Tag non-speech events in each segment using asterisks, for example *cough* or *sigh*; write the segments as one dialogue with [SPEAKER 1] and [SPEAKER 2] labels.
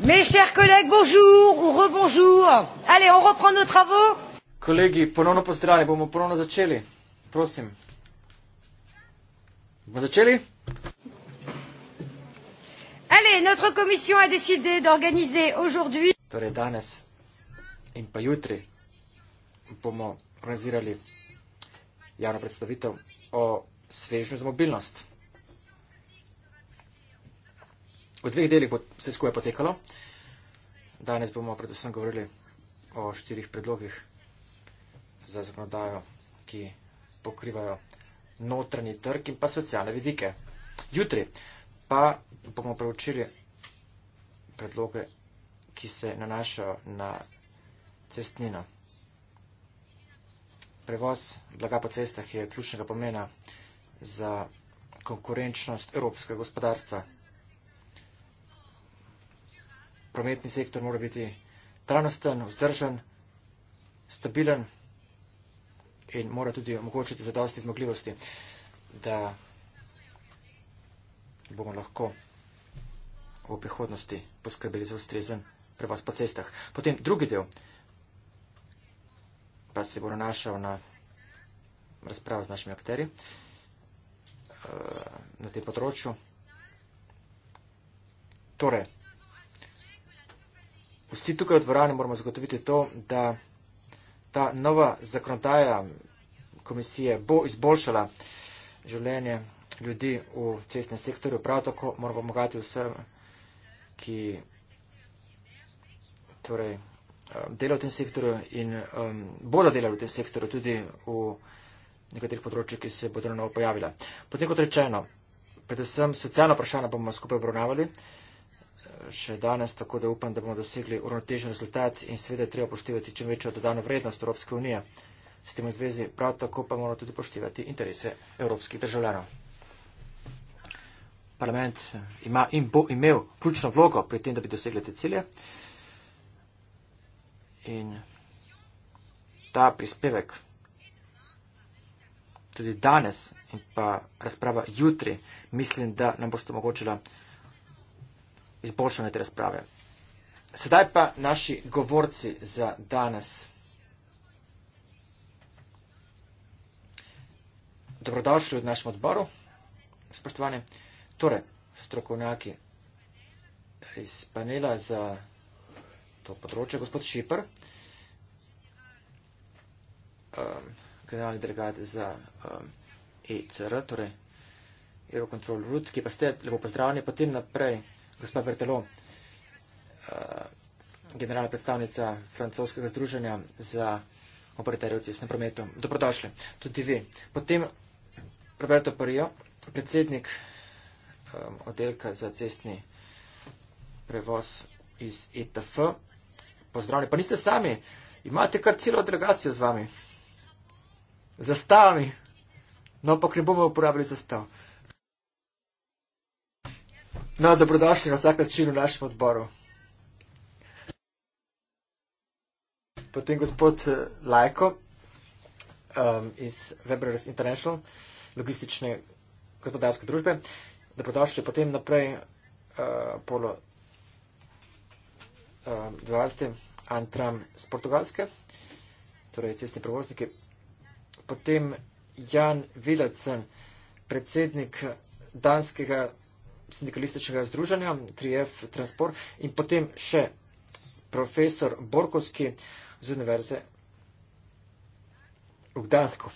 [SPEAKER 1] Mes chers collègues, bonjour ou rebonjour. Allez, on reprend nos travaux.
[SPEAKER 2] Kolegi, ponovno pozdravljeni, bomo ponovno začeli. Prosim. Bomo začeli?
[SPEAKER 1] Allez, notre commission a décidé d'organiser aujourd'hui.
[SPEAKER 2] Torej danes in pa jutri bomo organizirali javno predstavitev o svežnju za mobilnost. V dveh delih bo vse skupaj potekalo. Danes bomo predvsem govorili o štirih predlogih za zakonodajo, ki pokrivajo notranji trg in pa socialne vidike. Jutri pa bomo preučili predloge, ki se nanašajo na cestnino. Prevoz blaga po cestah je ključnega pomena za konkurenčnost evropskega gospodarstva prometni sektor mora biti trajnosten, vzdržen, stabilen in mora tudi omogočiti zadosti zmogljivosti, da bomo lahko v prihodnosti poskrbeli za ustrezen prevoz po cestah. Potem drugi del pa se bo nanašal na razpravo z našimi akteri eh, na tem področju. Torej, vsi tukaj v dvorani moramo zagotoviti to, da ta nova zakonodaja komisije bo izboljšala življenje ljudi v cestnem sektorju. Prav tako moramo pomagati vsem, ki torej, um, delajo v tem sektorju in um, bodo delali v tem sektorju tudi v nekaterih področjih, ki se bodo novo pojavila. Potem kot rečeno, predvsem socialno vprašanje bomo skupaj obravnavali. Uh, še danes, tako da upam, da bomo dosegli uravnotežen rezultat in seveda treba poštevati čim večjo dodano vrednost Evropske unije. S tem v zvezi prav tako pa moramo tudi poštevati interese evropskih državljanov. Parlament ima in bo imel ključno vlogo pri tem, da bi dosegli te cilje. In ta prispevek tudi danes in pa razprava jutri, mislim, da nam boste omogočila izboljšane te razprave. Sedaj pa naši govorci za danes. Dobrodošli v našem odboru, spoštovani. Torej, strokovnjaki iz panela za to področje, gospod Šipr, um, generalni delegat za um, ECR, torej Eurocontrol Route, ki pa ste lepo pozdravljeni, potem naprej gospa Bertelo, eh, generalna predstavnica francoskega združenja za operaterje v cestnem prometu. Dobrodošli, tudi vi. Potem Roberto Parijo, predsednik eh, oddelka za cestni prevoz iz ETF. Pozdravljeni, pa niste sami, imate kar celo delegacijo z vami. Zastavami. No, pa ne bomo uporabili zastav. No, dobrodošli na vsak način v našem odboru. Potem gospod eh, Lajko um, iz Webrers International, logistične gospodarske družbe. Dobrodošli potem naprej uh, Polo um, Duarte, Antram z Portugalske, torej cestni prevozniki. Potem Jan Vilacen, predsednik danskega sindikalističnega združanja 3F Transport in potem še profesor Borkovski z Univerze v Gdansku.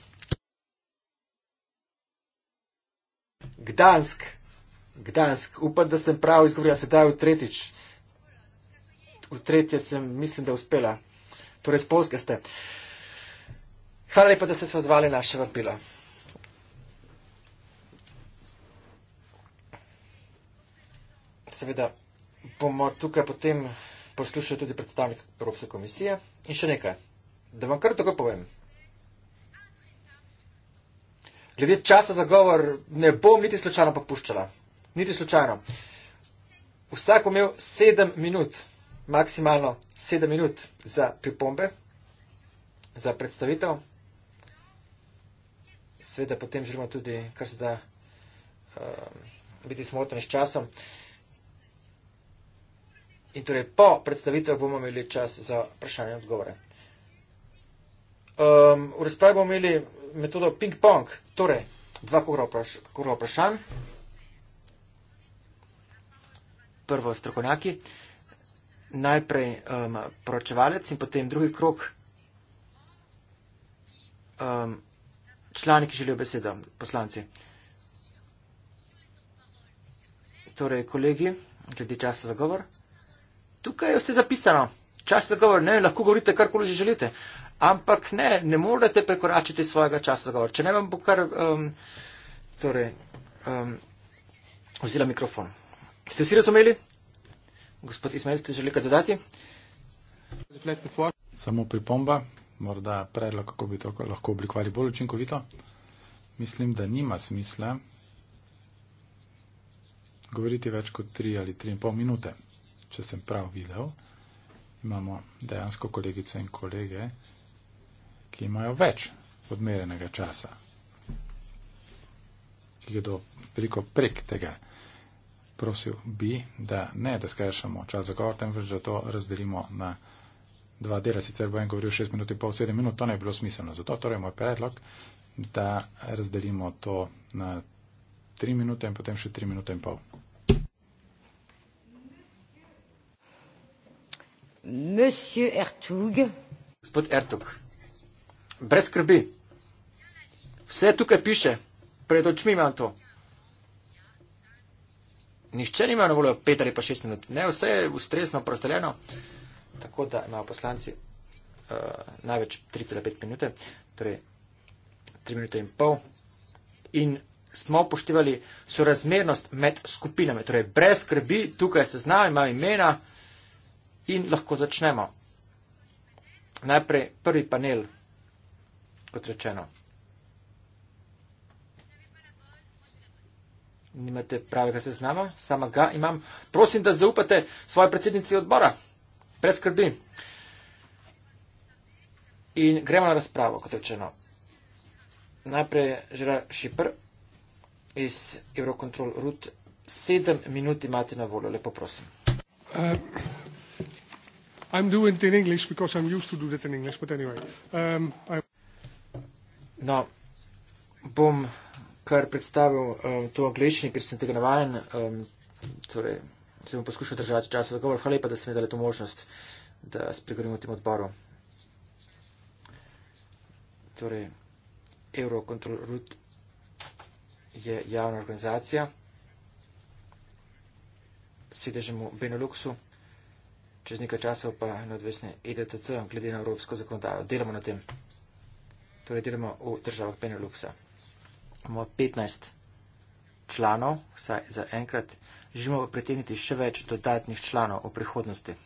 [SPEAKER 2] Gdansk, Gdansk, upam, da sem prav izgovorila sedaj v tretjič. V tretje sem, mislim, da uspela. Torej, spolske ste. Hvala lepa, da ste se vzvali naše vabilo. seveda bomo tukaj potem poslušali tudi predstavnik Evropske komisije. In še nekaj, da vam kar tako povem. Glede časa za govor ne bom niti slučajno popuščala. Niti slučajno. Vsak bo imel sedem minut, maksimalno sedem minut za pripombe, za predstavitev. Sveda potem želimo tudi, kar se da, uh, biti smotni s časom. Uh, In torej, po predstavitvah bomo imeli čas za vprašanje in odgovore. Um, v razpravi bomo imeli metodo ping-pong, torej dva kruga vprašanj. Prvo strokovnjaki, najprej um, poročevalec in potem drugi krok um, člani, ki želijo besedo, poslanci. Torej, kolegi, glede časa za govor tukaj je vse zapisano. Čas za govor, ne, lahko govorite karkoli že želite. Ampak ne, ne morete prekoračiti svojega časa za govor. Če ne vam bo kar, um, torej, um, vzela mikrofon. Ste vsi razumeli? Gospod Ismail, ste želeli kaj dodati?
[SPEAKER 3] Samo pripomba, morda predlog, kako bi to lahko oblikovali bolj učinkovito. Mislim, da nima smisla govoriti več kot tri ali tri in pol minute če sem prav videl, imamo dejansko kolegice in kolege, ki imajo več odmerenega časa, ki gredo veliko prek tega. Prosil bi, da ne, da skrajšamo čas za govor, temveč da to razdelimo na dva dela. Sicer bo en govoril 6 minut in pol 7 minut, to ne bi bilo smiselno. Zato torej moj predlog, da razdelimo to na 3 minute in potem še 3 minute in pol. Monsieur Ertug. Gospod Ertug,
[SPEAKER 2] brez skrbi. Vse tukaj piše, pred očmi imam to. Nihče nima na voljo 5 ali pa 6 minut. Ne, vse je ustrezno prosteljeno, tako da imajo poslanci uh, največ 3,5 minute, torej 3 minute in pol. In smo upoštevali sorazmernost med skupinami, torej brez skrbi, tukaj se znajo, imajo imena in lahko začnemo. Najprej prvi panel, kot rečeno. Nimate pravega seznama, sama ga imam. Prosim, da zaupate svoje predsednici odbora. Brez skrbi. In gremo na razpravo, kot rečeno. Najprej žira Šipr iz Eurocontrol Rut. Sedem minut imate na voljo, lepo prosim.
[SPEAKER 4] Uh. I'm doing it in English because I'm used to do that in English, but anyway. Um,
[SPEAKER 2] no, bom kar predstavil um, to v angliščini, ker sem tega navajen. Um, torej, se bom poskušal držati časa za govor. Hvala lepa, da ste mi dali to možnost, da spregovorim o tem odboru. Torej, Eurocontrol Root je javna organizacija, sedežemo v Beneluxu čez nekaj časa pa neodvisne IDTC, e glede na evropsko zakonodajo. Delamo na tem. Torej, delamo v državah Beneluxa. Imamo 15 članov, vsaj za enkrat. Želimo pa pritegniti še več dodatnih članov v prihodnosti.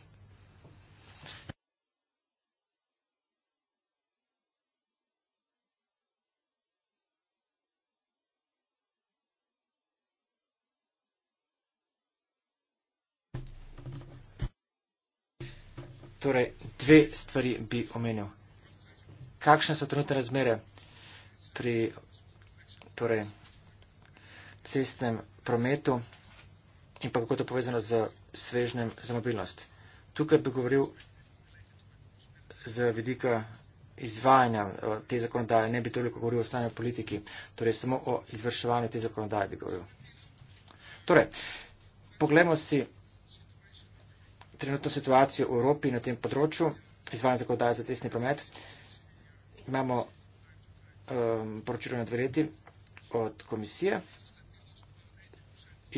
[SPEAKER 2] Torej, dve stvari bi omenil. Kakšne so trenutne razmere pri torej, cestnem prometu in pa kako to povezano z svežnem za mobilnost. Tukaj bi govoril z vidika izvajanja te zakonodaje, ne bi toliko govoril o sami politiki, torej samo o izvrševanju te zakonodaje bi govoril. Torej, poglejmo si trenutno situacijo v Evropi na tem področju, izvajanje zakonodaje za cestni promet. Imamo um, poročilo na dve leti od komisije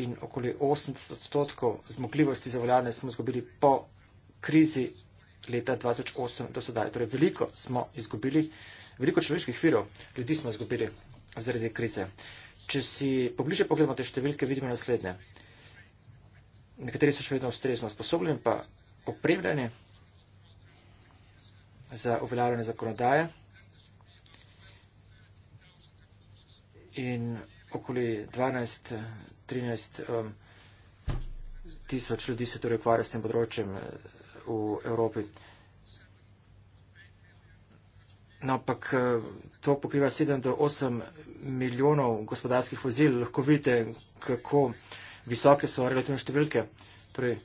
[SPEAKER 2] in okoli 80 odstotkov zmogljivosti za voljanje smo izgubili po krizi leta 2008 do sedaj. Torej veliko smo izgubili, veliko človeških virov, ljudi smo izgubili zaradi krize. Če si pobliže pogledamo te številke, vidimo naslednje nekateri so še vedno ustrezno usposobljeni, pa opremljeni za uveljavljanje zakonodaje. In okoli 12-13 um, tisoč ljudi se torej ukvarja s tem področjem eh, v Evropi. No, ampak no, to pokriva 7-8 milijonov gospodarskih vozil. Lahko vidite, kako visoke so relativne številke. Torej,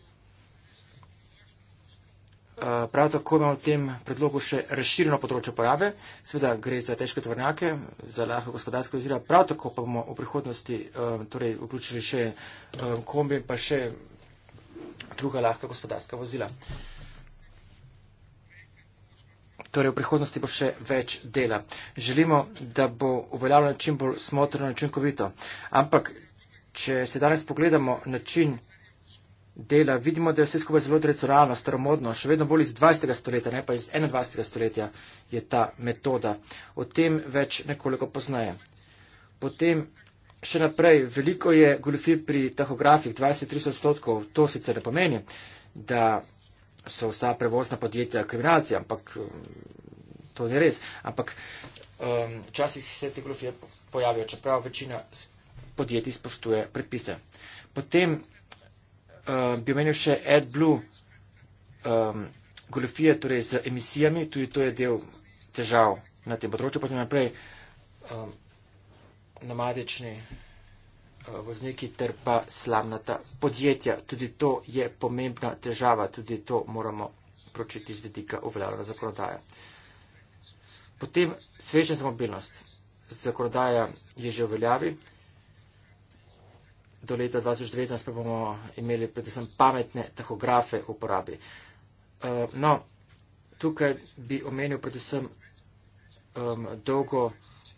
[SPEAKER 2] eh, prav tako imamo v tem predlogu še razširjeno področje porabe, seveda gre za težke tvornjake, za lahko gospodarsko izira, prav tako pa bomo v prihodnosti eh, torej, vključili še eh, kombi in pa še druga lahka gospodarska vozila. Torej v prihodnosti bo še več dela. Želimo, da bo uveljavljeno čim bolj smotrno in učinkovito. Ampak, Če se danes pogledamo način dela, vidimo, da je vse skupaj zelo tradicionalno, staromodno, še vedno bolj iz 20. stoletja, ne pa iz 21. stoletja je ta metoda. O tem več nekoliko poznaje. Potem še naprej, veliko je goljofi pri tahografih, 20-30 odstotkov, to sicer ne pomeni, da so vsa prevozna podjetja kriminalci, ampak to ni res. Ampak um, včasih se te goljofije pojavijo, čeprav večina podjetij spoštuje predpise. Potem uh, bi omenil še AdBlue um, ehm, golfije, torej z emisijami, tudi to je del težav na tem področju. Potem naprej um, nomadični uh, vozniki ter pa slamnata podjetja. Tudi to je pomembna težava, tudi to moramo pročiti z vidika uveljavljena zakonodaja. Potem sveža za mobilnost. Zakonodaja je že uveljavljena do leta 2019 pa bomo imeli predvsem pametne tahografe v uporabi. Eh, no, tukaj bi omenil predvsem um, dolgo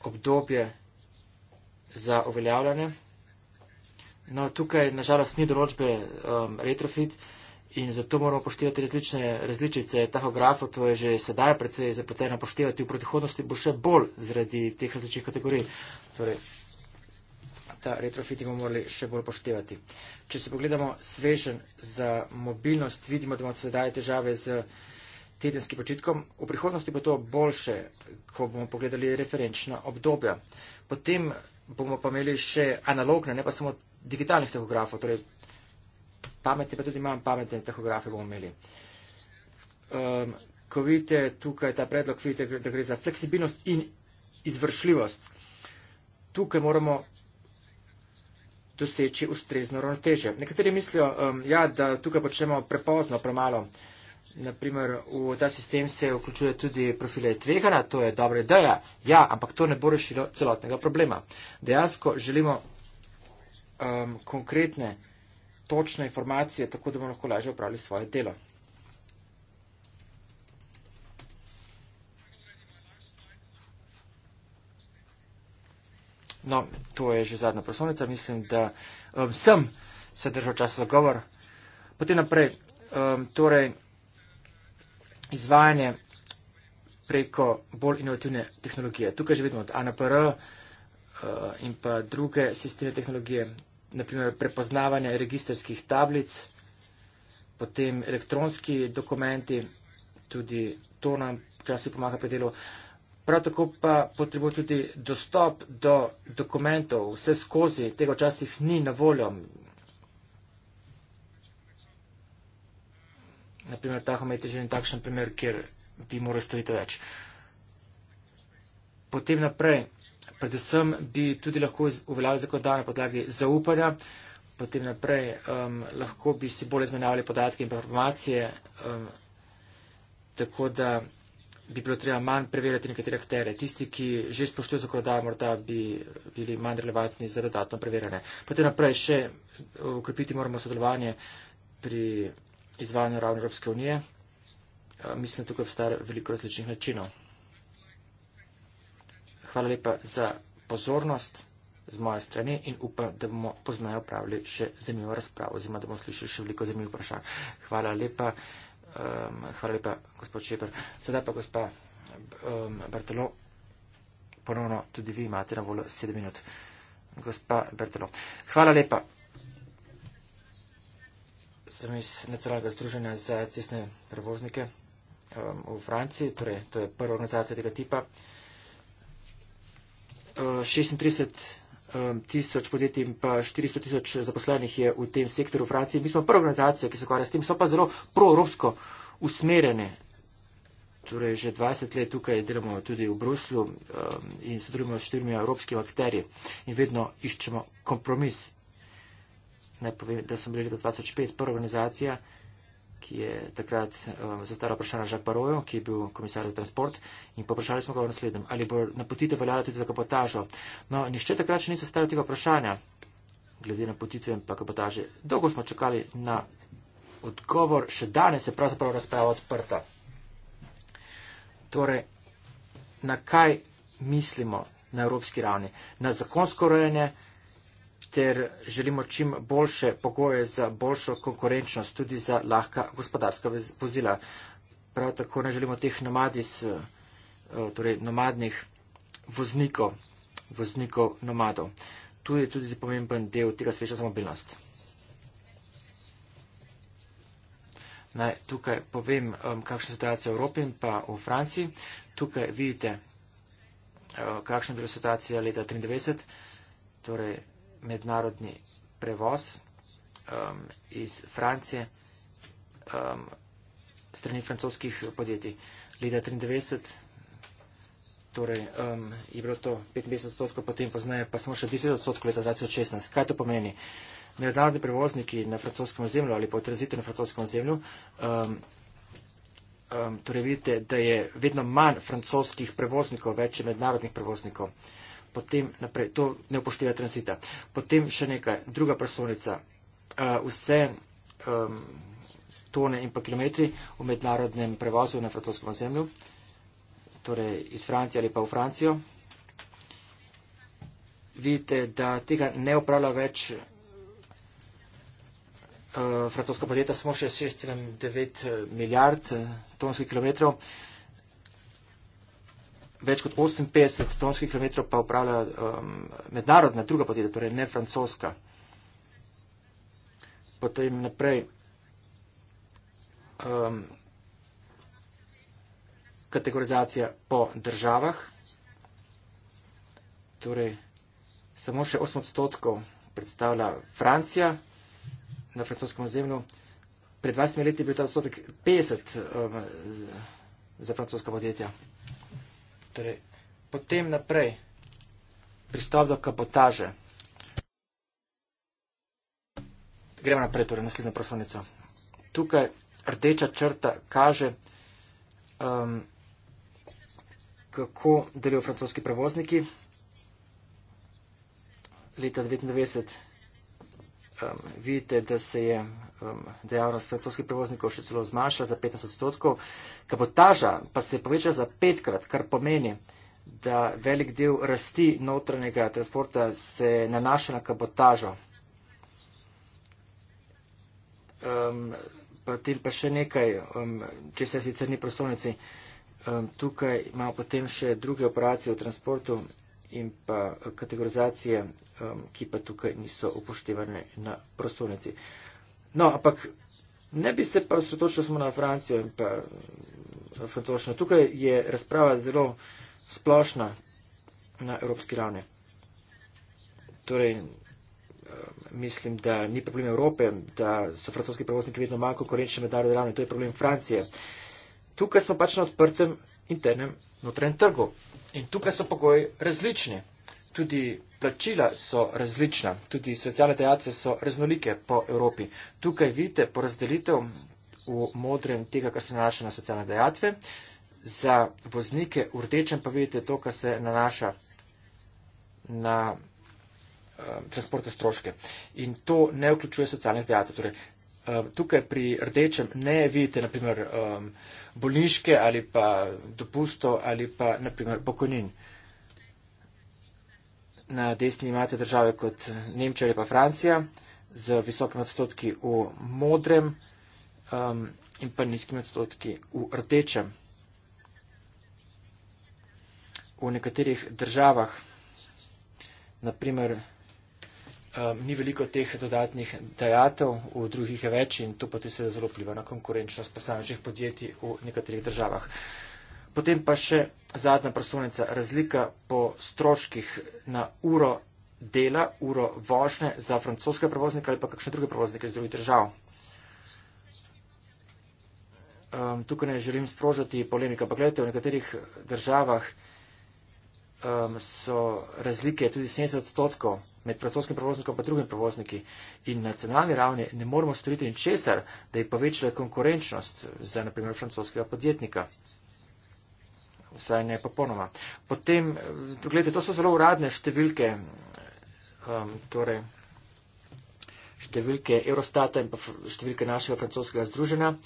[SPEAKER 2] obdobje za uveljavljanje. No, tukaj nažalost ni določbe um, retrofit in zato moramo poštevati različne različice tahografov, to je že sedaj precej zapleteno poštevati, v prihodnosti bo še bolj zaradi teh različnih kategorij. Torej, ta retrofit bomo morali še bolj poštevati. Če se pogledamo svežen za mobilnost, vidimo, da imamo sedaj težave z tedenskim počitkom. V prihodnosti bo to boljše, ko bomo pogledali referenčna obdobja. Potem bomo pa imeli še analogne, ne pa samo digitalnih tehografov, torej pametne, pa tudi manj pametne tehografe bomo imeli. Um, ko vidite tukaj ta predlog, vidite, da gre za fleksibilnost in izvršljivost. Tukaj moramo doseči ustrezno ravnotežje. Nekateri mislijo, um, ja, da tukaj počnemo prepozno, premalo. Naprimer, v ta sistem se vključuje tudi profile tvegana, to je dobra ideja. Ja, ampak to ne bo rešilo celotnega problema. Dejansko želimo um, konkretne, točne informacije, tako da bomo lahko lažje upravljali svoje delo. No, to je že zadnja prosovnica. Mislim, da um, sem se držal časa za govor. Potem naprej. Um, torej, izvajanje preko bolj inovativne tehnologije. Tukaj že vidimo od ANPR uh, in pa druge sisteme tehnologije, naprimer prepoznavanje registerskih tablic, potem elektronski dokumenti, tudi to nam včasih pomaga pri delu. Uh, Prav tako pa potrebujejo tudi dostop do dokumentov vse skozi, tega včasih ni na voljo. Naprimer, ta homet je že en takšen primer, kjer bi moral storiti več. Potem naprej, predvsem bi tudi lahko uveljavili zakonodajo na podlagi zaupanja, potem naprej um, lahko bi si bolj izmenjavali podatke in informacije, um, tako da bi bilo treba manj preverjati nekatere aktere. Tisti, ki že spoštuje zakonodajo, morda bi bili manj relevantni za dodatno preverjanje. Potem naprej še ukrepiti moramo sodelovanje pri izvajanju ravni Evropske unije. Mislim, da tukaj obstaja veliko različnih načinov. Hvala lepa za pozornost z moje strani in upam, da bomo poznajo pravili še zanimivo razpravo oziroma da bomo slišali še veliko zanimivih vprašanj. Hvala lepa. Um, hvala lepa, gospod Šeper. Sedaj pa, gospa um, Bertelo, ponovno tudi vi imate na voljo 7 minut. Gospa Bertelo, hvala lepa. Sem iz Nacionalnega združenja za cestne prevoznike um, v Franciji, torej to je prva organizacija tega tipa. Uh, 36. Um, tisoč podjetij in pa 400 tisoč zaposlenih je v tem sektorju v Franciji. Mi smo prva organizacija, ki se ukvarja s tem, so pa zelo proevropsko usmerjene. Torej, že 20 let tukaj delamo tudi v Bruslju um, in sodelujemo s štirimi evropskimi akterji in vedno iščemo kompromis. Naj povem, da smo bili leta 2005 prva organizacija, ki je takrat um, zastaral vprašanje Žak Baroju, ki je bil komisar za transport in poprašali smo ga v naslednjem, ali bo napotitev veljala tudi za kapotažo. No, nišče takrat še ni zastavil tega vprašanja, glede napotitve in pa kapotaže. Dolgo smo čakali na odgovor, še danes je pravzaprav razprava odprta. Torej, na kaj mislimo na evropski ravni? Na zakonsko urejanje ter želimo čim boljše pogoje za boljšo konkurenčnost tudi za lahka gospodarska vozila. Prav tako ne želimo teh nomadis, eh, torej nomadnih voznikov, voznikov nomadov. Tu je tudi pomemben del tega sveča za mobilnost. Naj tukaj povem, kakšna situacija v Evropi in pa v Franciji. Tukaj vidite, eh, kakšna je bila situacija leta 1993, torej mednarodni prevoz um, iz Francije um, strani francoskih podjetij. Leta 93, torej um, je bilo to 25 odstotkov, potem poznaje pa smo še 10 odstotkov leta 2016. Kaj to pomeni? Mednarodni prevozniki na francoskem ozemlju ali pa tranzitu na francoskem ozemlju. Um, Um, torej vidite, da je vedno manj francoskih prevoznikov, več je mednarodnih prevoznikov potem naprej, to ne upošteva transita. Potem še nekaj, druga prestolnica, eh, vse um, tone in pa kilometri v mednarodnem prevozu na francoskem ozemlju, torej iz Francije ali pa v Francijo. Vidite, da tega ne upravlja več uh, francoska podjetja, smo še 6,9 eh, milijard tonskih kilometrov. Uh, več kot 58 tonskih kilometrov pa upravlja um, mednarodna druga podjetja, torej ne francoska. Potem naprej. Um, kategorizacija po državah. Torej, samo še 8 odstotkov predstavlja Francija na francoskem ozemlju. Pred 20 leti je bil ta odstotek 50 um, za francoska podjetja. Torej, potem naprej pristop do kapotaže. Gremo naprej, torej naslednjo prosovnico. Tukaj rdeča črta kaže, um, kako delijo francoski prevozniki. Leta 1999 um, vidite, da se je um, dejavnost francoskih prevoznikov še celo zmanjšala za 15 odstotkov. Kapotaža pa se je povečala za petkrat, kar pomeni, da velik del rasti notranjega transporta se nanaša na kapotažo. Um, pa tudi pa še nekaj, um, če se sicer ni prostovnici. Um, tukaj imamo potem še druge operacije v transportu in pa eh, kategorizacije, ki pa tukaj niso upoštevane na prostovnici. No, ampak ne bi se pa sotočil samo na Francijo in pa eh, francoščino. Tukaj je razprava zelo splošna na evropski ravni. Torej, mislim, da ni problem Evrope, da so francoski prevozniki vedno manj konkurenčni na mednarodni ravni, to je problem Francije. Tukaj smo pač na odprtem internem notranjem trgu. In tukaj so pogoji različni. Tudi plačila so različna, tudi socialne dejatve so raznolike po Evropi. Tukaj vidite porazdelitev v modrem tega, kar se nanaša na socialne dejatve. Za voznike v rdečem pa vidite to, kar se nanaša na uh, transportne stroške. In to ne vključuje socialnih dejatev. Torej, uh, tukaj pri rdečem ne vidite, naprimer, um, eh, bolniške ali pa dopustov ali pa naprimer pokojnin. Na desni imate države kot Nemčija ali pa Francija z visokim odstotki v modrem um, in pa nizkim odstotki v rdečem. V nekaterih državah, naprimer um, ni veliko teh dodatnih dajatev, v drugih je več in to potem seveda zelo pliva na konkurenčnost posamečnih podjetij v nekaterih državah. Potem pa še zadnja prostornica, razlika po stroških na uro dela, uro vožnje za francoske prevoznike ali pa kakšne druge prevoznike iz drugih držav. Um, tukaj ne želim sprožati polemika, pa gledajte, v nekaterih državah um, so razlike tudi 70 odstotkov med francoskim prevoznikom pa drugim prevozniki in na nacionalni ravni ne moremo storiti ničesar, da bi povečala konkurenčnost za naprimer francoskega podjetnika. Vsaj ne popolnoma. Potem, eh, gledajte, to so zelo uradne številke, um, torej številke Eurostata in pa številke našega francoskega združena.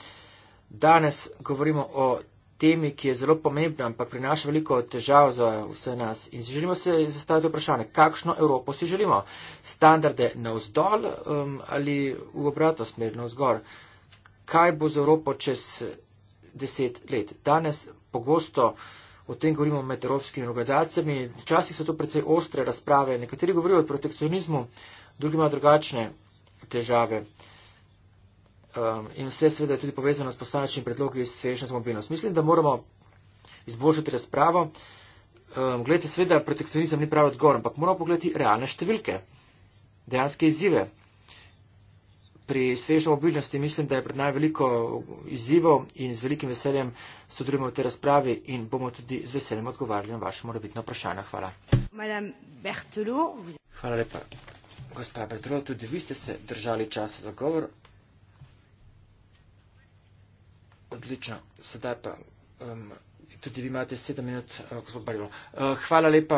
[SPEAKER 2] Danes govorimo o temi, ki je zelo pomembna, ampak prinaša veliko težav za vse nas. In želimo se zastaviti vprašanje, kakšno Evropo si želimo? Standarde navzdol um, ali v obratno smer navzgor? Kaj bo z Evropo čez deset let? Danes pogosto o tem govorimo med evropskimi organizacijami. Včasih so to precej ostre razprave. Nekateri govorijo o protekcionizmu, drugi imajo drugačne težave. Uh, um, in vse seveda je tudi povezano s posamečnim predlogi iz srečne mobilnosti. Mislim, da moramo izboljšati razpravo. Um, Glede, seveda, protekcionizem ni pravi odgovor, ampak moramo pogledati realne številke, dejanske izzive. Pri svežo mobilnosti mislim, da je pred nami veliko izzivov in z velikim veseljem sodelujemo v tej razpravi in bomo tudi z veseljem odgovarjali na vaše morebitno vprašanje. Hvala. Hvala lepa. Gospa Bertrol, tudi vi ste se držali časa za govor. Odlično, sedaj pa um, tudi vi imate sedem minut, uh, gospod Barilo. Uh, hvala lepa,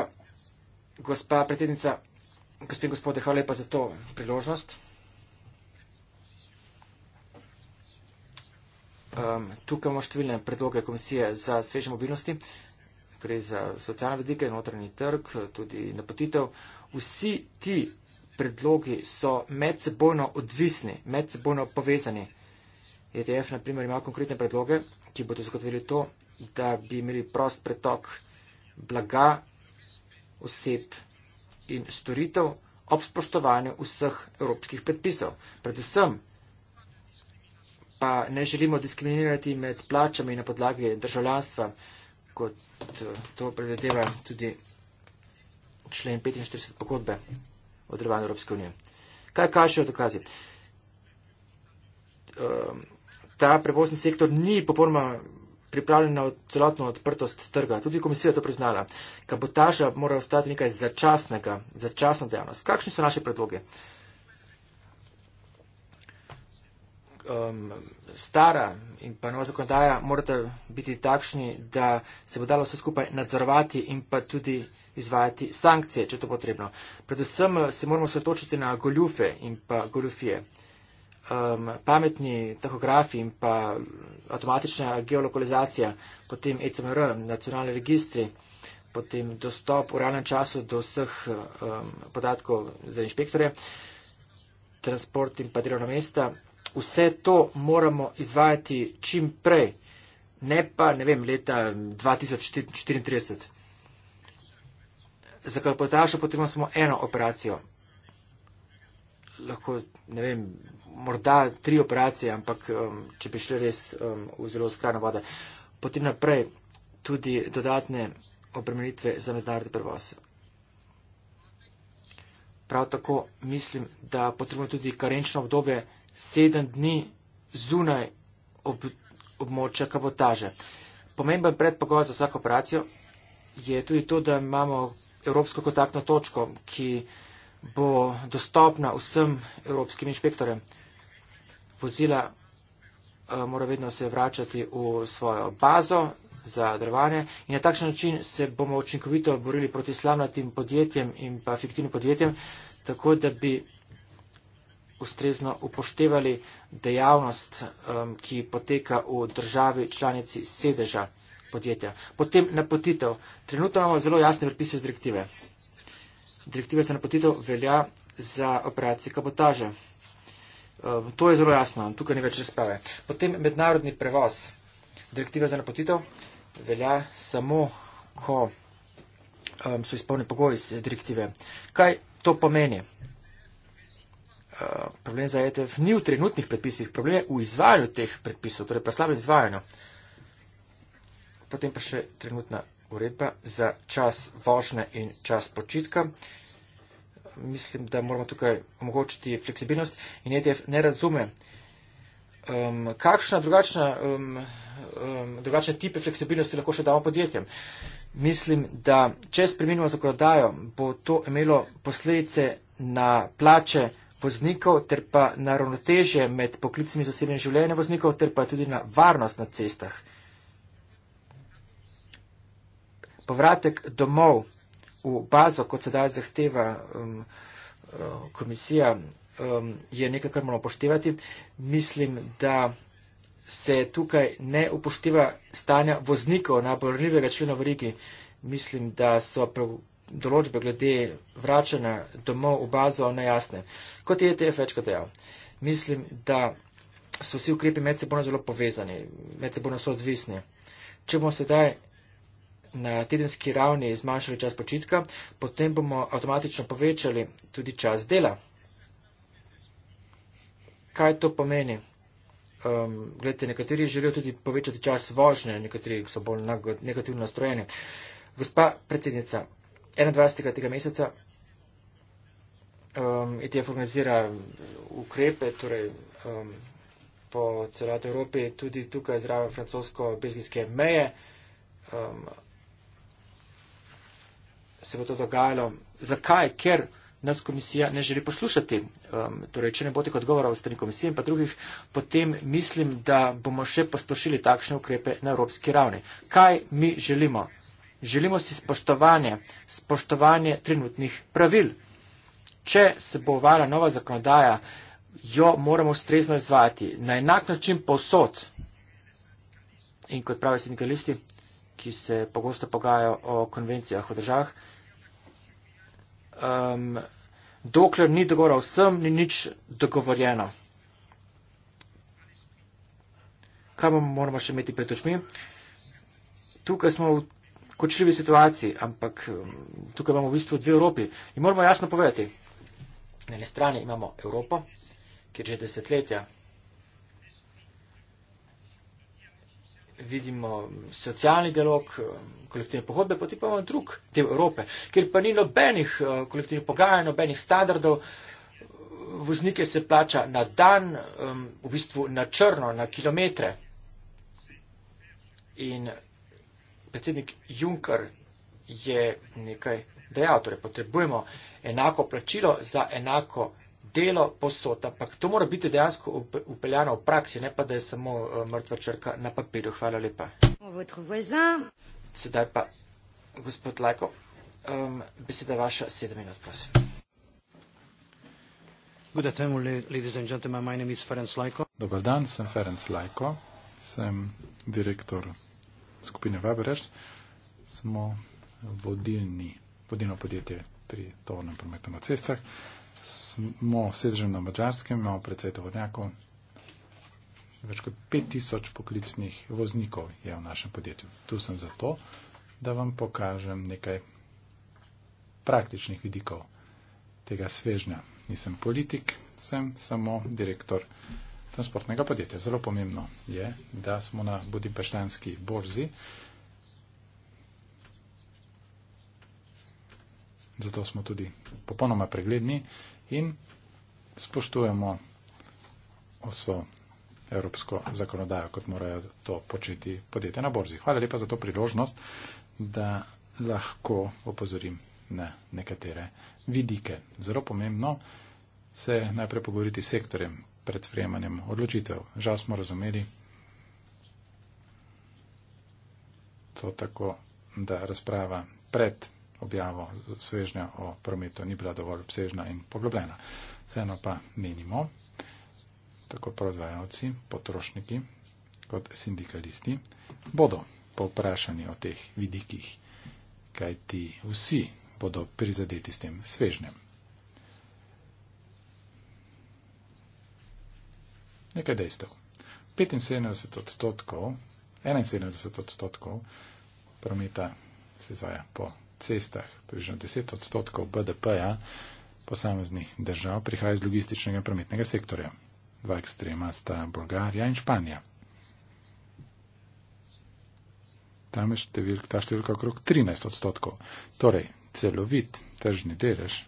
[SPEAKER 2] gospa predsednica, gospod in gospode, hvala lepa za to priložnost. Um, tukaj imamo številne predloge komisije za sveže mobilnosti, gre za socialne vedike, notranji trg, tudi napotitev. Vsi ti predlogi so medsebojno odvisni, medsebojno povezani. ETF na primer ima konkretne predloge, ki bodo zagotovili to, da bi imeli prost pretok blaga, oseb in storitev ob spoštovanju vseh evropskih predpisov. Predvsem pa ne želimo diskriminirati med plačami na podlagi državljanstva, kot eh, to predvideva tudi člen 45 pogodbe o delovanju Evropske unije. Kaj kažejo dokazi? Ehm, ta prevozni sektor ni popolnoma pripravljen na celotno odprtost trga. Tudi komisija to priznala. Kabotaža mora ostati nekaj začasnega, začasna dejavnost. Kakšni so naše predloge? Um, stara in pa nova zakonodaja morata biti takšni, da se bo dalo vse skupaj nadzorovati in pa tudi izvajati sankcije, če to potrebno. Predvsem se moramo sotočiti na goljufe in pa goljufije um, pametni tahografi in pa avtomatična geolokalizacija, potem ECMR, nacionalni registri, potem dostop v realnem času do vseh um, podatkov za inšpektore, transport in pa delovna mesta. Vse to moramo izvajati čim prej, ne pa, ne vem, leta 2034. Za kapotažo potrebujemo samo eno operacijo. Lahko, ne vem, morda tri operacije, ampak um, če bi šli res um, v zelo skrajno vode. Potem naprej tudi dodatne obremenitve za mednarodni prevoz. Prav tako mislim, da potrebujemo tudi karenčno obdobje sedem dni zunaj ob, območja kabotaže. Pomemben predpogoj za vsako operacijo je tudi to, da imamo evropsko kontaktno točko, ki bo dostopna vsem evropskim inšpektorjem vozila eh, mora vedno se vračati v svojo bazo za drvanje in na takšen način se bomo učinkovito borili proti slavnatim podjetjem in pa fiktivnim podjetjem, tako da bi ustrezno upoštevali dejavnost, ki poteka v državi članici sedeža podjetja. Potem napotitev. Trenutno imamo zelo jasne predpise iz direktive. Direktiva za napotitev velja za operacije kabotaže. Ehm, to je zelo jasno, tukaj ni več razprave. Potem mednarodni prevoz, direktiva za napotitev, velja samo, ko um, so izpolnjeni pogoji iz direktive. Kaj to pomeni? Uh, problem za ETF ni v trenutnih predpisih, problem je v izvajanju teh predpisov, torej pa slabem izvajanju. Potem pa še trenutna uredba za čas vožne in čas počitka. Uh, mislim, da moramo tukaj omogočiti fleksibilnost in ETF ne razume, um, kakšna drugačna, um, um, drugačne tipe fleksibilnosti lahko še damo podjetjem. Mislim, da če spremenimo zakonodajo, bo to imelo posledice na plače voznikov ter pa na ravnotežje med poklicami zasebnega življenja voznikov ter pa tudi na varnost na cestah. Povratek domov v bazo, kot se da zahteva um, uh, komisija, um, je nekaj, kar moramo upoštevati. Mislim, da se tukaj ne upošteva stanja voznikov na borljivega člena v Rigi. Mislim, da so določbe glede vračanja domov v bazo nejasne. Kot je ETF večkrat dejal. Mislim, da so vsi ukrepi medsebojno zelo povezani, medsebojno so odvisni. Če bomo sedaj na tedenski ravni zmanjšali čas počitka, potem bomo avtomatično povečali tudi čas dela. Kaj to pomeni? Um, gledajte, nekateri želijo tudi povečati čas vožnje, nekateri so bolj negativno nastrojeni. Gospa predsednica, 21. tega meseca um, ETF organizira ukrepe, torej um, po celoti Evropi, tudi tukaj zdrave francosko-belgijske meje. Um, se bo to dogajalo. Zakaj? Ker nas komisija ne želi poslušati. Um, torej, če ne bo teh odgovorov od strani komisije in pa drugih, potem mislim, da bomo še pospošili takšne ukrepe na evropski ravni. Kaj mi želimo? Želimo si spoštovanje, spoštovanje trenutnih pravil. Če se bo uvala nova zakonodaja, jo moramo ustrezno izvajati na enak način posod. In kot pravijo sindikalisti, ki se pogosto pogajajo o konvencijah v državah. Um, dokler ni dogovora vsem, ni nič dogovorjeno. Kaj moramo še imeti pred očmi? Tukaj smo v kočljivi situaciji, ampak tukaj imamo v bistvu dve Evropi. In moramo jasno povedati, na eni strani imamo Evropo, kjer že desetletja vidimo socialni dialog, kolektivne pogodbe, potem pa imamo drug del Evrope, kjer pa ni nobenih eh, kolektivnih pogajanj, nobenih standardov. Voznike se plača na dan, v bistvu na črno, na kilometre. In predsednik Juncker je nekaj dejal, torej potrebujemo enako plačilo za enako delo posota, ampak to mora biti dejansko upeljano v praksi, ne pa da je samo eh, mrtva črka na papirju. Hvala lepa. Sedaj pa, gospod Lajko,
[SPEAKER 1] um, beseda vaša sedem minut, prosim.
[SPEAKER 3] Dobar dan, sem Ferenc Lajko, sem direktor skupine Weberers. Smo vodilni, vodilno podjetje pri tovornem prometu na cestah smo sedeženi na mačarskem, imamo predvsej tovornjakov. Več kot 5000 poklicnih voznikov je v našem podjetju. Tu sem zato, da vam pokažem nekaj praktičnih vidikov tega svežnja. Nisem politik, sem samo direktor transportnega podjetja. Zelo pomembno je, da smo na Budimpeštanski borzi. Zato smo tudi popolnoma pregledni in spoštujemo vso evropsko zakonodajo, kot morajo to početi podjetja na borzi. Hvala lepa za to priložnost, da lahko opozorim na nekatere vidike. Zelo pomembno se najprej pogovoriti s sektorjem pred sprejemanjem odločitev. Žal smo razumeli to tako, da razprava pred objavo svežnja o prometu ni bila dovolj obsežna in poglobljena. Vseeno pa menimo, tako proizvajalci, potrošniki kot sindikalisti, bodo povprašani o teh vidikih, kaj ti vsi bodo prizadeti s tem svežnjem. Nekaj dejstev. 75 odstotkov, 71 odstotkov prometa se izvaja po cestah, približno 10 odstotkov BDP-ja posameznih držav prihaja iz logističnega prometnega sektorja. Dva ekstrema sta Bolgarija in Španija. Tam je števil, ta številka okrog 13 odstotkov. Torej, celovit tržni delež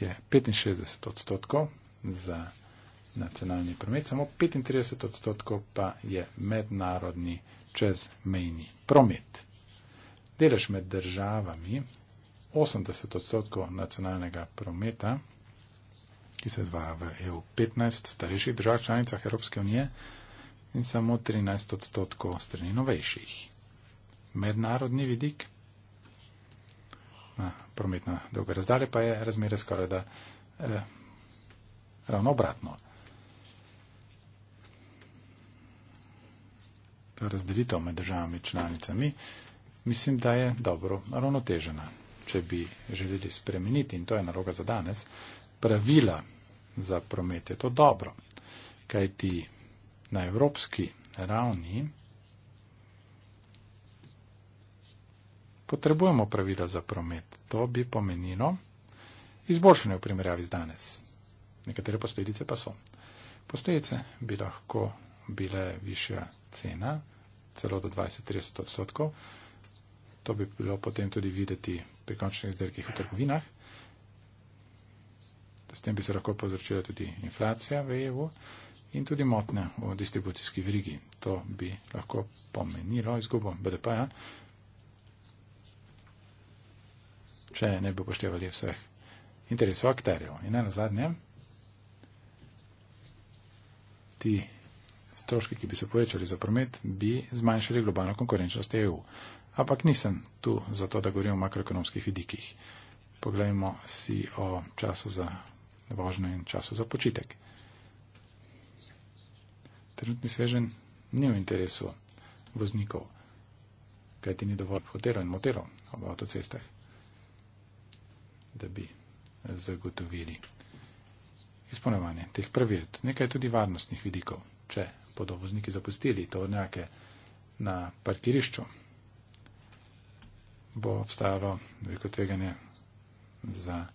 [SPEAKER 3] je 65 odstotkov za nacionalni promet, samo 35 odstotkov pa je mednarodni čezmejni promet delež med državami, 80 odstotkov nacionalnega prometa, ki se zvaja v EU15, starejših držav članicah Evropske unije in samo 13 odstotkov strani novejših. Mednarodni vidik, prometna dolga razdalja pa je razmere skoraj da eh, ravno obratno. Ta razdelitev med državami članicami mislim, da je dobro ravnotežena. Če bi želeli spremeniti, in to je naloga za danes, pravila za promet je to dobro, kaj ti na evropski ravni potrebujemo pravila za promet. To bi pomenilo izboljšanje v primerjavi z danes. Nekatere posledice pa so. Posledice bi lahko bile višja cena, celo do 20-30 odstotkov. To bi bilo potem tudi videti pri končnih izdelkih v trgovinah. S tem bi se lahko povzročila tudi inflacija v EU in tudi motnja v distribucijski verigi. To bi lahko pomenilo izgubo BDP-ja, če ne bi upoštevali vseh interesov akterjev. In ena zadnje, ti stroški, ki bi se povečali za promet, bi zmanjšali globalno konkurenčnost EU ampak nisem tu zato, da govorim o makroekonomskih vidikih. Poglejmo si o času za vožnjo in času za počitek. Trenutni svežen ni v interesu voznikov, kajti ni dovolj hotelov in motelov ob avtocestah, da bi zagotovili izpolnevanje teh pravil. Nekaj je tudi varnostnih vidikov, če bodo vozniki zapustili to nekaj na parkirišču, bo obstajalo veliko tveganje za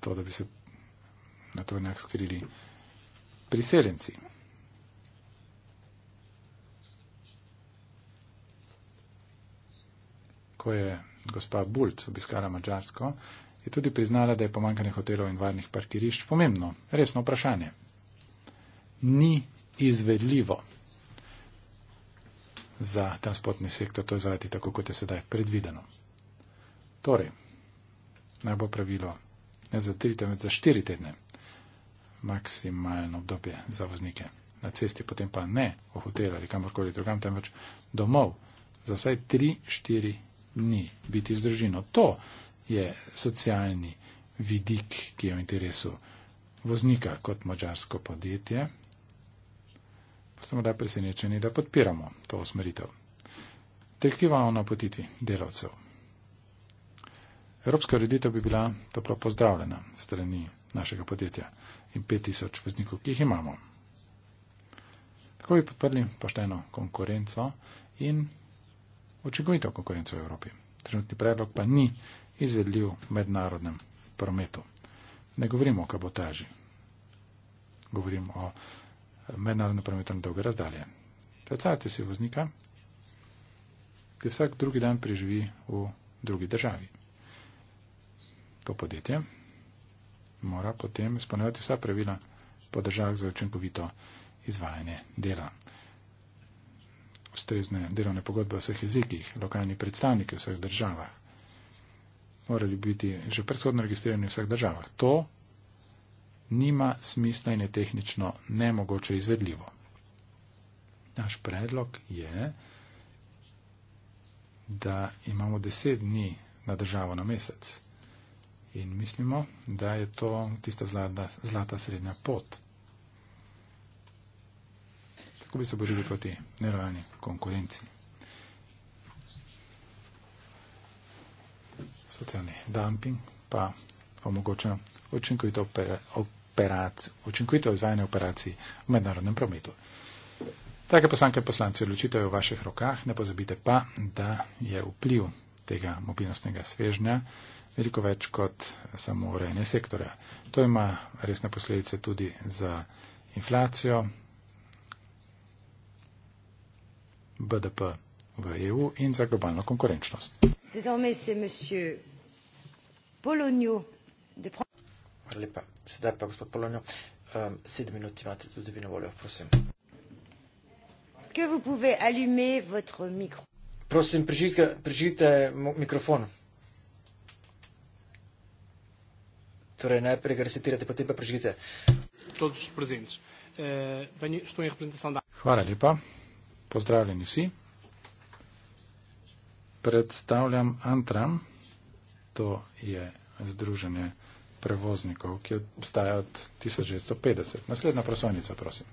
[SPEAKER 3] to, da bi se na to nek skrili priseljenci. Ko je gospa Bulc obiskala Mačarsko, je tudi priznala, da je pomankanje hotelov in varnih parkirišč pomembno, resno vprašanje. Ni izvedljivo za transportni sektor to izvajati tako, kot je sedaj predvideno. Torej, naj bo pravilo ne za tri, temveč za štiri tedne maksimalno obdobje za voznike na cesti, potem pa ne v hotel ali kamorkoli drugam, temveč domov za vsaj tri, štiri dni biti z družino. To je socialni vidik, ki je v interesu voznika kot mačarsko podjetje so morda presenečeni, da podpiramo to usmeritev. Direktiva o napotitvi delavcev. Evropska ureditev bi bila toplo pozdravljena strani našega podjetja in 5000 voznikov, ki jih imamo. Tako bi podprli pošteno konkurenco in učinkovito konkurenco v Evropi. Trenutni predlog pa ni izvedljiv v mednarodnem prometu. Ne govorimo o kabotaži. Govorimo o mednarodno prometom dolge razdalje. Predstavljajte si voznika, ki vsak drugi dan preživi v drugi državi. To podjetje mora potem izpolnjevati vsa pravila po državah za učinkovito izvajanje dela. Ustrezne delovne pogodbe v vseh jezikih, lokalni predstavniki v vseh državah. Morali biti že predhodno registrirani v vseh državah. To nima smisla in je tehnično nemogoče izvedljivo. Naš predlog je, da imamo deset dni na državo na mesec in mislimo, da je to tista zlata, zlata srednja pot. Tako bi se borili proti nerojeni konkurenci. Socialni dumping pa omogoča učinkovito operacijo operac, učinkovito izvajanje operacij v mednarodnem prometu. Take poslanke in poslanci odločitev je v vaših rokah, ne pozabite pa, da je vpliv tega mobilnostnega svežnja veliko več kot samo urejene sektorja. To ima resne posledice tudi za inflacijo, BDP v EU in za globalno konkurenčnost.
[SPEAKER 1] Desormais,
[SPEAKER 2] Hvala lepa. Sedaj pa, gospod Polonjo, um, sedem minut imate tudi vi na voljo, prosim. Prosim, prižite mikrofon.
[SPEAKER 5] Torej, najprej ga resetirate, potem pa prižite. Eh,
[SPEAKER 3] Hvala lepa. Pozdravljeni vsi. Predstavljam Antram, to je združenje prevoznikov, ki obstaja od 1950. Naslednja prosojnica, prosim.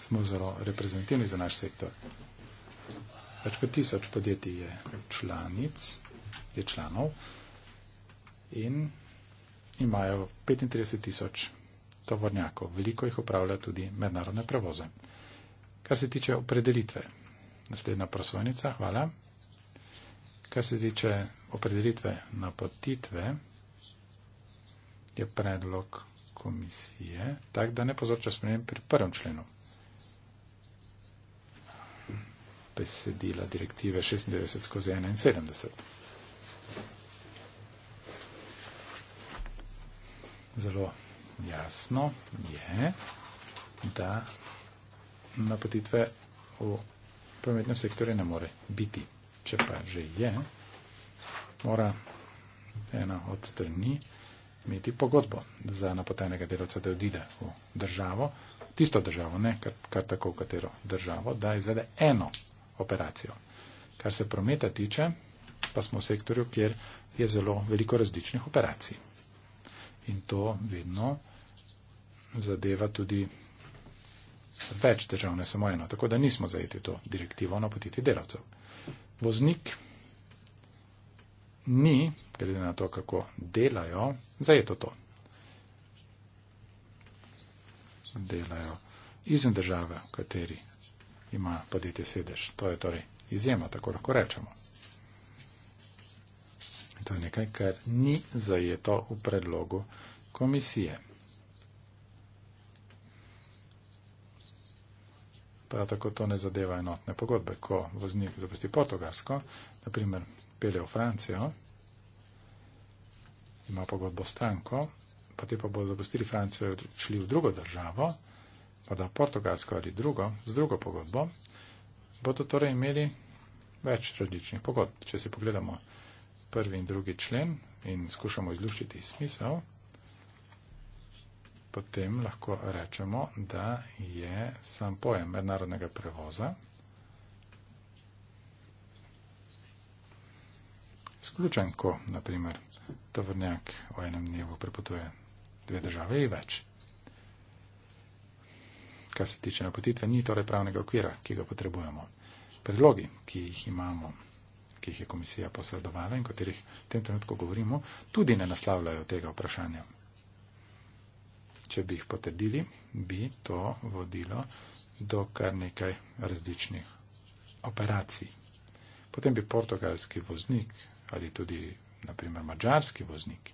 [SPEAKER 3] Smo zelo reprezentativni za naš sektor. Več kot tisoč podjetij je članic, je članov in imajo 35 tisoč tovornjakov. Veliko jih upravlja tudi mednarodne prevoze. Kar se tiče opredelitve. Naslednja prosojnica, hvala. Kar se tiče opredelitve napotitve, je predlog komisije tak, da ne pozorča spremem pri prvem členu besedila direktive 96 skozi 71. Zelo jasno je, da napotitve v prometnem sektorju ne more biti. Če pa že je, mora ena od strani imeti pogodbo za napotenega delavca, da odide v državo, tisto državo, ne kar, kar tako v katero državo, da izvede eno operacijo. Kar se prometa tiče, pa smo v sektorju, kjer je zelo veliko različnih operacij. In to vedno zadeva tudi več držav, ne samo eno. Tako da nismo zajeti v to direktivo o napotitvi delavcev. Voznik ni, glede na to, kako delajo, zajeto to. Delajo izven države, v kateri ima podjetje sedež. To je torej izjema, tako lahko rečemo. To je nekaj, kar ni zajeto v predlogu komisije. prav tako to ne zadeva enotne pogodbe. Ko voznik zapusti Portugalsko, naprimer pelje v Francijo, ima pogodbo stranko, pa te pa bodo zapustili Francijo in šli v drugo državo, morda Portugalsko ali drugo, z drugo pogodbo, bodo torej imeli več različnih pogodb. Če si pogledamo prvi in drugi člen in skušamo izluščiti smisel, potem lahko rečemo, da je sam pojem mednarodnega prevoza izključen, ko naprimer tovornjak v enem dnevu prepotuje dve države in več. Kar se tiče napotitve, ni torej pravnega okvira, ki ga potrebujemo. Predlogi, ki jih imamo, ki jih je komisija posredovala in katerih v tem trenutku govorimo, tudi ne naslavljajo tega vprašanja če bi jih potrdili, bi to vodilo do kar nekaj različnih operacij. Potem bi portugalski voznik ali tudi, naprimer, mađarski voznik,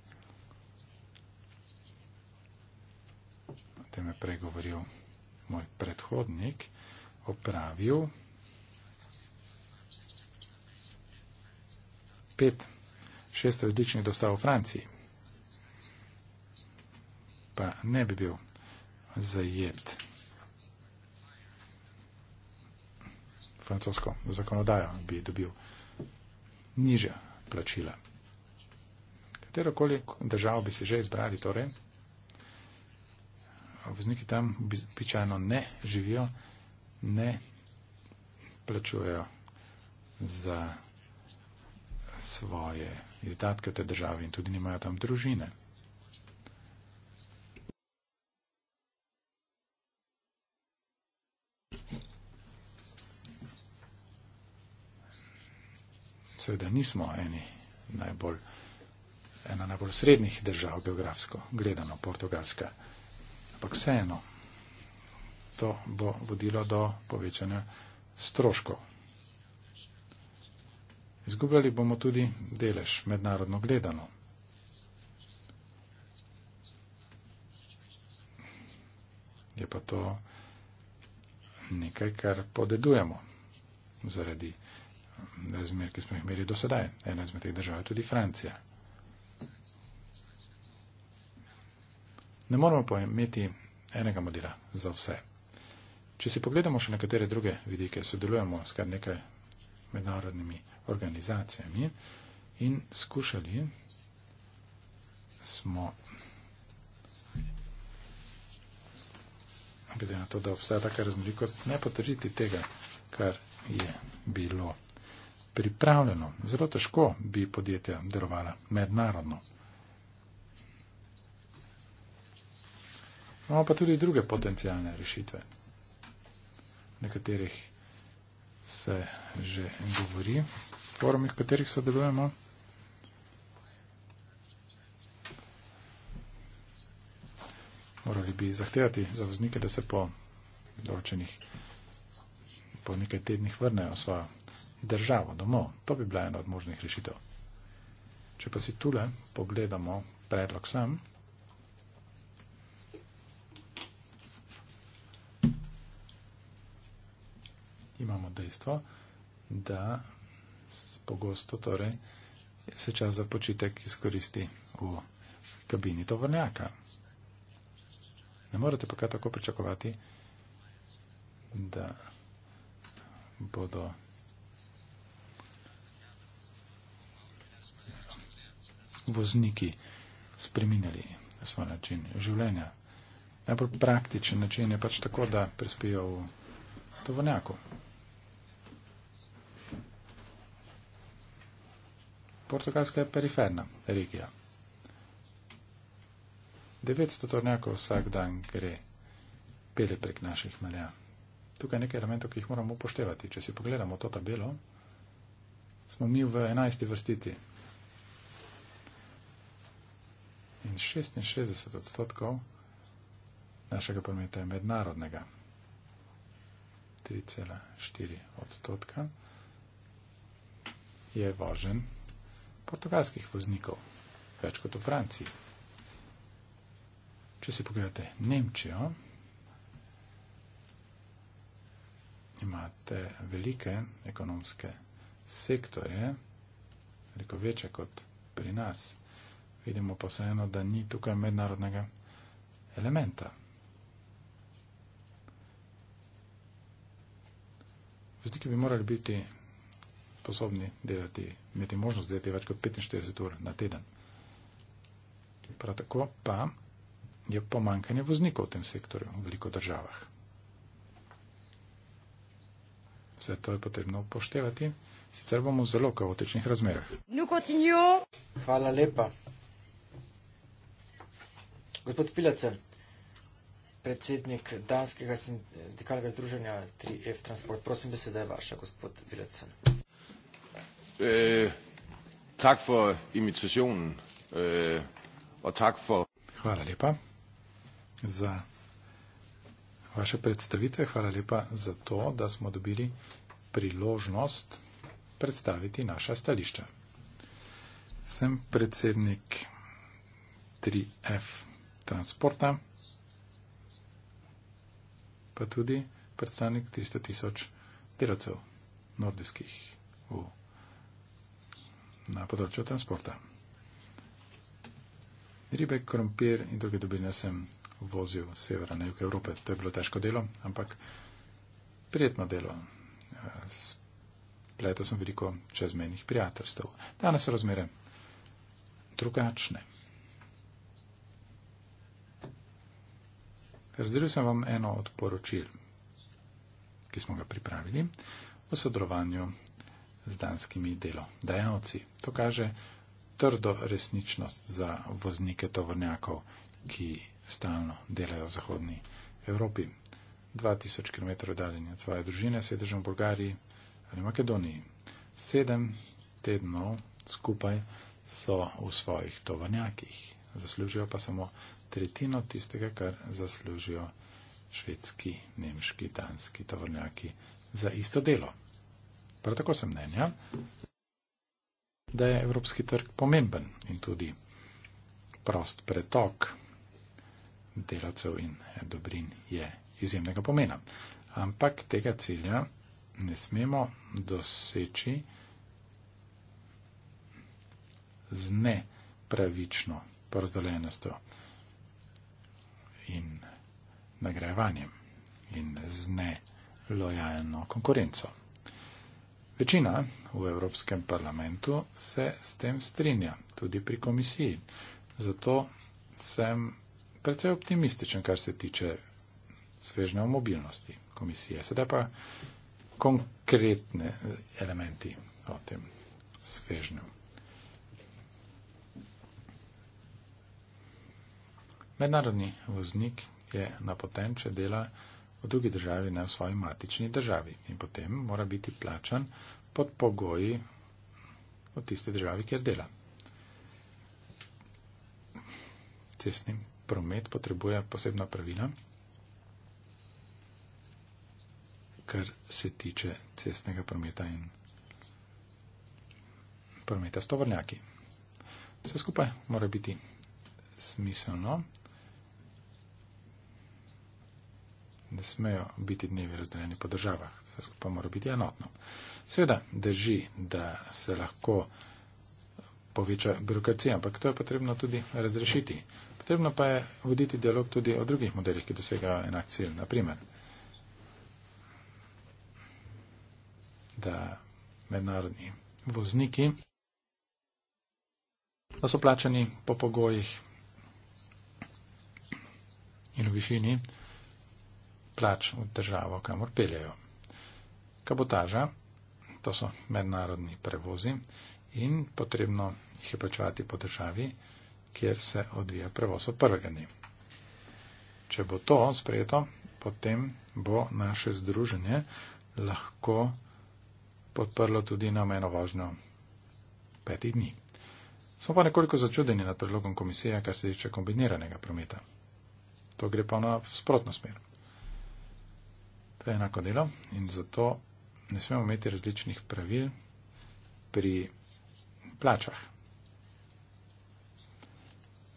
[SPEAKER 3] o tem je pregovoril moj predhodnik, opravil pet, šest različnih dostav v Franciji pa ne bi bil zajet francosko zakonodajo, bi dobil nižja plačila. Katerokoli državo bi se že izbrali, torej, vzniki tam običajno ne živijo, ne plačujejo za svoje izdatke v tej državi in tudi nimajo tam družine. seveda nismo eni najbolj, ena najbolj srednjih držav geografsko gledano, Portugalska. Ampak vseeno, to bo vodilo do povečanja stroškov. Izgubljali bomo tudi delež mednarodno gledano. Je pa to nekaj, kar podedujemo zaradi razmer, ki smo jih imeli do sedaj. Ena izmed teh držav je tudi Francija. Ne moramo pa imeti enega modela za vse. Če si pogledamo še nekatere druge vidike, sodelujemo s kar nekaj mednarodnimi organizacijami in skušali smo, glede na to, da obstaja taka raznolikost, ne potrditi tega, kar je bilo pripravljeno. Zelo težko bi podjetja delovala mednarodno. Imamo pa tudi druge potencijalne rešitve, o katerih se že govori, forumih, v katerih sodelujemo. Morali bi zahtevati za voznike, da se po določenih, po nekaj tednih vrnejo svojo državo domov. To bi bila ena od možnih rešitev. Če pa si tule pogledamo predlog sam, imamo dejstvo, da pogosto torej se čas za počitek izkoristi v kabini tovrnjaka. Ne morete pa kaj tako pričakovati, da bodo vozniki spreminjali svoj način življenja. Najbolj praktičen način je pač tako, da prispijo v tovornjaku. Portugalska je periferna regija. 900 tornjakov vsak dan gre pele prek naših meja. Tukaj je nekaj elementov, ki jih moramo upoštevati. Če si pogledamo to tabelo, smo mi v 11. vrstiti in 66 odstotkov našega prometa je mednarodnega. 3,4 odstotka je vožen portugalskih voznikov, več kot v Franciji. Če si pogledate Nemčijo, imate velike ekonomske sektorje, veliko večje kot pri nas vidimo pa vseeno, da ni tukaj mednarodnega elementa. Vzniki bi morali biti sposobni delati, imeti možnost delati več kot 45 ur na teden. Prav tako pa je pomankanje voznikov v tem sektorju v veliko državah. Vse to je potrebno upoštevati, sicer bomo v zelo kaotičnih razmerah. Hvala lepa. Gospod Pilacer,
[SPEAKER 2] predsednik Danskega sindikalnega združenja 3F Transport, prosim beseda je vaša, gospod Pilacer.
[SPEAKER 3] Eh,
[SPEAKER 4] tak for imitacijon in eh, tak for.
[SPEAKER 3] Hvala lepa za vaše predstavitve, hvala lepa za to, da smo dobili priložnost predstaviti naša stališča. Sem predsednik 3F Transport transporta, pa tudi predstavnik 300 tisoč delavcev nordijskih v, na področju transporta. Ribek, krompir in druge dobrine sem vozil z severa na jug Evrope. To je bilo težko delo, ampak prijetno delo. Spletel sem veliko čezmenih prijateljstev. Danes so razmere drugačne. Razdelil sem vam eno od poročil, ki smo ga pripravili v sodelovanju z danskimi delodajalci. To kaže trdo resničnost za voznike tovornjakov, ki stalno delajo v Zahodni Evropi. 2000 km daljnje od svoje družine, sedežem v Bolgariji ali Makedoniji. Sedem tednov skupaj so v svojih tovornjakih, zaslužijo pa samo tretjino tistega, kar zaslužijo švedski, nemški, danski tovornjaki za isto delo. Prav tako sem mnenja, da je evropski trg pomemben in tudi prost pretok delavcev in dobrin je izjemnega pomena. Ampak tega cilja ne smemo doseči z nepravično porazdeljenostjo nagrajevanjem in z nelojalno konkurenco. Večina v Evropskem parlamentu se s tem strinja, tudi pri komisiji. Zato sem precej optimističen, kar se tiče svežne mobilnosti komisije. Sedaj pa konkretne eh, elementi o tem svežnju. Mednarodni voznik je napoten, če dela v drugi državi, ne v svoji matični državi. In potem mora biti plačan pod pogoji v tisti državi, kjer dela. Cestni promet potrebuje posebna pravila, kar se tiče cestnega prometa in prometa s tovrnjaki. Vse skupaj mora biti smiselno. ne smejo biti dnevi razdeljeni po državah, vse skupaj mora biti enotno. Seveda drži, da se lahko poveča birokracija, ampak to je potrebno tudi razrešiti. Potrebno pa je voditi dialog tudi o drugih modelih, ki dosegajo enak cilj. Naprimer, da mednarodni vozniki da so plačani po pogojih in v višini, plač v državo, kamor peljajo. Kabotaža, to so mednarodni prevozi in potrebno jih je plačevati po državi, kjer se odvija prevoz od prvega dne. Če bo to sprejeto, potem bo naše združenje lahko podprlo tudi na omeno vožnjo petih dni. Smo pa nekoliko začudeni nad predlogom komisije, kar se tiče kombiniranega prometa. To gre pa na sprotno smer. To je enako delo in zato ne smemo imeti različnih pravil pri plačah.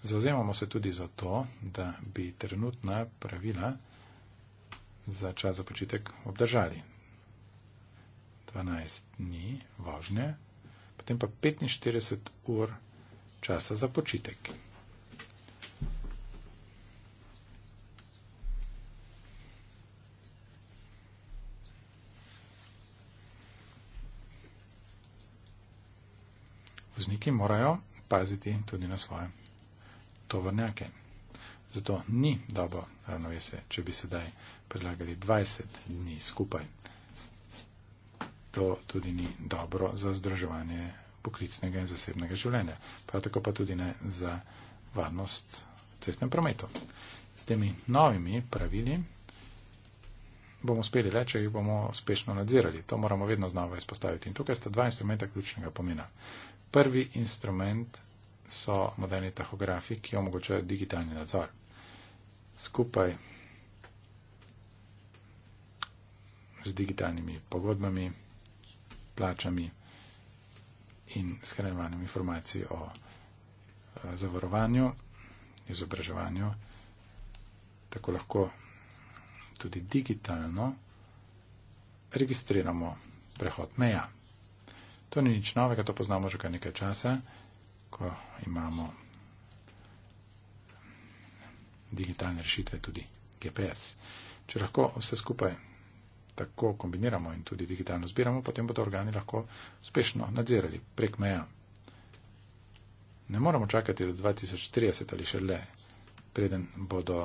[SPEAKER 3] Zauzemamo se tudi za to, da bi trenutna pravila za čas za počitek obdržali. 12 dni vožnje, potem pa 45 ur časa za počitek. Vozniki morajo paziti tudi na svoje tovornjake. Zato ni dobro ravnovesje, če bi sedaj predlagali 20 dni skupaj. To tudi ni dobro za vzdrževanje poklicnega in zasebnega življenja. Prav tako pa tudi ne za varnost v cestnem prometu. S temi novimi pravili bomo uspeli le, če jih bomo uspešno nadzirali. To moramo vedno znova izpostaviti. In tukaj sta dva instrumenta ključnega pomena prvi instrument so moderni tahografi, ki omogočajo digitalni nadzor. Skupaj z digitalnimi pogodbami, plačami in skrajevanjem informacij o eh, zavarovanju, izobraževanju, tako lahko tudi digitalno registriramo prehod meja. To ni nič novega, to poznamo že kar nekaj časa, ko imamo digitalne rešitve, tudi GPS. Če lahko vse skupaj tako kombiniramo in tudi digitalno zbiramo, potem bodo organi lahko uspešno nadzirali prek meja. Ne moramo čakati do 2030 ali še le, preden bodo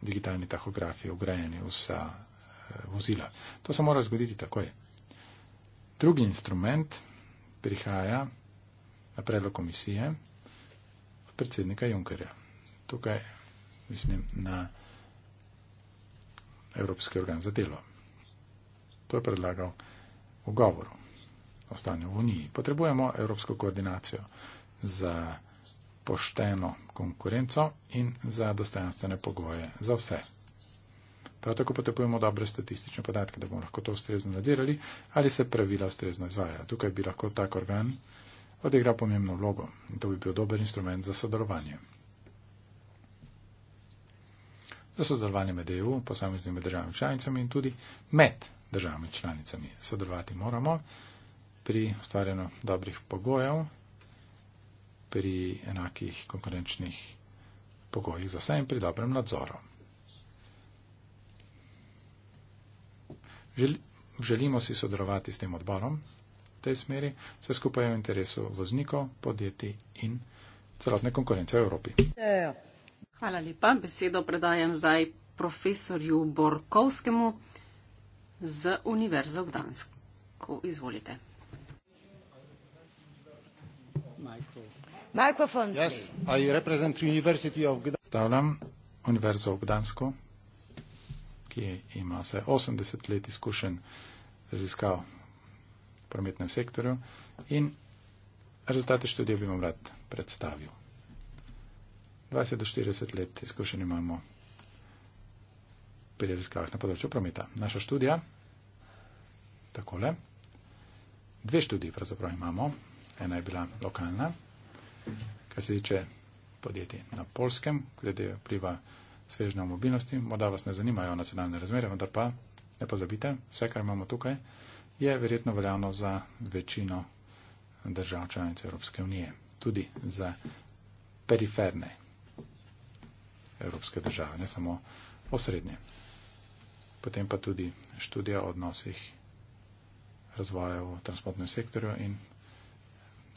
[SPEAKER 3] digitalni tahografi ugrajeni vsa eh, vozila. To se mora zgoditi takoj. Drugi instrument, prihaja na predlog komisije od predsednika Junkerja. Tukaj mislim na Evropski organ za delo. To je predlagal v govoru o stanju v Uniji. Potrebujemo Evropsko koordinacijo za pošteno konkurenco in za dostojanstvene pogoje za vse. Prav tako potrebujemo dobre statistične podatke, da bomo lahko to ustrezno nadzirali ali se pravila ustrezno izvaja. Tukaj bi lahko tak organ odigral pomembno vlogo in to bi bil dober instrument za sodelovanje. Za sodelovanje med EU, posameznimi državami članicami in tudi med državami članicami. Sodelovati moramo pri ustvarjanju dobrih pogojev, pri enakih konkurenčnih pogojih za vse in pri dobrem nadzoru. Želimo si sodelovati s tem odborom v tej smeri, vse skupaj je v interesu voznikov, podjetij in celotne konkurence v Evropi.
[SPEAKER 6] Hvala lepa. Besedo predajam zdaj profesorju Borkovskemu z Univerzo v Gdansku. Izvolite.
[SPEAKER 3] Mikrofon. Yes, Stavljam Univerzo v Gdansku ki ima vsaj 80 let izkušen raziskav v prometnem sektorju in rezultate študije bi vam rad predstavil. 20 do 40 let izkušen imamo pri raziskavah na področju prometa. Naša študija, takole, dve študiji pravzaprav imamo, ena je bila lokalna, kar se tiče podjetij na polskem, glede vpliva svežnja o mobilnosti. Morda vas ne zanimajo nacionalne razmere, vendar pa ne pozabite, vse, kar imamo tukaj, je verjetno veljavno za večino držav članic Evropske unije, tudi za periferne evropske države, ne samo osrednje. Potem pa tudi študija o odnosih razvoja v transportnem sektorju in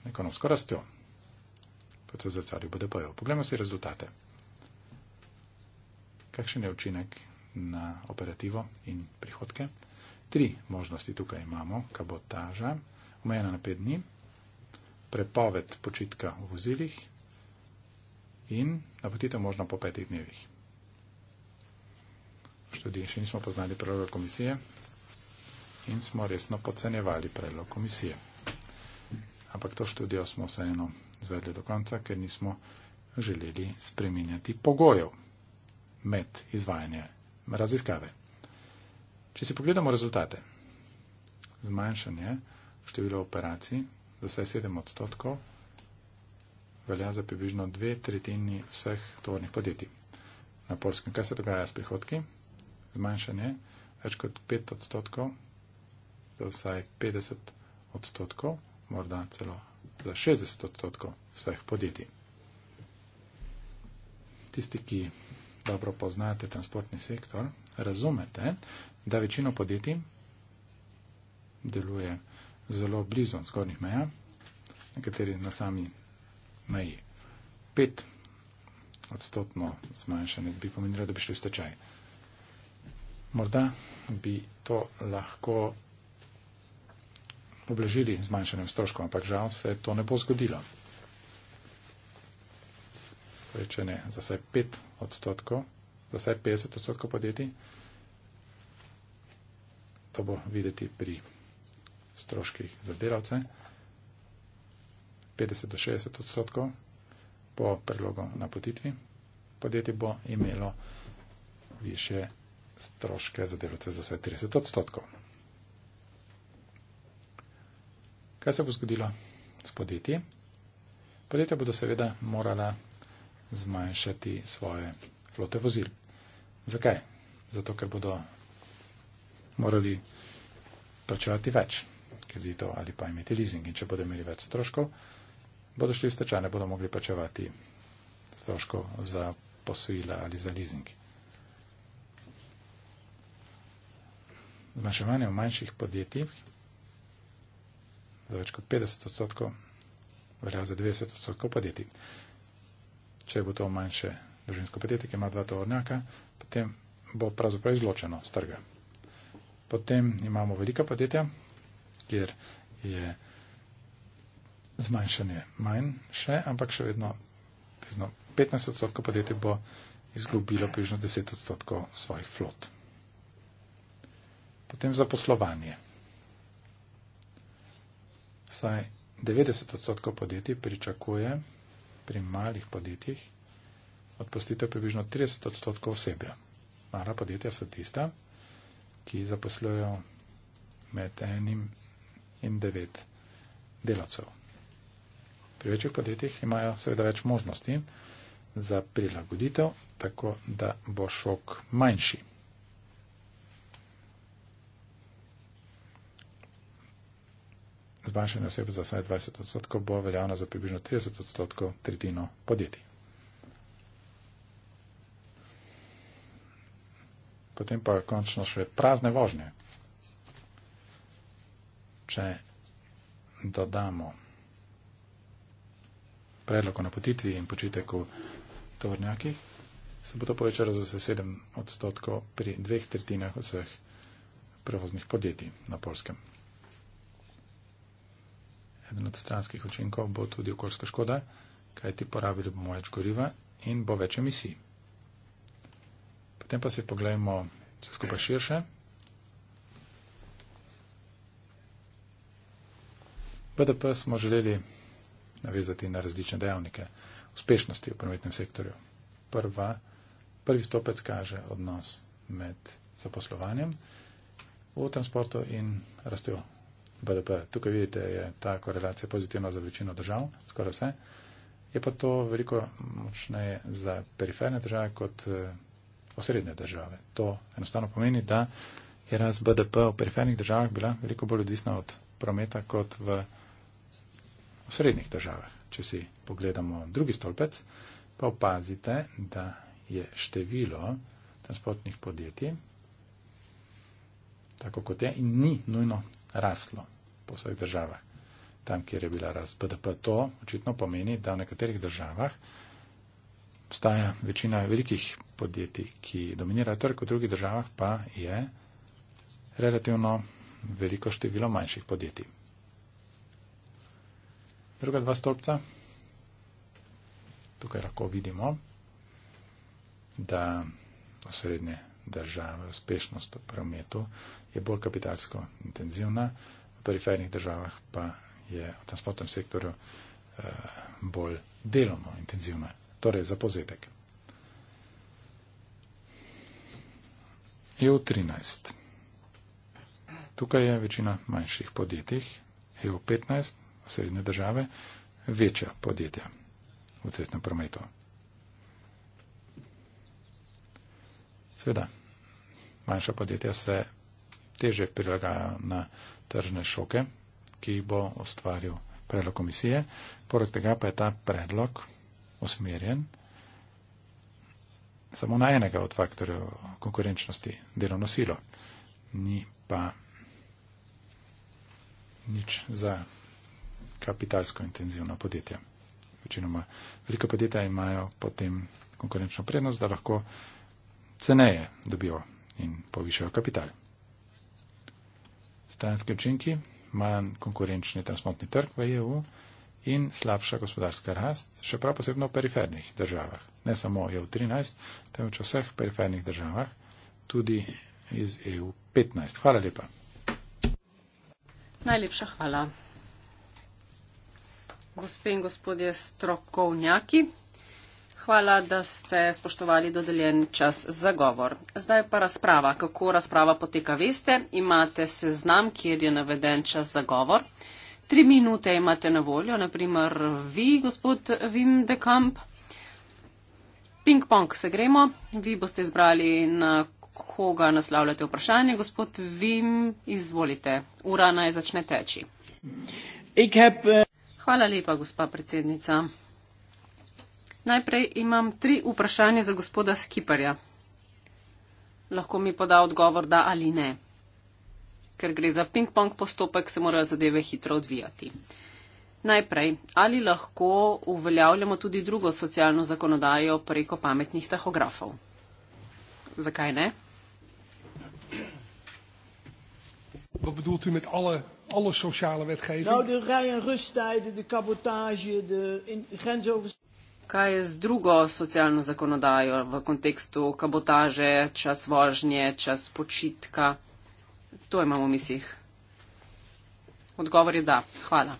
[SPEAKER 3] ekonomsko rastjo, kot se zrcali v BDP-ju. Poglejmo si rezultate kakšen je učinek na operativo in prihodke. Tri možnosti tukaj imamo, kabotaža, omejena na pet dni, prepoved počitka v vozilih in napotitev možno po petih dnevih. V študiji še nismo poznali predloga komisije in smo resno podcenjevali predlog komisije. Ampak to študijo smo vseeno zvedli do konca, ker nismo želeli spreminjati pogojev med izvajanje raziskave. Če si pogledamo rezultate, zmanjšanje števila operacij za vse 7 odstotkov velja za približno dve tretjini vseh tovornih podjetij. Na polskem, kaj se dogaja s prihodki? Zmanjšanje več kot 5 odstotkov, za vsaj 50 odstotkov, morda celo za 60 odstotkov vseh podjetij. Tisti, ki dobro poznate transportni sektor, razumete, da večino podjetij deluje zelo blizu zgornjih meja, nekateri na sami meji. Pet odstotno zmanjšanje bi pomenilo, da bi šli v stečaj. Morda bi to lahko oblažili zmanjšanjem stroškov, ampak žal se to ne bo zgodilo. Torej, če ne, za vsaj 5 odstotkov, za vsaj 50 odstotkov podjetij, to bo videti pri stroških za delavce. 50 do 60 odstotkov po predlogu na potitvi podjetje bo imelo više stroške za delavce za vsaj 30 odstotkov. Kaj se bo zgodilo s podjetji? Podjetja bodo seveda morala zmanjšati svoje flote vozil. Zakaj? Zato, ker bodo morali plačevati več kreditov ali pa imeti leasing. In če bodo imeli več stroškov, bodo šli v stečaj, ne bodo mogli plačevati stroškov za posojila ali za leasing. Zmanjševanje v manjših podjetjih za več kot 50 odstotkov velja za 90 odstotkov podjetij če bo to manjše družinsko podjetje, ki ima dva tovornjaka, potem bo pravzaprav izločeno z trga. Potem imamo velika podjetja, kjer je zmanjšanje manjše, ampak še vedno 15 odstotkov podjetij bo izgubilo približno 10 odstotkov svojih flot. Potem zaposlovanje. Vsaj 90 odstotkov podjetij pričakuje, pri malih podjetjih odpustite približno 30 odstotkov osebja. Mala podjetja so tista, ki zaposlujejo med enim in devet delavcev. Pri večjih podjetjih imajo seveda več možnosti za prilagoditev, tako da bo šok manjši. zmanjšanje osebe za vsaj 20 odstotkov bo veljavno za približno 30 odstotkov tretjino podjetij. Potem pa končno še prazne vožnje. Če dodamo predlog o napotitvi in počitek v tovornjakih, se bo to povečalo za 7 odstotkov pri dveh tretjinah vseh prevoznih podjetij na polskem eden od stranskih učinkov bo tudi okoljska škoda, kajti porabili bomo več goriva in bo več emisij. Potem pa si pogledajmo vse skupaj širše. BDP smo želeli navezati na različne dejavnike uspešnosti v prometnem sektorju. Prva, prvi stopec kaže odnos med zaposlovanjem v transportu in rastjo BDP. Tukaj vidite, je ta korelacija pozitivna za večino držav, skoraj vse. Je pa to veliko močneje za periferne države kot eh, osrednje države. To enostavno pomeni, da je rast BDP v perifernih državah bila veliko bolj odvisna od prometa kot v osrednjih državah. Če si pogledamo drugi stolpec, pa opazite, da je število transportnih podjetij tako kot je in ni nujno raslo po vseh državah. Tam, kjer je bila rast BDP, to očitno pomeni, da v nekaterih državah obstaja večina velikih podjetij, ki dominirajo trg, v drugih državah pa je relativno veliko število manjših podjetij. Druga dva stolpca. Tukaj lahko vidimo, da osrednje države uspešnost v prometu je bolj kapitalsko intenzivna, v perifernih državah pa je v transportnem sektorju eh, bolj delovno intenzivna. Torej, za povzetek. EU13. Tukaj je večina manjših podjetij, EU15, osrednje države, večja podjetja v cestnem prometu. Sveda, manjša podjetja se teže prilagajajo na tržne šoke, ki jih bo ustvaril predlog komisije. Poleg tega pa je ta predlog usmerjen samo na enega od faktorjev konkurenčnosti, delovno silo. Ni pa nič za kapitalsko intenzivno podjetje. Večinoma velika podjetja imajo potem konkurenčno prednost, da lahko ceneje dobijo in povišajo kapital stranske učinki, manj konkurenčni transportni trg v EU in slabša gospodarska rast, še prav posebno v perifernih državah. Ne samo EU 13, temveč v vseh perifernih državah, tudi iz EU 15. Hvala lepa.
[SPEAKER 6] Najlepša hvala. Gospe in gospodje strokovnjaki, Hvala, da ste spoštovali dodeljen čas za govor. Zdaj pa razprava. Kako razprava poteka, veste, imate seznam, kjer je naveden čas za govor. Tri minute imate na voljo, naprimer vi, gospod Vim de Kamp. Ping-pong se gremo. Vi boste izbrali, na koga naslavljate vprašanje. Gospod Vim, izvolite. Ura naj začne teči. Eh, Hvala lepa, gospa predsednica. Najprej imam tri vprašanja za gospoda Skiperja. Lahko mi poda odgovor, da ali ne. Ker gre za ping-pong postopek, se morajo zadeve hitro odvijati. Najprej, ali lahko uveljavljamo tudi drugo socialno zakonodajo preko pametnih tahografov? Zakaj ne?
[SPEAKER 4] Wat bedoelt u met alle, alle sociale wetgeving? Nou, de rij- en rusttijden, de cabotage, de grensoverschrijdende.
[SPEAKER 6] Kaj je z drugo socialno zakonodajo v kontekstu kabotaže, čas vožnje, čas počitka? To imamo v mislih. Odgovor je da. Hvala.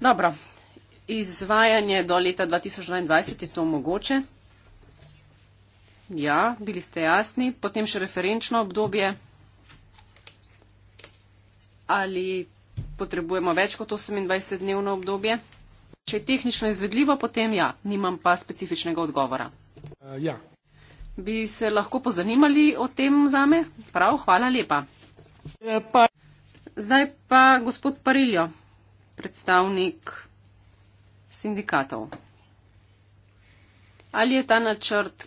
[SPEAKER 6] Dobro. Izvajanje do leta 2022 je to mogoče? Ja, bili ste jasni. Potem še referenčno obdobje. Ali potrebujemo več kot 28-dnevno obdobje? Če je tehnično izvedljivo, potem ja, nimam pa specifičnega odgovora. Uh, ja. Bi se lahko pozanimali o tem za me? Prav, hvala lepa. Uh, pa. Zdaj pa gospod Pariljo, predstavnik sindikatov. Ali je ta načrt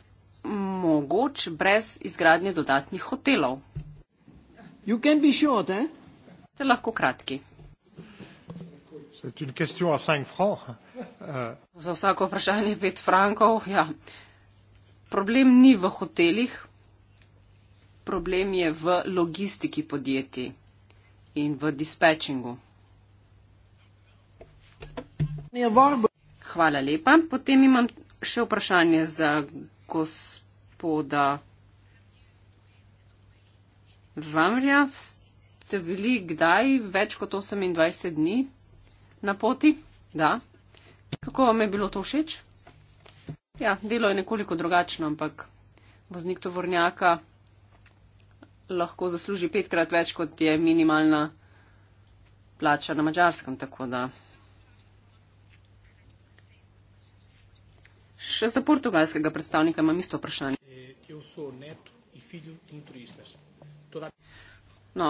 [SPEAKER 6] mogoč brez izgradnje dodatnih hotelov? Sure, eh? Ste lahko kratki.
[SPEAKER 4] Euh,
[SPEAKER 6] za vsako vprašanje 5 frankov. Ja. Problem ni v hotelih, problem je v logistiki podjetij in v dispečingu. Hvala lepa. Potem imam še vprašanje za gospoda Vamrja. Ste bili kdaj več kot 28 dni? na poti. Da. Kako vam je bilo to všeč? Ja, delo je nekoliko drugačno, ampak voznik tovornjaka lahko zasluži petkrat več, kot je minimalna plača na mačarskem. Še za portugalskega predstavnika imam isto vprašanje. No,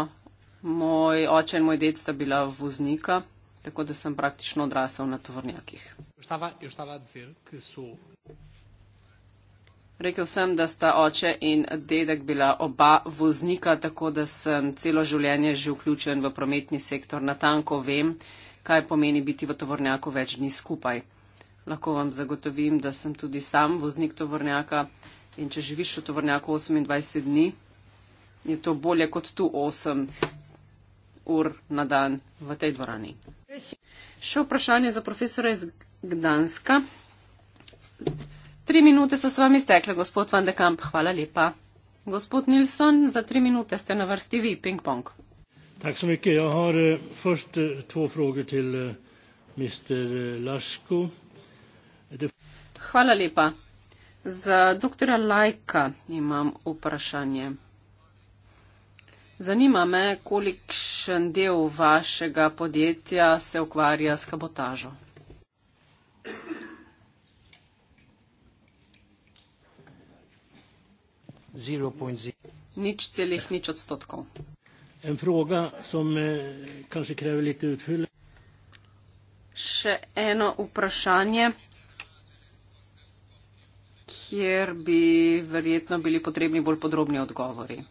[SPEAKER 6] moj oče in moj ded sta bila voznika tako da sem praktično odrasel na
[SPEAKER 5] tovornjakih.
[SPEAKER 6] Rekl sem, da sta oče in dedek bila oba voznika, tako da sem celo življenje že vključen v prometni sektor. Natanko vem, kaj pomeni biti v tovornjaku več dni skupaj. Lahko vam zagotovim, da sem tudi sam voznik tovornjaka in če živiš v tovornjaku 28 dni, je to bolje kot tu 8 ur na dan v tej dvorani. Še vprašanje za profesora iz Gdanska. Tri minute so s vami stekle, gospod Van de Kamp, hvala lepa. Gospod Nilsson, za tri minute ste na vrsti vi, ping-pong.
[SPEAKER 1] Tak so mikke. Jaz imam prvo eh, eh, dve vprašanje til eh, mister Lasko. De...
[SPEAKER 6] Hvala lepa. Za doktora Lajka imam vprašanje. Zanima me, kolikšen del vašega podjetja se ukvarja s kabotažo. Nič celih nič odstotkov.
[SPEAKER 1] En fraga, som, eh, Še
[SPEAKER 6] eno vprašanje, kjer bi verjetno bili potrebni bolj podrobni odgovori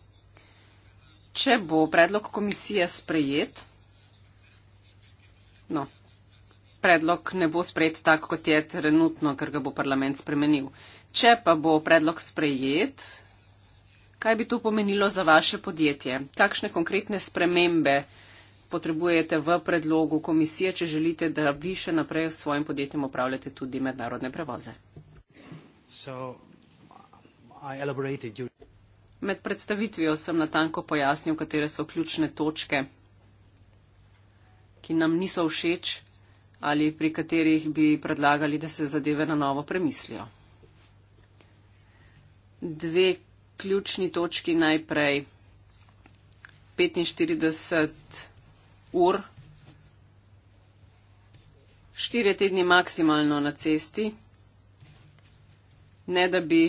[SPEAKER 6] če bo predlog komisije sprejet, no, predlog ne bo sprejet tako, kot je trenutno, ker ga bo parlament spremenil. Če pa bo predlog sprejet, kaj bi to pomenilo za vaše podjetje? Kakšne konkretne spremembe potrebujete v predlogu komisije, če želite, da vi še naprej s svojim podjetjem upravljate tudi mednarodne prevoze? So, Med predstavitvijo sem natanko pojasnil, katere so ključne točke, ki nam niso všeč ali pri katerih bi predlagali, da se zadeve na novo premislijo. Dve ključni točki najprej. 45 ur, 4 tedni maksimalno na cesti, ne da bi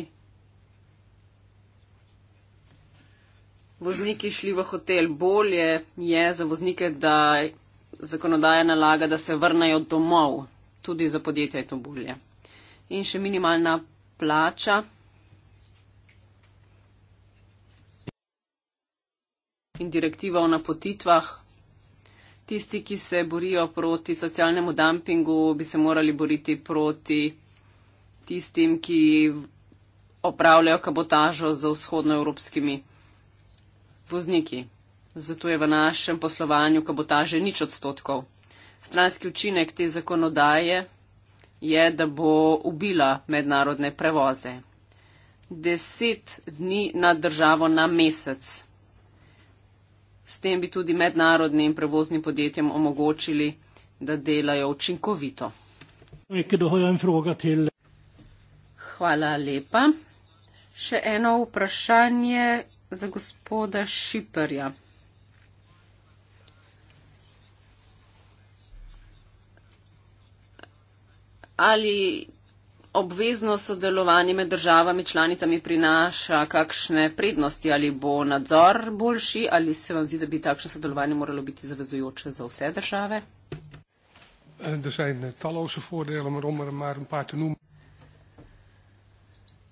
[SPEAKER 6] vozniki šli v hotel. Bolje je za voznike, da zakonodaja nalaga, da se vrnajo domov. Tudi za podjetje je to bolje. In še minimalna plača. In direktiva o napotitvah. Tisti, ki se borijo proti socialnemu dumpingu, bi se morali boriti proti tistim, ki opravljajo kabotažo z vzhodnoevropskimi vozniki. Zato je v našem poslovanju kabotaže nič odstotkov. Stranski učinek te zakonodaje je, da bo ubila mednarodne prevoze. Deset dni nad državo na mesec. S tem bi tudi mednarodnim prevoznim podjetjem omogočili, da delajo učinkovito. Hvala lepa. Še eno vprašanje za gospoda Šiperja. Ali obvezno sodelovanje med državami članicami prinaša kakšne prednosti, ali bo nadzor boljši, ali se vam zdi, da bi takšno sodelovanje moralo biti zavezujoče za vse države?
[SPEAKER 4] Eh, er eh, er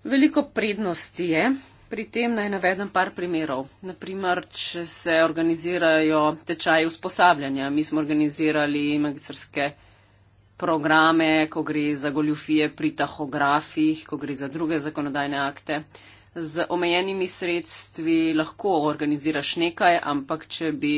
[SPEAKER 4] Veliko
[SPEAKER 6] prednosti je. Pri tem naj navedem par primerov. Naprimer, če se organizirajo tečaje usposabljanja. Mi smo organizirali magistrske programe, ko gre za goljufije pri tahografih, ko gre za druge zakonodajne akte. Z omejenimi sredstvi lahko organiziraš nekaj, ampak če bi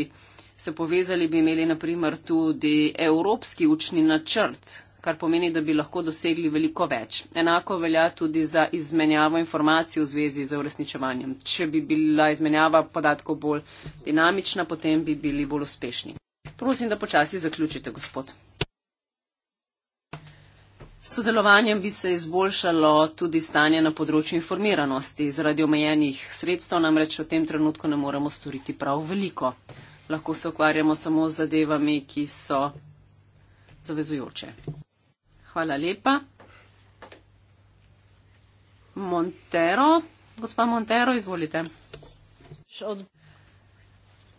[SPEAKER 6] se povezali, bi imeli naprimer tudi evropski učni načrt, kar pomeni, da bi lahko dosegli veliko več. Enako velja tudi za izmenjavo informacij v zvezi z uresničevanjem. Če bi bila izmenjava podatkov bolj dinamična, potem bi bili bolj uspešni. Prosim, da počasi zaključite, gospod. S sodelovanjem bi se izboljšalo tudi stanje na področju informiranosti. Zaradi omejenih sredstev namreč v tem trenutku ne moremo storiti prav veliko. Lahko se okvarjamo samo z zadevami, ki so zavezujoče. Hvala lepa. Montero, gospa Montero, izvolite.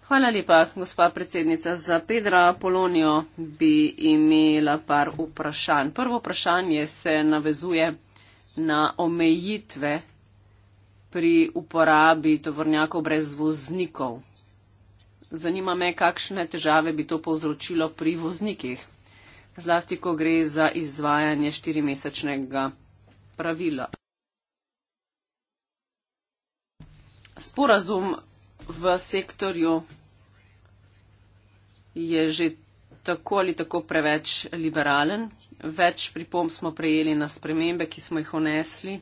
[SPEAKER 6] Hvala lepa, gospa predsednica. Za Pedra Polonijo bi imela par vprašanj. Prvo vprašanje se navezuje na omejitve pri uporabi tovornjakov brez voznikov. Zanima me, kakšne težave bi to povzročilo pri voznikih zlasti, ko gre za izvajanje štirimesečnega pravila. Sporazum v sektorju je že tako ali tako preveč liberalen. Več pripomb smo prejeli na spremembe, ki smo jih onesli.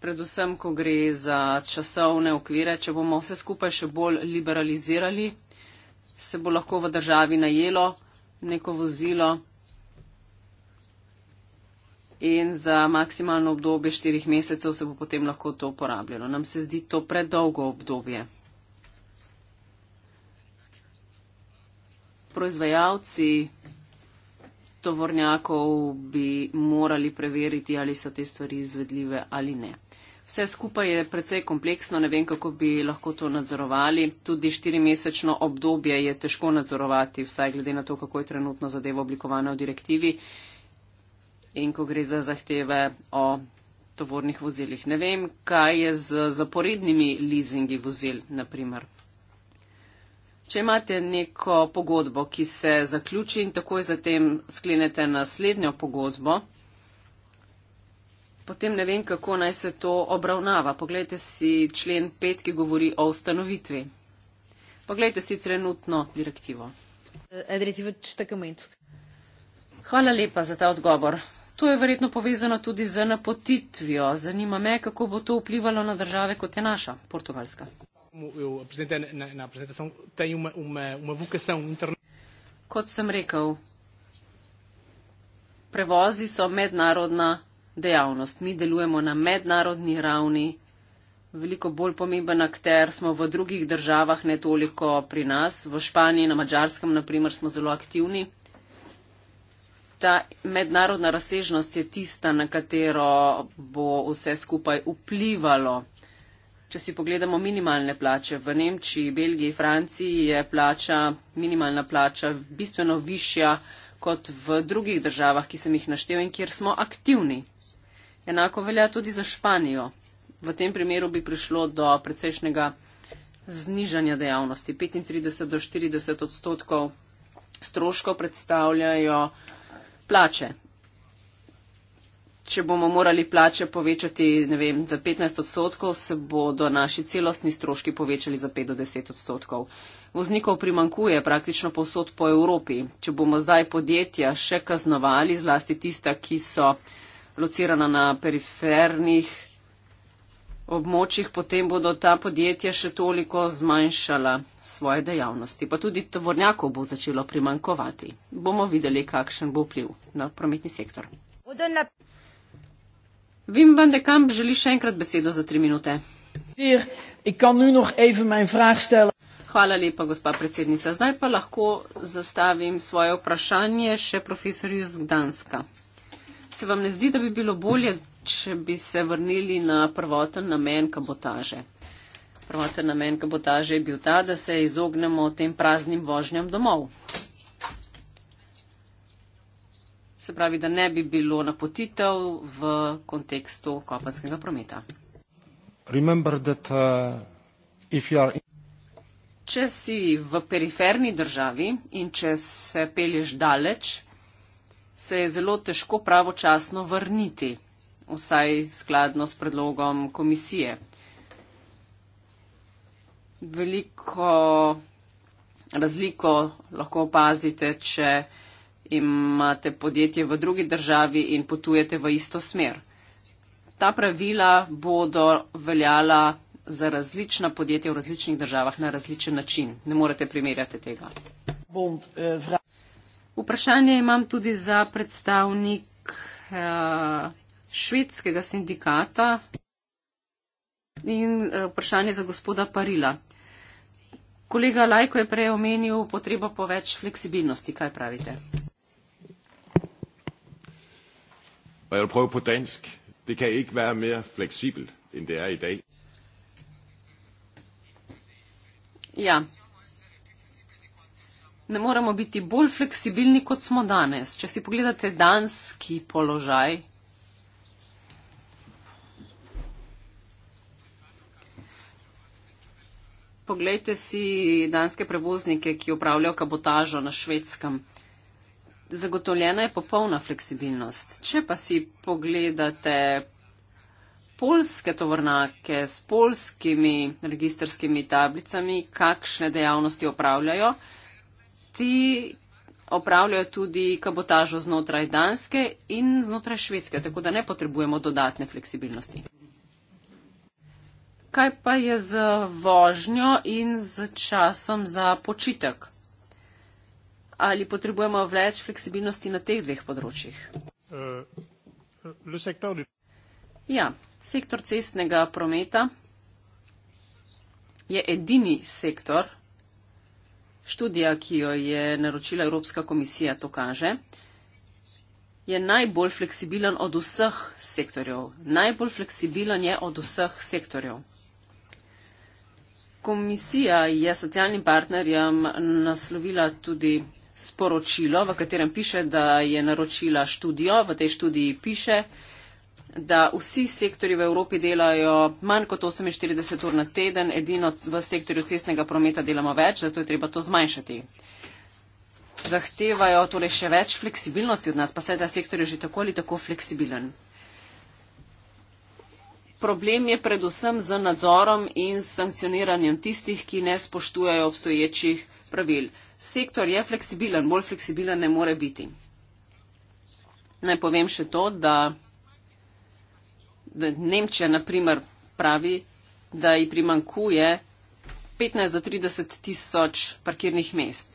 [SPEAKER 6] Predvsem, ko gre za časovne okvire, če bomo vse skupaj še bolj liberalizirali se bo lahko v državi najelo neko vozilo in za maksimalno obdobje štirih mesecev se bo potem lahko to uporabljalo. Nam se zdi to predolgo obdobje. Proizvajalci tovornjakov bi morali preveriti, ali so te stvari izvedljive ali ne. Vse skupaj je precej kompleksno, ne vem, kako bi lahko to nadzorovali. Tudi štirimesečno obdobje je težko nadzorovati, vsaj glede na to, kako je trenutno zadevo oblikovano v direktivi in ko gre za zahteve o tovornih vozilih. Ne vem, kaj je z zaporednimi leasingi vozil, na primer. Če imate neko pogodbo, ki se zaključi in takoj zatem sklenete naslednjo pogodbo, potem ne vem, kako naj se to obravnava. Poglejte si člen 5, ki govori o ustanovitvi. Poglejte si trenutno direktivo. Hvala lepa za ta odgovor. To je verjetno povezano tudi z napotitvijo. Zanima me, kako bo to vplivalo na države, kot je naša, Portugalska. Kot sem rekel, prevozi so mednarodna dejavnost. Mi delujemo na mednarodni ravni, veliko bolj pomemben akter smo v drugih državah, ne toliko pri nas. V Španiji, na Mačarskem, naprimer, smo zelo aktivni. Ta mednarodna razsežnost je tista, na katero bo vse skupaj vplivalo. Če si pogledamo minimalne plače v Nemčiji, Belgiji, Franciji, je plača, minimalna plača bistveno višja kot v drugih državah, ki sem jih naštel in kjer smo aktivni. Enako velja tudi za Španijo. V tem primeru bi prišlo do precejšnjega znižanja dejavnosti. 35 do 40 odstotkov stroškov predstavljajo plače. Če bomo morali plače povečati vem, za 15 odstotkov, se bodo naši celostni stroški povečali za 5 do 10 odstotkov. Voznikov primankuje praktično povsod po Evropi. Če bomo zdaj podjetja še kaznovali, zlasti tista, ki so locirana na perifernih območjih, potem bodo ta podjetja še toliko zmanjšala svoje dejavnosti. Pa tudi tovornjakov bo začelo primankovati. Bomo videli, kakšen bo vpliv na prometni sektor. Vim van de Kamp želi še enkrat besedo za tri minute. Hvala lepa, gospa predsednica. Zdaj pa lahko zastavim svoje vprašanje še profesorju z Danska se vam ne zdi, da bi bilo bolje, če bi se vrnili na prvoten namen kabotaže? Prvoten namen kabotaže je bil ta, da se izognemo tem praznim vožnjam domov. Se pravi, da ne bi bilo napotitev v kontekstu kopenskega prometa. Uh, če si v periferni državi in če se pelješ daleč, se je zelo težko pravočasno vrniti, vsaj skladno s predlogom komisije. Veliko razliko lahko opazite, če imate podjetje v drugi državi in potujete v isto smer. Ta pravila bodo veljala za različna podjetja v različnih državah na različen način. Ne morete primerjati tega. Bond, uh, Vprašanje imam tudi za predstavnik eh, švedskega sindikata in eh, vprašanje za gospoda Parila. Kolega Lajko je prej omenil potrebo po več fleksibilnosti. Kaj pravite?
[SPEAKER 4] Jeg vil prøve på dansk. Det kan ikke være mere fleksibelt, end det er i dag.
[SPEAKER 6] Ja, ne moremo biti bolj fleksibilni, kot smo danes. Če si pogledate danski položaj. Poglejte si danske prevoznike, ki upravljajo kabotažo na švedskem. Zagotovljena je popolna fleksibilnost. Če pa si pogledate polske tovornake s polskimi registrskimi tablicami, kakšne dejavnosti upravljajo, ti opravljajo tudi kabotažo znotraj Danske in znotraj Švedske, tako da ne potrebujemo dodatne fleksibilnosti. Kaj pa je z vožnjo in z časom za počitek? Ali potrebujemo več fleksibilnosti na teh dveh področjih?
[SPEAKER 4] Eh,
[SPEAKER 6] ja, sektor cestnega prometa je edini sektor, študija, ki jo je naročila Evropska komisija, to kaže, je najbolj fleksibilen od vseh sektorjev. Najbolj fleksibilen je od vseh sektorjev. Komisija je socialnim partnerjem naslovila tudi sporočilo, v katerem piše, da je naročila študijo. V tej študiji piše, da da vsi sektori v Evropi delajo manj kot 48 ur na teden, edino v sektorju cestnega prometa delamo več, zato je treba to zmanjšati. Zahtevajo torej še več fleksibilnosti od nas, pa sedaj sektor je že tako ali tako fleksibilen. Problem je predvsem z nadzorom in sankcioniranjem tistih, ki ne spoštujejo obstoječih pravil. Sektor je fleksibilen, bolj fleksibilen ne more biti. Naj povem še to, da Nemčija, naprimer, pravi, da ji primankuje 15 do 30 tisoč parkirnih mest.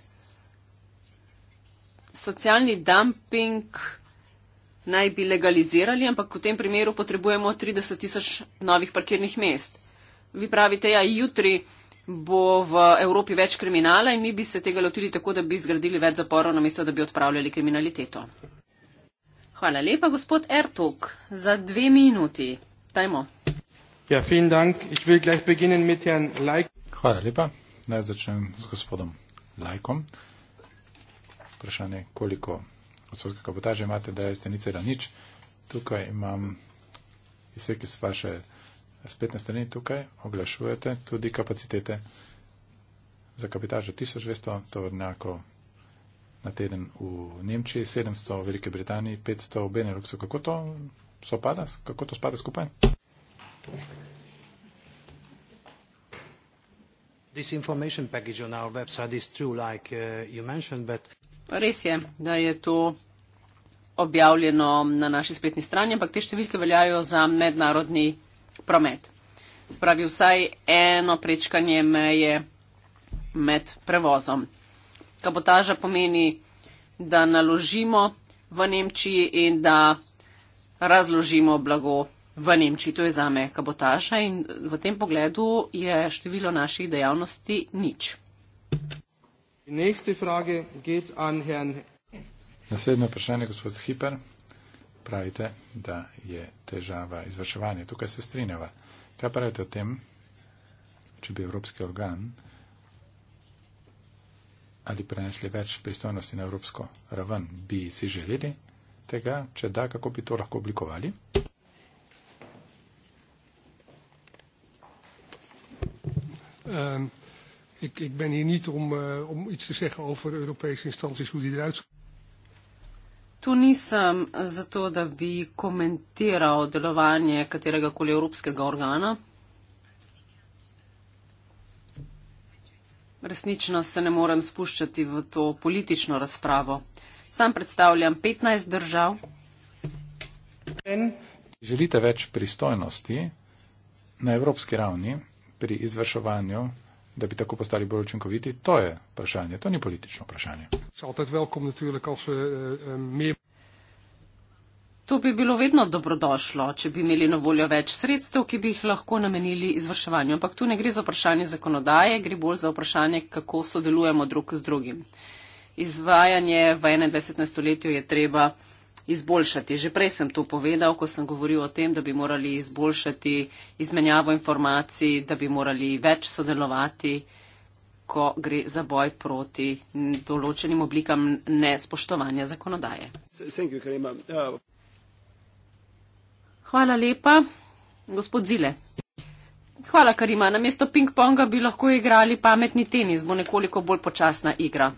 [SPEAKER 6] Socialni dumping naj bi legalizirali, ampak v tem primeru potrebujemo 30 tisoč novih parkirnih mest. Vi pravite, ja, jutri bo v Evropi več kriminala in mi bi se tega lotili tako, da bi zgradili več zaporov na mesto, da bi odpravljali kriminaliteto. Hvala lepa, gospod Ertug, za dve minuti. Dajmo.
[SPEAKER 3] Ja, dank. Ich will gleich beginnen mit Herrn Laik. Hvala lepa. Naj začnem z gospodom Lajkom. Vprašanje, koliko odsotka kapotaže imate, da je stenicera nič. Tukaj imam izsek iz vaše spletne strani, tukaj oglašujete tudi kapacitete za kapitažo 1200 tovrnjakov na teden v Nemčiji, 700 v Velike Britaniji, 500 v Beneluxu. Kako to sopada? Kako to spada skupaj? Uh,
[SPEAKER 6] res je, da je to objavljeno na naši spletni strani, ampak te številke veljajo za mednarodni promet. Spravi vsaj eno prečkanje meje med prevozom kabotaža pomeni, da naložimo v Nemčiji in da razložimo blago v Nemčiji. To je zame kabotaža in v tem pogledu je število naših dejavnosti nič.
[SPEAKER 3] Naslednje vprašanje, gospod Schiper. Pravite, da je težava izvrševanje. Tukaj se strinjava. Kaj pravite o tem, če bi evropski organ ali prenesli več pristojnosti na evropsko raven, bi si želeli tega, če da, kako bi to lahko oblikovali?
[SPEAKER 4] Um. Ik, ik ben hier niet om, uh, om iets te zeggen over Europese instanties, hoe die eruit ziet.
[SPEAKER 6] Tu nisem zato, da bi komentiral delovanje kateregakoli evropskega organa, Resnično se ne morem spuščati v to politično razpravo. Sam predstavljam 15 držav.
[SPEAKER 3] Želite več pristojnosti na evropski ravni pri izvrševanju, da bi tako postali bolj učinkoviti? To je vprašanje, to ni politično vprašanje.
[SPEAKER 4] Se je vedno welkom, natürlich, eh, če se. Uh, uh, mehr... To bi bilo vedno dobrodošlo, če bi
[SPEAKER 6] imeli na voljo več sredstev, ki bi jih lahko namenili izvrševanju. Ampak tu ne gre za vprašanje zakonodaje, gre bolj za vprašanje, kako sodelujemo drug z drugim. Izvajanje v 21. stoletju je treba izboljšati. Že prej sem to povedal, ko sem govoril o tem, da bi morali izboljšati izmenjavo informacij, da bi morali več sodelovati, ko gre za boj proti določenim oblikam nespoštovanja zakonodaje.
[SPEAKER 1] Thank you,
[SPEAKER 6] Hvala lepa, gospod Zile. Hvala, Karima. Na mesto ping-ponga bi lahko igrali pametni tenis, bo nekoliko bolj počasna igra.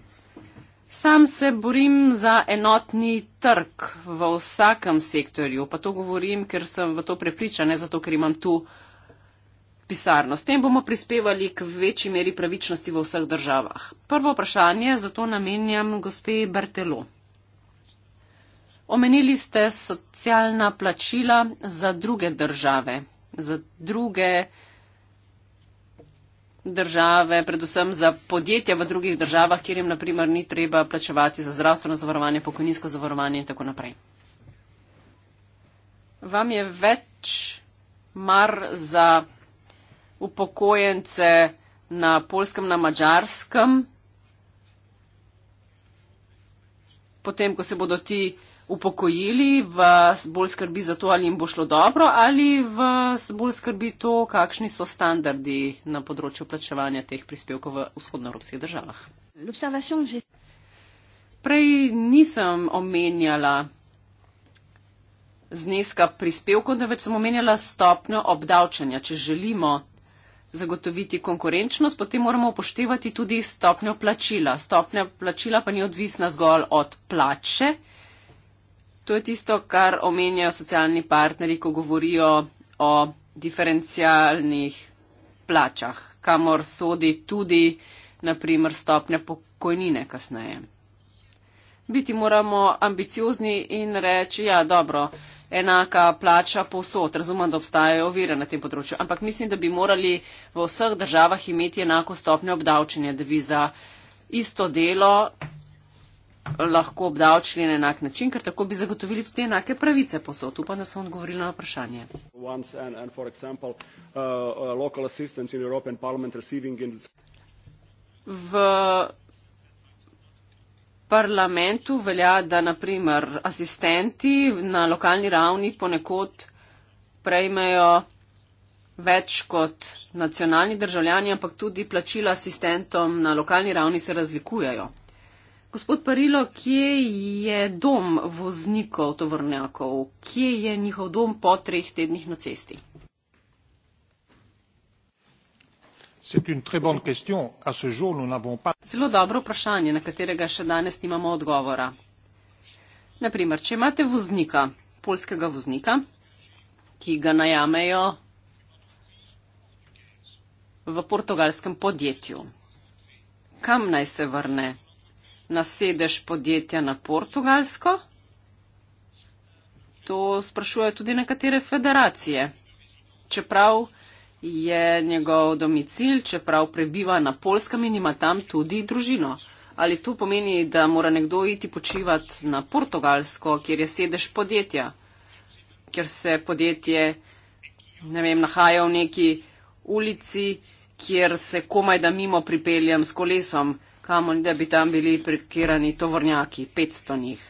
[SPEAKER 6] Sam se borim za enotni trg v vsakem sektorju, pa to govorim, ker sem v to prepričana, ne zato, ker imam tu pisarno. S tem bomo prispevali k večji meri pravičnosti v vseh državah. Prvo vprašanje zato namenjam gospe Bartelo. Omenili ste socialna plačila za druge države, za druge države, predvsem za podjetja v drugih državah, kjer jim naprimer ni treba plačevati za zdravstveno zavarovanje, pokojninsko zavarovanje in tako naprej. Vam je več mar za upokojence na polskem, na mačarskem, potem, ko se bodo ti upokojili, vas bolj skrbi za to, ali jim bo šlo dobro, ali vas bolj skrbi to, kakšni so standardi na področju plačevanja teh prispevkov v vzhodnoevropskih državah. Prej nisem omenjala zneska prispevkov, da več sem omenjala stopnjo obdavčanja. Če želimo zagotoviti konkurenčnost, potem moramo upoštevati tudi stopnjo plačila. Stopnja plačila pa ni odvisna zgolj od plače, To je tisto, kar omenjajo socialni partneri, ko govorijo o diferencialnih plačah, kamor sodi tudi naprimer stopnja pokojnine kasneje. Biti moramo ambiciozni in reči, ja, dobro, enaka plača povsod, razumem, da obstajajo ovire na tem področju, ampak mislim, da bi morali v vseh državah imeti enako stopnjo obdavčenja, da bi za isto delo lahko obdavčili na enak način, ker tako bi zagotovili tudi enake pravice posod. Upam, da sem odgovorila na vprašanje. Uh, uh, v parlamentu velja, da naprimer asistenti na lokalni ravni ponekod prejmejo več kot nacionalni državljani, ampak tudi plačila asistentom na lokalni ravni se razlikujejo. Gospod Parilo, kje je dom voznikov tovrnjakov? Kje je njihov dom po treh tednih na cesti? Zelo dobro vprašanje, na katerega še danes nimamo odgovora. Naprimer, če imate voznika, polskega voznika, ki ga najamejo v portugalskem podjetju, kam naj se vrne na sedež podjetja na Portugalsko? To sprašujejo tudi nekatere federacije. Čeprav je njegov domicil, čeprav prebiva na Polskem in ima tam tudi družino. Ali to pomeni, da mora nekdo iti počivat na Portugalsko, kjer je sedež podjetja, ker se podjetje ne vem, nahaja v neki ulici, kjer se komaj da mimo pripeljem s kolesom kamoli, da bi tam bili prekirani tovornjaki, 500 njih.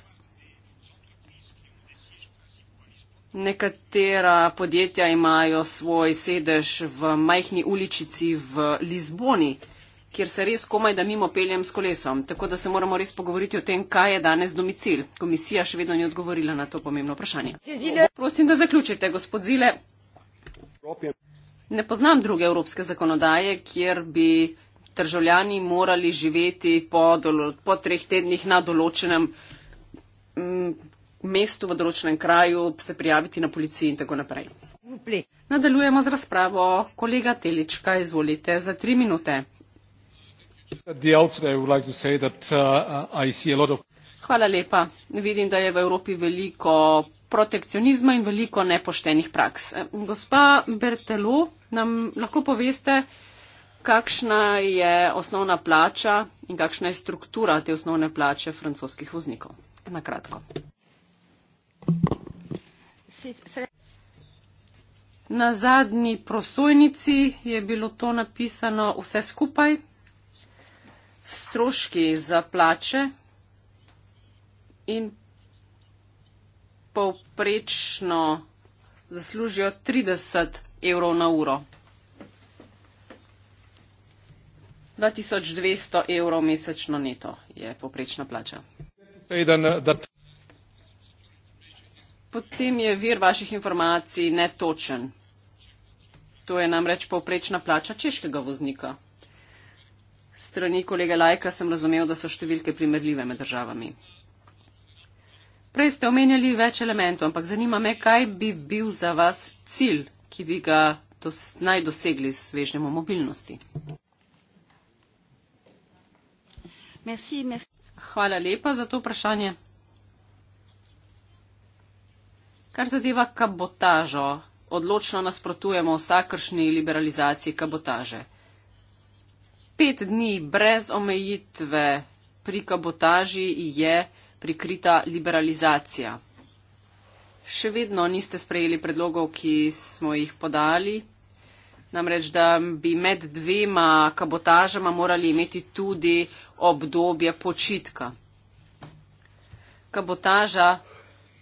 [SPEAKER 6] Nekatera podjetja imajo svoj sedež v majhni uličici v Lizboni, kjer se res komaj da mimo peljem s kolesom, tako da se moramo res pogovoriti o tem, kaj je danes domicil. Komisija še vedno ni odgovorila na to pomembno vprašanje. Prosim, da zaključite, gospod Zile. Ne poznam druge evropske zakonodaje, kjer bi državljani morali živeti po, dolo, po treh tednih na določenem m, mm, mestu v določenem kraju, se prijaviti na policiji in tako naprej. Upli. Nadaljujemo z razpravo. Kolega Telička, izvolite za tri minute. Uh, Hvala lepa. Vidim, da je v Evropi veliko protekcionizma in veliko nepoštenih praks. Gospa Bertelo, nam lahko poveste, kakšna je osnovna plača in kakšna je struktura te osnovne plače francoskih voznikov? Na kratko. Na zadnji prosojnici je bilo to napisano vse skupaj. Stroški za plače in povprečno zaslužijo 30 evrov na uro. 2200 evrov mesečno neto je poprečna plača.
[SPEAKER 4] Uh,
[SPEAKER 6] Potem je vir vaših informacij netočen. To je namreč povprečna plača češkega voznika. Strani kolega Lajka sem razumel, da so številke primerljive med državami. Prej ste omenjali več elementov, ampak zanima me, kaj bi bil za vas cilj, ki bi ga dos naj dosegli s svežnjem mobilnosti.
[SPEAKER 1] Merci, merci.
[SPEAKER 6] Hvala lepa za to vprašanje. Kar zadeva kabotažo, odločno nasprotujemo vsakršni liberalizaciji kabotaže. Pet dni brez omejitve pri kabotaži je prikrita liberalizacija. Še vedno niste sprejeli predlogov, ki smo jih podali. Namreč, da bi med dvema kabotažama morali imeti tudi obdobje počitka. Kabotaža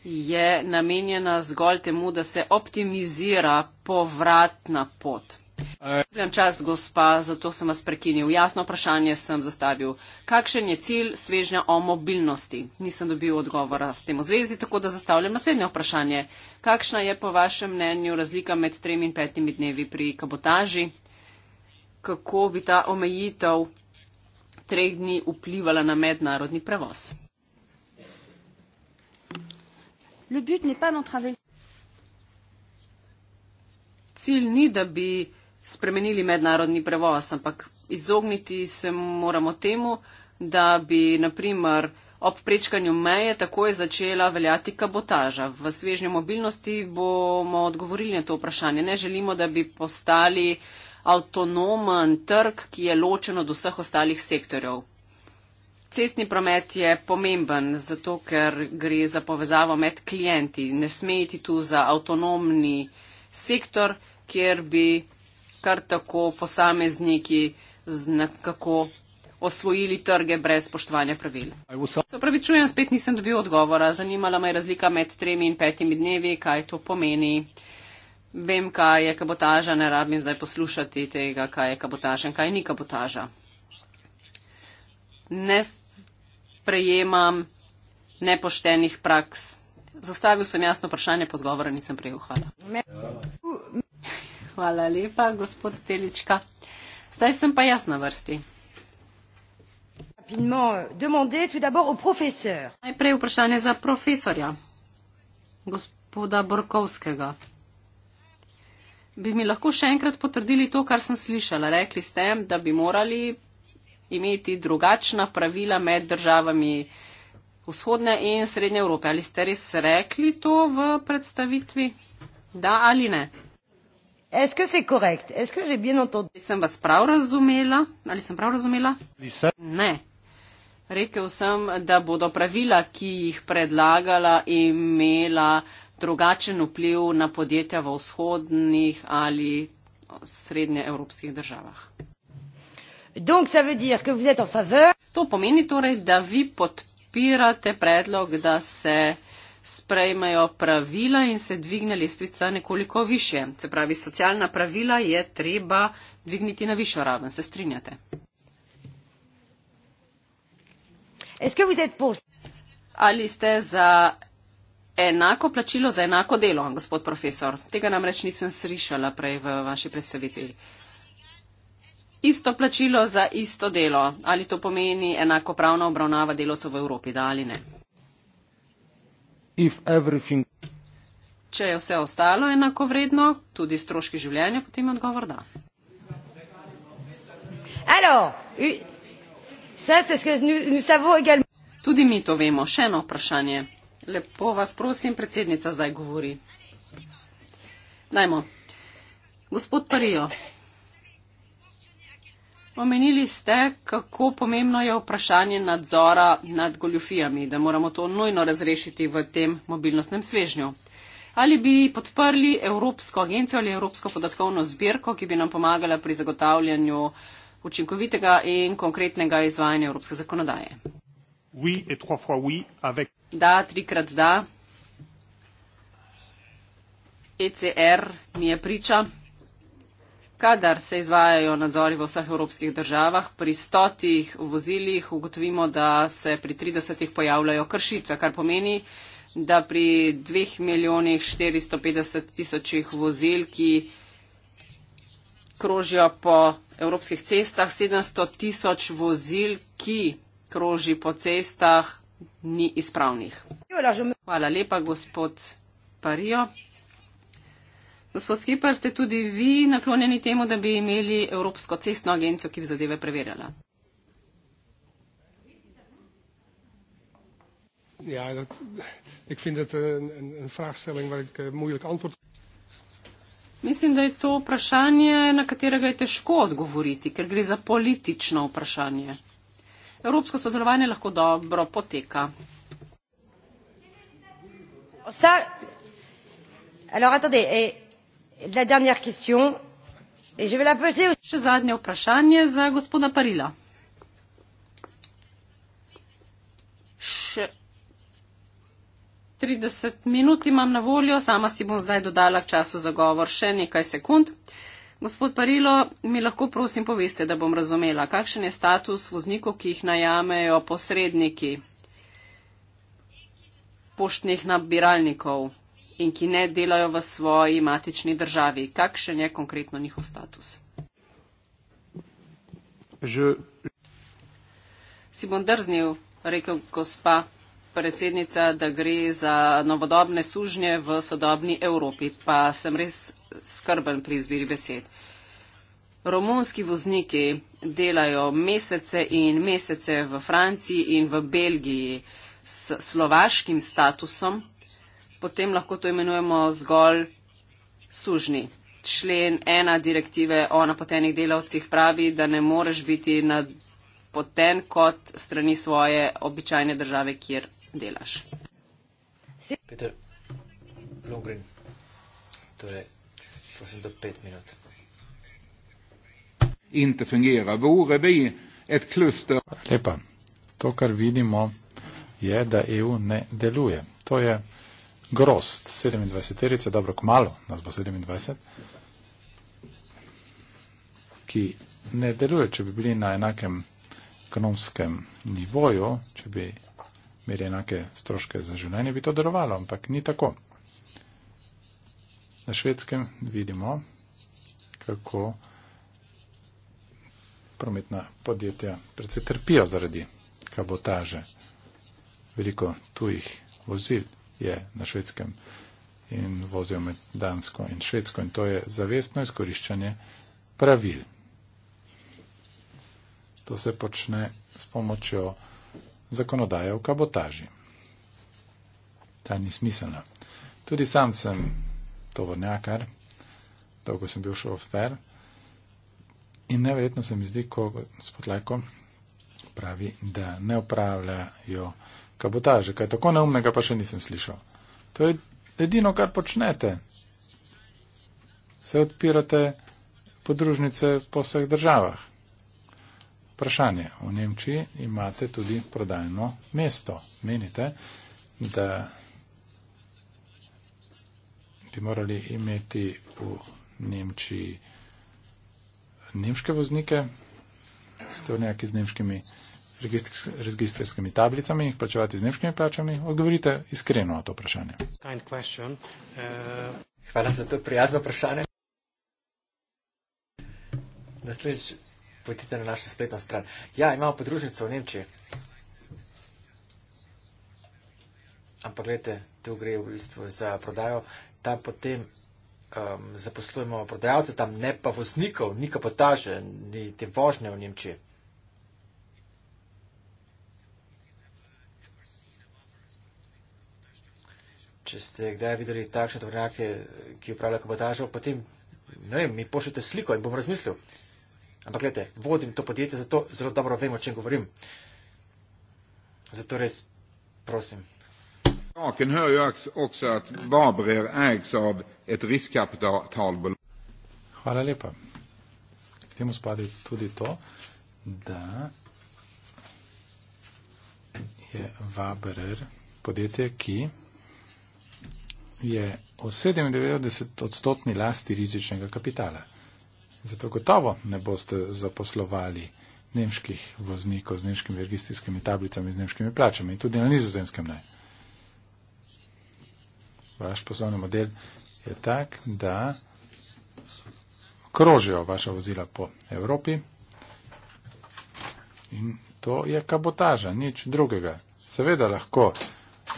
[SPEAKER 6] je namenjena zgolj temu, da se optimizira povratna pot. Ljubljam čas, gospa, zato sem vas prekinil. Jasno vprašanje sem zastavil. Kakšen je cilj svežnja o mobilnosti? Nisem dobil odgovora s tem v zvezi, tako da zastavljam naslednje vprašanje. Kakšna je po vašem mnenju razlika med tremi in petimi dnevi pri kabotaži? Kako bi ta omejitev treh dni vplivala na mednarodni prevoz? Cilj ni, da bi spremenili mednarodni prevoz, ampak izogniti se moramo temu, da bi naprimer ob prečkanju meje takoj začela veljati kabotaža. V svežnju mobilnosti bomo odgovorili na to vprašanje. Ne želimo, da bi postali avtonomen trg, ki je ločen od vseh ostalih sektorjev. Cestni promet je pomemben, zato ker gre za povezavo med klienti. Ne smeti tu za avtonomni sektor, kjer bi kar tako posamezniki z nekako osvojili trge brez spoštovanja pravil. Se pravi, čujem, spet nisem dobil odgovora. Zanimala me je razlika med tremi in petimi dnevi, kaj to pomeni. Vem, kaj je kabotaža, ne rabim zdaj poslušati tega, kaj je kabotaža in kaj ni kabotaža. Ne prejemam nepoštenih praks. Zastavil sem jasno vprašanje, podgovora nisem prejel. Hvala. Hvala lepa, gospod Telička. Zdaj sem pa jaz na vrsti. Najprej vprašanje za profesorja, gospoda Borkovskega. Bi mi lahko še enkrat potrdili to, kar sem slišala? Rekli ste, da bi morali imeti drugačna pravila med državami vzhodne in srednje Evrope. Ali ste res rekli to v predstavitvi? Da ali ne? Est-ce que c'est correct? Est-ce que j'ai bien entendu? Sem vas prav razumela? Ali sem prav razumela? Ne. Rekel sem, da bodo pravila, ki jih predlagala, imela drugačen vpliv na podjetja v vzhodnih ali srednjeevropskih državah.
[SPEAKER 1] Donc, dire, favor...
[SPEAKER 6] To pomeni torej, da vi podpirate predlog, da se sprejmejo pravila in se dvigne lestvica nekoliko više. Se pravi, socialna pravila je treba dvigniti na višjo raven. Se strinjate? Ali ste za enako plačilo za enako delo, gospod profesor? Tega namreč nisem slišala prej v vaši predstavitvi. Isto plačilo za isto delo. Ali to pomeni enako pravno obravnava delovcev v Evropi, da ali ne? Če je vse ostalo enako vredno, tudi stroški življenja, potem je odgovor da. Tudi mi to vemo. Še eno vprašanje. Lepo vas prosim, predsednica zdaj govori. Najmo. Gospod Parijo. Omenili ste, kako pomembno je vprašanje nadzora nad goljufijami, da moramo to nujno razrešiti v tem mobilnostnem svežnju. Ali bi podprli Evropsko agencijo ali Evropsko podatkovno zbirko, ki bi nam pomagala pri zagotavljanju učinkovitega in konkretnega izvajanja evropske zakonodaje?
[SPEAKER 4] Oui, oui, avec...
[SPEAKER 6] Da, trikrat da. ECR mi je priča. Kadar se izvajajo nadzori v vseh evropskih državah, pri stotih vozilih ugotovimo, da se pri 30 pojavljajo kršitve, kar pomeni, da pri 2 milijonih 450 tisočih vozil, ki krožijo po evropskih cestah, 700 tisoč vozil, ki kroži po cestah, ni izpravnih. Hvala lepa, gospod Parijo. Gospod Skipar, ste tudi vi naklonjeni temu, da bi imeli Evropsko cestno agencijo, ki bi zadeve
[SPEAKER 4] preverjala? Ja, dat, ik vind het een, een vraagstelling waar ik eh, moeilijk antwoord op.
[SPEAKER 6] Mislim, da je to vprašanje, na katerega je težko
[SPEAKER 4] odgovoriti, ker gre za
[SPEAKER 6] politično vprašanje. Evropsko sodelovanje lahko dobro poteka.
[SPEAKER 1] Alors, attendez, eh, La dernière question, et je vais la poser aussi. Še zadnje vprašanje za gospoda
[SPEAKER 6] Parila. Še 30 minut imam na voljo, sama si bom zdaj dodala času za govor še nekaj sekund. Gospod Parilo, mi lahko prosim poveste, da bom razumela, kakšen je status voznikov, ki jih najamejo posredniki poštnih nabiralnikov in ki ne delajo v svoji matični državi. Kakšen je konkretno njihov status? Že. Si bom drznil, rekel gospa predsednica, da gre za novodobne sužnje v sodobni Evropi, pa sem res skrben pri izbiri besed. Romunski vozniki delajo mesece in mesece v Franciji in v Belgiji s slovaškim statusom, potem lahko to imenujemo zgolj sužni. Člen ena direktive o napotenih delavcih pravi, da ne moreš biti napoten kot strani svoje običajne države, kjer delaš.
[SPEAKER 2] Peter Lugrin, torej,
[SPEAKER 3] prosim, do pet minut. Lepa. To, kar vidimo, je, da EU ne deluje. To je Grost, 27-terice, dobro, kmalo, nas bo 27, ki ne deluje, če bi bili na enakem ekonomskem nivoju, če bi imeli enake stroške za življenje, bi to delovalo, ampak ni tako. Na švedskem vidimo, kako prometna podjetja predvsej trpijo zaradi kabotaže veliko tujih vozil je na švedskem in vozijo med Dansko in Švedsko in to je zavestno izkoriščanje pravil. To se počne s pomočjo zakonodaje v kabotaži. Ta ni smiselna. Tudi sam sem tovornjakar, dolgo sem bil šofer in neverjetno se mi zdi, ko gospod Lajko pravi, da ne upravljajo kabotaže, kaj tako neumnega pa še nisem slišal. To je edino, kar počnete. Se odpirate podružnice po vseh državah. Vprašanje. V Nemčiji imate tudi prodajno mesto. Menite, da bi morali imeti v Nemčiji nemške voznike, stvarnjaki z nemškimi registrskimi tablicami, jih plačevati z nemškimi plačami? Odgovorite iskreno na to vprašanje.
[SPEAKER 1] Eh, Hvala za to prijazno
[SPEAKER 2] vprašanje. Naslednjič pojdite na našo spletno stran. Ja, imamo podružnico v Nemčiji. Ampak gledajte, tu gre v bistvu za prodajo, tam potem um, zaposlujemo prodajalce, tam ne pa voznikov, ni kapotaže, ni te vožnje v Nemčiji. če ste kdaj videli takšne tovrnjake, ki upravljajo kabotažo, potem, ne vem, mi pošljete sliko in bom razmislil. Ampak gledajte, vodim to podjetje, zato zelo dobro vem, o čem govorim. Zato res, prosim.
[SPEAKER 4] Saken hör ju också att Vabrer ägs av ett riskkapitalbolag.
[SPEAKER 3] Hvala lepa. K temu spadi tudi to, da je Vabrer podjetje, ki je v 97 odstotni lasti rizičnega kapitala. Zato gotovo ne boste zaposlovali nemških voznikov z nemškimi registijskimi tablicami, z nemškimi plačami in tudi na nizozemskem ne. Vaš poslovni model je tak, da krožijo vaša vozila po Evropi in to je kabotaža, nič drugega. Seveda lahko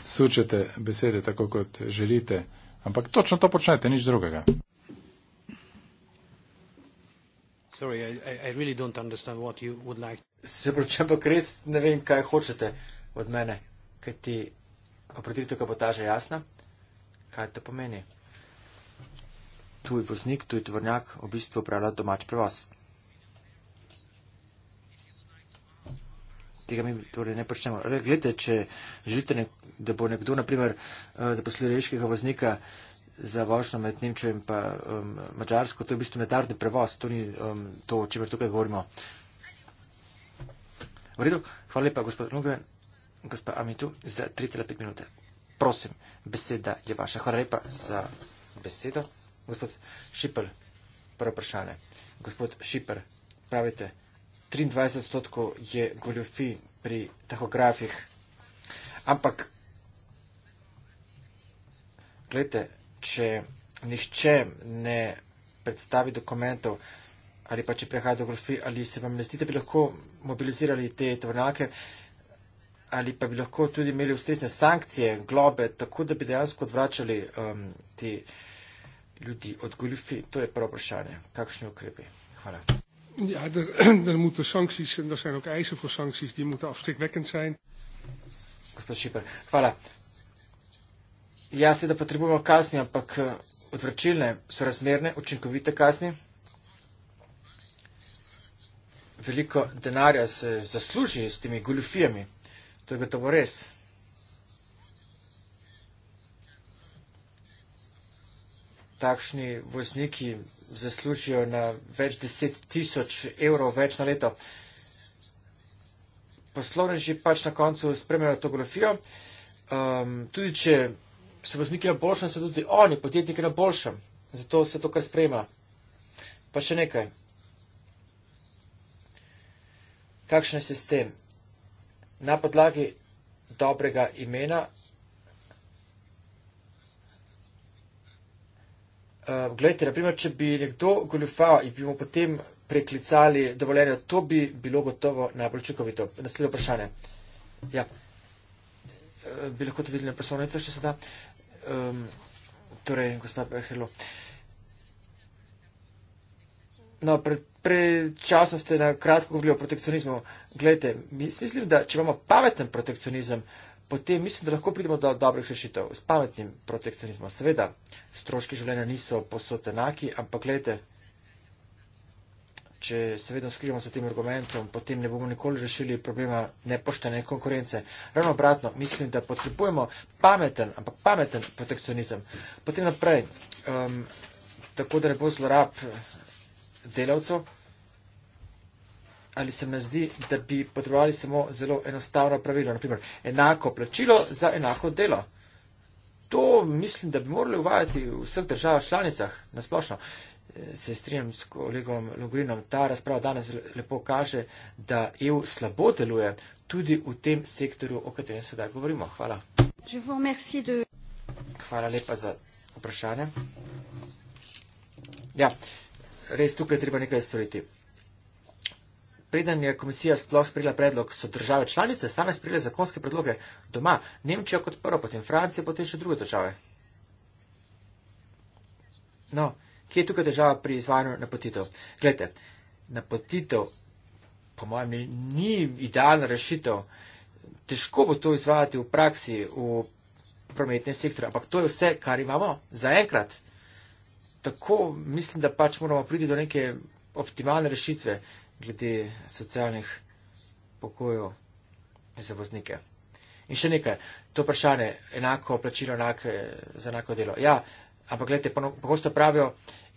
[SPEAKER 3] sučete besede tako, kot želite. Ampak točno to počnete, nič drugega.
[SPEAKER 2] Se pravi, ampak res ne vem, kaj hočete od mene, kaj ti opredelitev kapotaže jasna, kaj to pomeni. Tuj voznik, tuj tvornjak, v bistvu upravlja domač prevoz. tega mi torej ne počnemo. Glede, če želite, ne, da bo nekdo, naprimer, eh, zaposlil reškega voznika za vožnjo med Nemčijo in pa um, Mačarsko, to je v bistvu nedarni prevoz, to ni um, to, o čemer tukaj govorimo. V redu, hvala lepa, gospod Lungren, gospod Amitu, za 3,5 minute. Prosim, beseda je vaša. Hvala lepa za besedo. Gospod Šipr, prvo vprašanje. Gospod Šipr, pravite. 23 odstotkov je goljofi pri tahografih. Ampak, gledajte, če nišče ne predstavi dokumentov ali pa če prehaja do goljofi, ali se vam ne zdi, da bi lahko mobilizirali te tovornjake ali pa bi lahko tudi imeli ustrezne sankcije, globe, tako da bi dejansko odvračali um, te ljudi od goljofi, to je prvo vprašanje. Kakšni ukrepi? Hvala.
[SPEAKER 4] Ja, er, *clears throat* er moeten sancties, en er zijn ook eisen voor sancties, die moeten afschrikwekkend zijn.
[SPEAKER 2] Gospod Šiper, hvala. Jaz se da potrebujemo kazni, ampak eh, odvračilne so razmerne, učinkovite kazni. Veliko denarja se zasluži s temi goljufijami. To je gotovo res. takšni vozniki zaslužijo na več deset tisoč evrov več na leto. Poslovneži pač na koncu spremljajo to golfijo. Um, tudi če so vozniki na boljšem, so tudi oni, podjetniki na boljšem. Zato se to kar sprema. Pa še nekaj. Kakšen je sistem? Na podlagi dobrega imena Uh, ehm, gledajte, naprimer, če bi nekdo goljufal in bi mu potem preklicali dovoljenje, to bi bilo gotovo najbolj učinkovito. Naslednje vprašanje. Ja. Uh, bi lahko to videli na poslovnicah, če se da? Um, torej, gospod Perhelo. No, pred, pred časom ste na kratko govorili o protekcionizmu. Gledajte, mislim, da če imamo pameten protekcionizem, uh, potem mislim, da lahko pridemo do dobrih rešitev. S pametnim protekcionizmom, seveda, stroški življenja niso posod enaki, ampak gledajte, če se vedno skrivamo s tem argumentom, potem ne bomo nikoli rešili problema nepoštene konkurence. Ravno obratno, mislim, da potrebujemo pameten, ampak pameten protekcionizem. Potem naprej, um, tako da ne bo zlorab eh, delavcev ali se mi zdi, da bi potrebovali samo zelo enostavno pravilo. Naprimer, enako plačilo za enako delo. To mislim, da bi morali uvajati v vseh državah članicah nasplošno. Eh, se strinjam s kolegom Logrinom, ta razprava danes lepo kaže, da EU slabo deluje tudi v tem sektorju, o katerem sedaj govorimo. Hvala. Hvala lepa za vprašanje. Ja, res tukaj treba nekaj storiti. Preden je komisija sploh sprejela predlog, so države članice same sprejele zakonske predloge doma, Nemčijo kot prvo, potem Francijo, potem še druge države. No, kje je tukaj država pri izvajanju napotitev? Glede, napotitev, po mojem mnenju, ni idealna rešitev. Težko bo to izvajati v praksi, v prometnem sektorju, ampak to je vse, kar imamo zaenkrat. Tako mislim, da pač moramo priti do neke optimalne rešitve glede socialnih pokojev za voznike. In še nekaj, to vprašanje, enako plačilo enake, eh, za enako delo. Ja, ampak gledajte, pogosto pravijo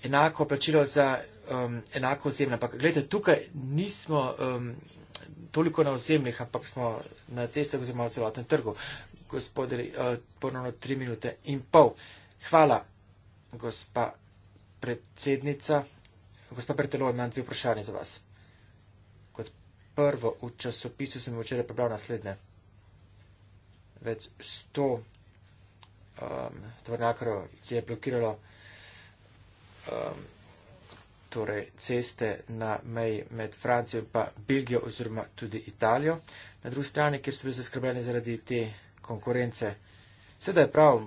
[SPEAKER 2] enako plačilo za um, enako ozemlje. Ampak gledajte, tukaj nismo um, toliko na ozemljih, ampak smo na cestah oziroma na celotnem trgu. Gospodi, uh, eh, ponovno tri minute in pol. Hvala, gospa predsednica. Gospa Pertelo, imam dve vprašanje za vas prvo v časopisu sem včeraj prebral naslednje. Več sto um, tvornakarov je blokiralo um, torej ceste na meji med Francijo in pa Belgijo oziroma tudi Italijo. Na drugi strani, kjer so bili zaskrbljeni zaradi te konkurence, seveda je prav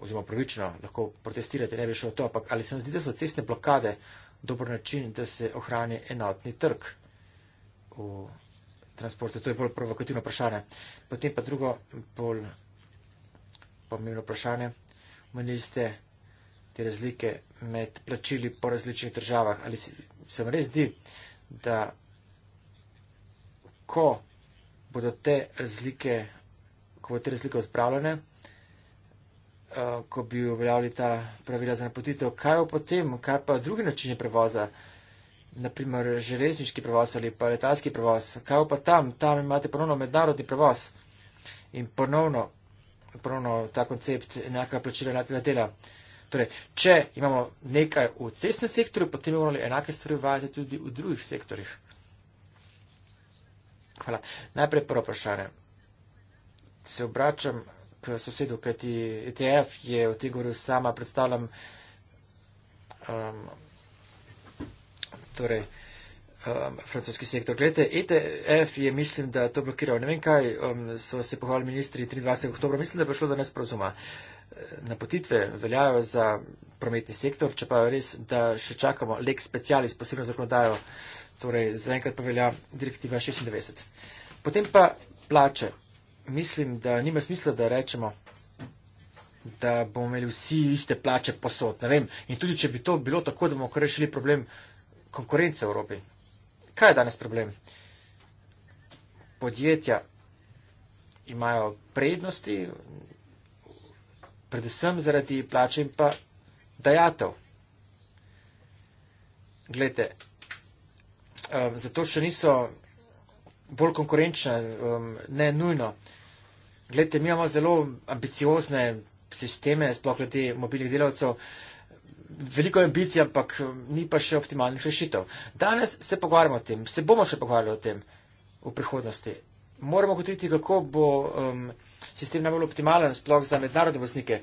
[SPEAKER 2] oziroma pravično lahko protestirati, ne bi šlo to, ampak ali se vam zdi, da so cestne blokade dober način, da se ohrani enotni trg? v transportu. To je bolj provokativno vprašanje. Potem pa drugo bolj pomembno vprašanje. Omenili ste te razlike med plačili po različnih državah. Ali se vam res zdi, da ko bodo te razlike, ko bodo te razlike odpravljene, eh, ko bi uveljavili ta pravila za napotitev, kaj bo potem, kaj pa drugi načini prevoza? naprimer železniški prevoz ali pa letalski prevoz, kaj pa tam, tam imate ponovno mednarodni prevoz in ponovno, ponovno ta koncept enakega plačila, enakega dela. Torej, če imamo nekaj v cestnem sektorju, potem bomo morali enake stvari uvajati tudi v drugih sektorjih. Hvala. Najprej prvo vprašanje. Se obračam k sosedu, kajti ETF je v tem govoru sama predstavljam. Um, torej um, francoski sektor. Glede, ETF je, mislim, da to blokiral. Ne vem kaj, um, so se pohvali ministri 23. oktober, mislim, da bo šlo do nesprozuma. Napotitve veljajo za prometni sektor, če pa je res, da še čakamo lek specialis, posebno zakonodajo, torej zaenkrat pa velja direktiva 96. Potem pa plače. Mislim, da nima smisla, da rečemo, da bomo imeli vsi iste plače posod. Ne vem. In tudi, če bi to bilo tako, da bomo rešili problem konkurence v Evropi. Kaj je danes problem? Podjetja imajo prednosti, predvsem zaradi plač in pa dajatev. Glede, um, zato še niso bolj konkurenčne, um, ne nujno. Glede, mi imamo zelo ambiciozne sisteme, sploh glede mobilnih delavcev veliko ambicij, ampak um, ni pa še optimalnih rešitev. Danes se pogovarjamo o tem, se bomo še pogovarjali o tem v prihodnosti. Moramo ugotoviti, kako bo um, sistem najbolj optimalen, sploh za mednarodne voznike.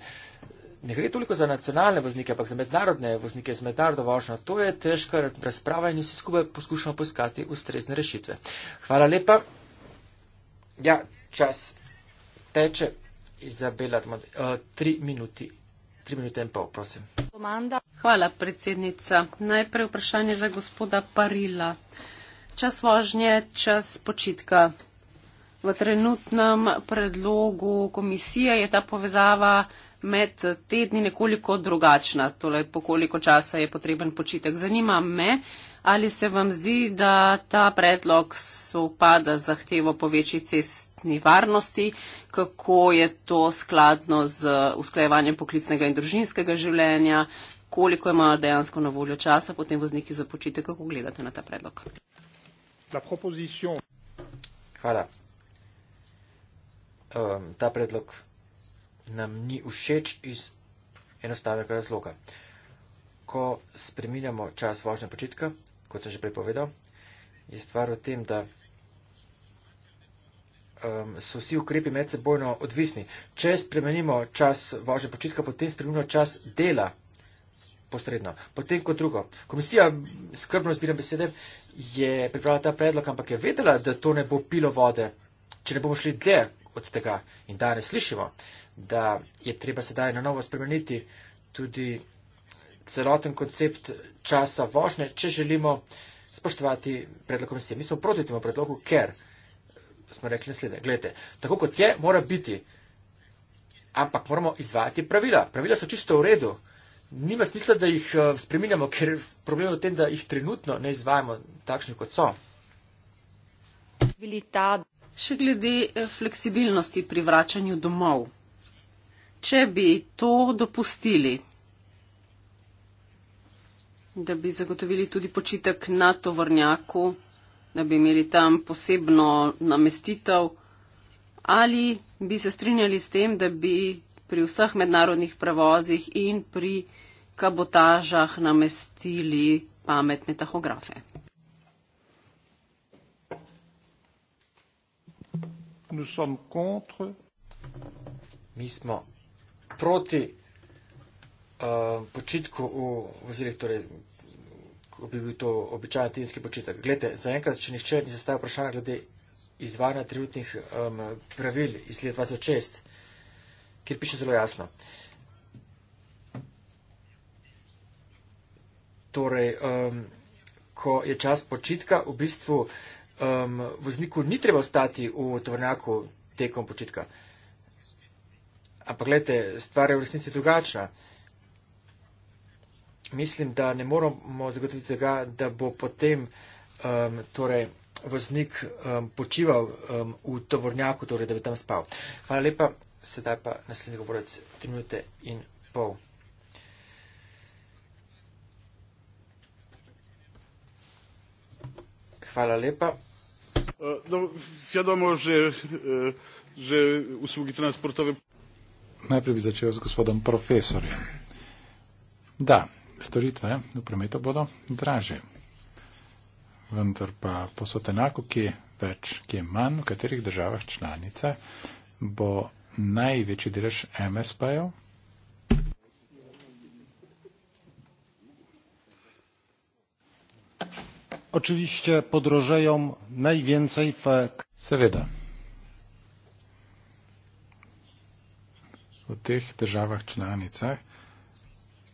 [SPEAKER 2] Ne gre toliko za nacionalne voznike, ampak za mednarodne voznike, za mednarodno vožnjo. To je težka razprava in vsi skupaj poskušamo poskati ustrezne rešitve. Hvala lepa. Ja, čas teče. Izabela, uh, tri minuti tri minute in pol, prosim.
[SPEAKER 6] Hvala, predsednica. Najprej vprašanje za gospoda Parila. Čas vožnje, čas počitka. V trenutnem predlogu komisije je ta povezava med tedni nekoliko drugačna, torej po koliko časa je potreben počitek. Zanima me, uh, Ali se vam zdi, da ta predlog sopada z zahtevo po večji cestni varnosti, kako je to skladno z usklajevanjem poklicnega in družinskega življenja, koliko ima dejansko na voljo časa, potem vozniki započite, kako gledate na ta predlog?
[SPEAKER 2] Hvala. Um, ta predlog nam ni všeč iz enostavnega razloga. Uh, ko spreminjamo čas vožnje počitka, kot sem že prepovedal, je stvar v tem, da um, so vsi ukrepi medsebojno odvisni. Če spremenimo čas vožnje počitka, potem spremenimo čas dela posredno. Potem kot drugo, komisija skrbno zbira besede, je pripravila ta predlog, ampak je vedela, da to ne bo pilo vode, če ne bomo šli dlje od tega. In danes slišimo, da je treba sedaj na novo spremeniti tudi celoten koncept časa vožnje, če želimo spoštovati predlog komisije. Mi smo proti temu predlogu, ker smo rekli naslednje. Glede, tako kot je, mora biti. Ampak moramo izvajati pravila. Pravila so čisto v redu. Nima smisla, da jih eh, spreminjamo, *laughs* ker problem je v tem, da jih trenutno ne izvajamo takšni, kot so.
[SPEAKER 6] Še glede eh, fleksibilnosti pri vračanju domov. Če bi to dopustili, da bi zagotovili tudi počitek na tovornjaku, da bi imeli tam posebno namestitev, ali bi se strinjali s tem, da bi pri vseh mednarodnih prevozih in pri kabotažah namestili pametne tahografe.
[SPEAKER 4] Mi
[SPEAKER 2] smo proti uh, počitku v vozilih, torej bi bil to običajen tedenski počitek. Glede, zaenkrat, če nihče ni zastavil vprašanja glede izvajanja trenutnih um, pravil iz leta 2006, kjer piše zelo jasno. Torej, um, ko je čas počitka, v bistvu um, vozniku ni treba ostati v tovrnjaku tekom počitka. Ampak gledajte, stvar je v resnici drugačna. Uh, mislim, da ne moramo zagotoviti tega, da bo potem um, torej, voznik um, počival um, v tovornjaku, torej, da bi tam spal. Hvala lepa, sedaj pa naslednji govorec, tri minute in pol.
[SPEAKER 5] Hvala lepa. E, no, vedomo, že, že e, usluge transportove.
[SPEAKER 3] Najprej bi začel z gospodom profesorjem. Da, storitve v prometu bodo draže. Vendar pa posod enako, ki je več, ki je manj, v katerih državah članice bo največji delež MSP-jev.
[SPEAKER 1] Očivišče podrožejo največji
[SPEAKER 3] fek. Seveda. V teh državah članicah,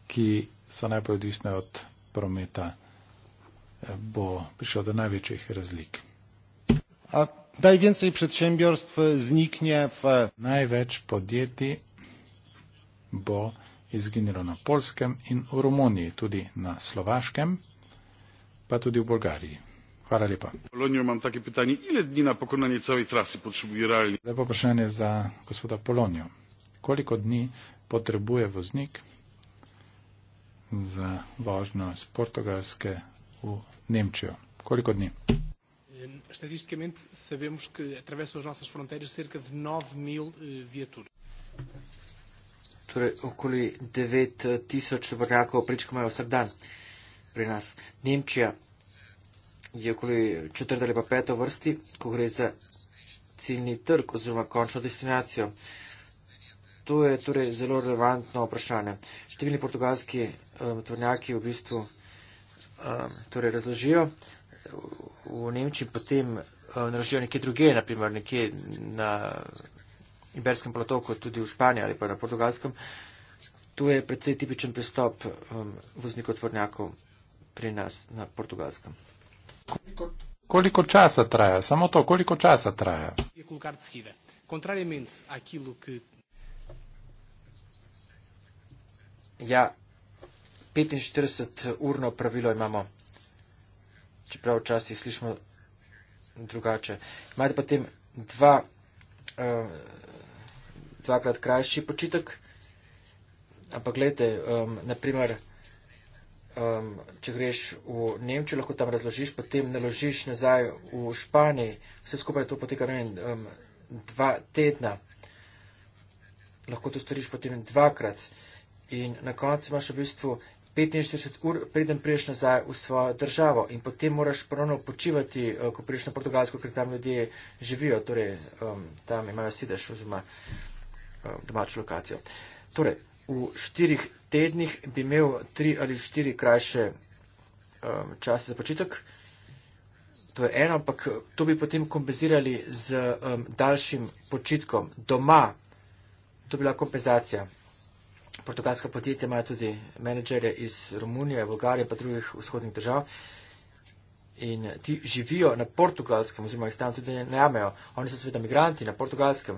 [SPEAKER 3] ki so najbolj odvisne od prometa, eh, bo prišlo do največjih razlik. A najvencej predsembjorstv zniknje v. Največ podjetij bo izginilo na Polskem in v Romuniji, tudi na Slovaškem, pa tudi v Bolgariji. Hvala lepa.
[SPEAKER 4] Polonijo imam take pitanje, ile dni
[SPEAKER 3] na pokonanje celej trasi potrebujerali? Zdaj pa vprašanje za gospoda Polonijo. Koliko dni potrebuje voznik, za vožnjo iz Portugalske v Nemčijo. Koliko dni?
[SPEAKER 5] Statisticamente sabemos que atravessam as nossas fronteiras cerca de 9 mil eh, viaturas.
[SPEAKER 2] Torej, okoli 9 eh, tisoč vojakov prečka imajo vsak dan pri nas. Nemčija je okoli četrta ali pa peta vrsti, ko gre za ciljni trg oziroma končno destinacijo. To je torej zelo relevantno vprašanje. Številni portugalski um, tvornjaki v bistvu um, torej razložijo v, v Nemčiji, potem um, razložijo nekje druge, naprimer nekje na Iberskem platoku, tudi v Španiji ali pa na portugalskem. To je predvsej tipičen pristop um, voznikov tvornjakov pri nas na portugalskem.
[SPEAKER 3] Koliko, koliko časa traja? Samo to, koliko časa traja?
[SPEAKER 2] Ja, 45 urno pravilo imamo, čeprav včasih slišimo drugače. Imate potem dva, uh, dvakrat krajši počitek, ampak gledajte, um, naprimer, um, če greš v Nemčijo, lahko tam razložiš, potem naložiš nazaj v Španiji, vse skupaj to poteka, ne vem, um, dva tedna. Lahko to storiš potem dvakrat in na koncu imaš v bistvu 45 ur, preden priješ nazaj v svojo državo in potem moraš ponovno počivati, eh, ko priješ na Portugalsko, ker tam ljudje živijo, torej um, tam imajo sedež oziroma um, domačo lokacijo. Torej, v štirih tednih bi imel tri ali štiri krajše um, čase za počitek. To je eno, ampak to bi potem kompenzirali z um, daljšim počitkom doma. To bi bila kompenzacija portugalska podjetja imajo tudi menedžere iz Romunije, Bolgarije pa drugih vzhodnih držav. In ti živijo na portugalskem, oziroma jih tam tudi najamejo. Oni so seveda migranti na portugalskem,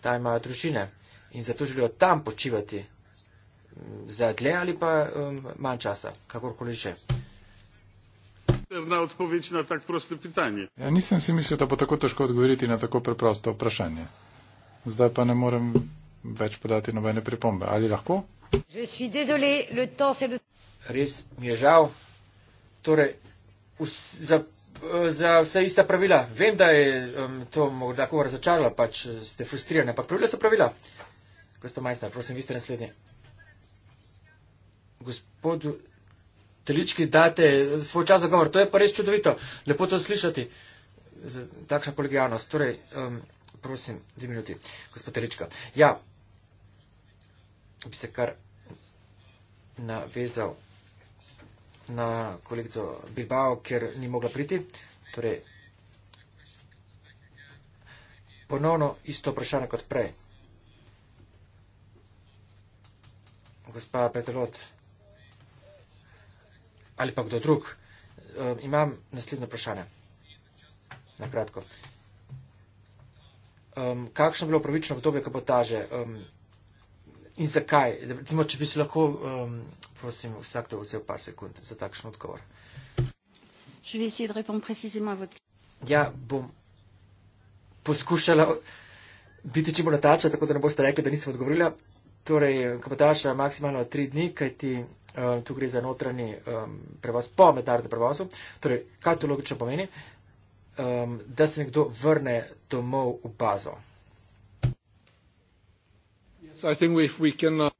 [SPEAKER 2] tam imajo družine in zato želijo tam počivati mm, za dlje ali pa um, manj časa, kakorkoli že.
[SPEAKER 3] Ja, nisem si mislil, da bo tako težko odgovoriti na tako preprosto vprašanje. Zdaj pa ne morem več podati nobene pripombe. Ali lahko?
[SPEAKER 1] Désolé, le...
[SPEAKER 2] Res mi je žal. Torej, vse, za, za vse ista pravila. Vem, da je um, to morda koga razočaralo, pač eh, ste frustrirani, ampak pravila so pravila. Gospod majster, prosim, vi ste naslednji. Gospodu Telički date svoj čas za govor. To je pa res čudovito. Lepo to slišati. Takšna kolegijalnost. Torej, um, prosim, dve minuti. Gospod Telička. Ja, bi se kar navezal na kolegico Bilbao, ker ni mogla priti. Torej, ponovno isto vprašanje kot prej. Gospa Petelot, ali pa kdo drug, eh, imam naslednje vprašanje. Na kratko. Kakšno je bilo pravično obdobje kapotaže? In zakaj? Recimo, če bi se lahko, um, prosim, vsak to vse v par sekund za takšen odgovor. Ja, bom poskušala biti čim bolj natačna, tako da ne boste rekli, da nisem odgovorila. Torej, kapotaša maksimalno tri dni, kaj ti um, tu gre za notranji um, prevoz po mednarodnem prevozu. Torej, kaj to logično pomeni? Um, da se nekdo vrne domov v bazo.
[SPEAKER 4] Uh,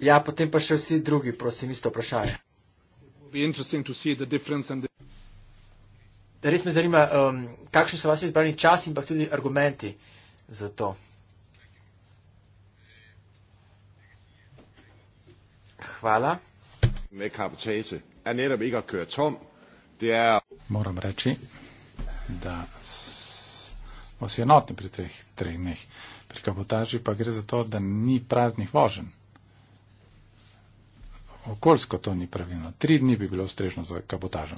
[SPEAKER 2] ja, potem pa še vsi drugi, prosim, isto vprašanje. Res me zanima, um, kakšni so vaši izbrani časi in pa tudi argumenti za to.
[SPEAKER 4] Hvala. Er er-
[SPEAKER 3] Moram reči, da smo si enotni pri treh, treh dneh. Pri kabotaži pa gre za to, da ni praznih voženj. Okoljsko to ni pravilno. Tri dni bi bilo ustrežno za kabotažo.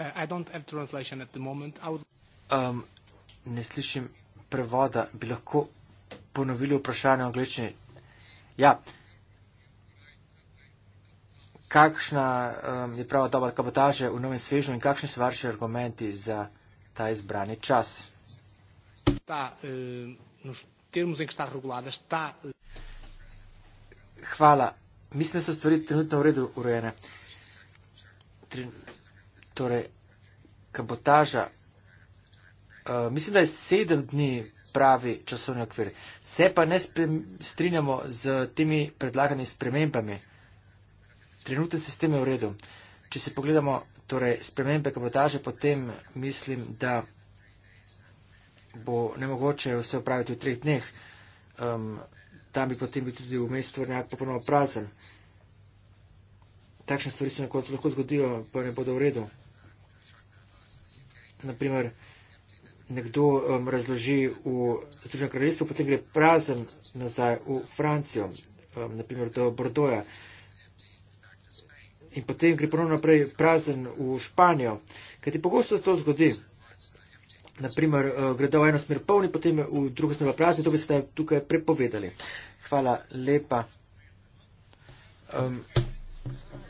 [SPEAKER 5] Uh,
[SPEAKER 2] um, ne slišim prevoda. Bi lahko ponovili vprašanje o angličnini? Ja kakšna um, je prava doba kabotaže v novem svežnju in kakšni so vaši argumenti za ta izbrani čas?
[SPEAKER 5] Ta, um, eh, regulada, ta... Eh,
[SPEAKER 2] Hvala. Mislim, da so stvari trenutno v redu urejene. Tri... Torej, kabotaža. Uh, mislim, da je sedem dni pravi časovni okvir. Se pa ne strinjamo z temi predlaganimi spremembami. Trenutni sistem je v redu. Če si pogledamo torej, spremembe kabotaže, potem mislim, da bo nemogoče vse upraviti v treh dneh. Um, tam bi potem bil tudi v mestu vrnjak popolnoma prazen. Takšne stvari se na koncu lahko zgodijo, pa ne bodo v redu. Naprimer, nekdo um, razloži v Združenem kraljestvu, potem gre prazen nazaj v Francijo, um, naprimer do Bordoja in potem gre ponovno naprej prazen v Španijo. Kaj ti pogosto se to zgodi? Naprimer, eh, gredo v eno smer polni, potem v drugo smer prazni, to bi ste tukaj prepovedali. Hvala lepa. Um,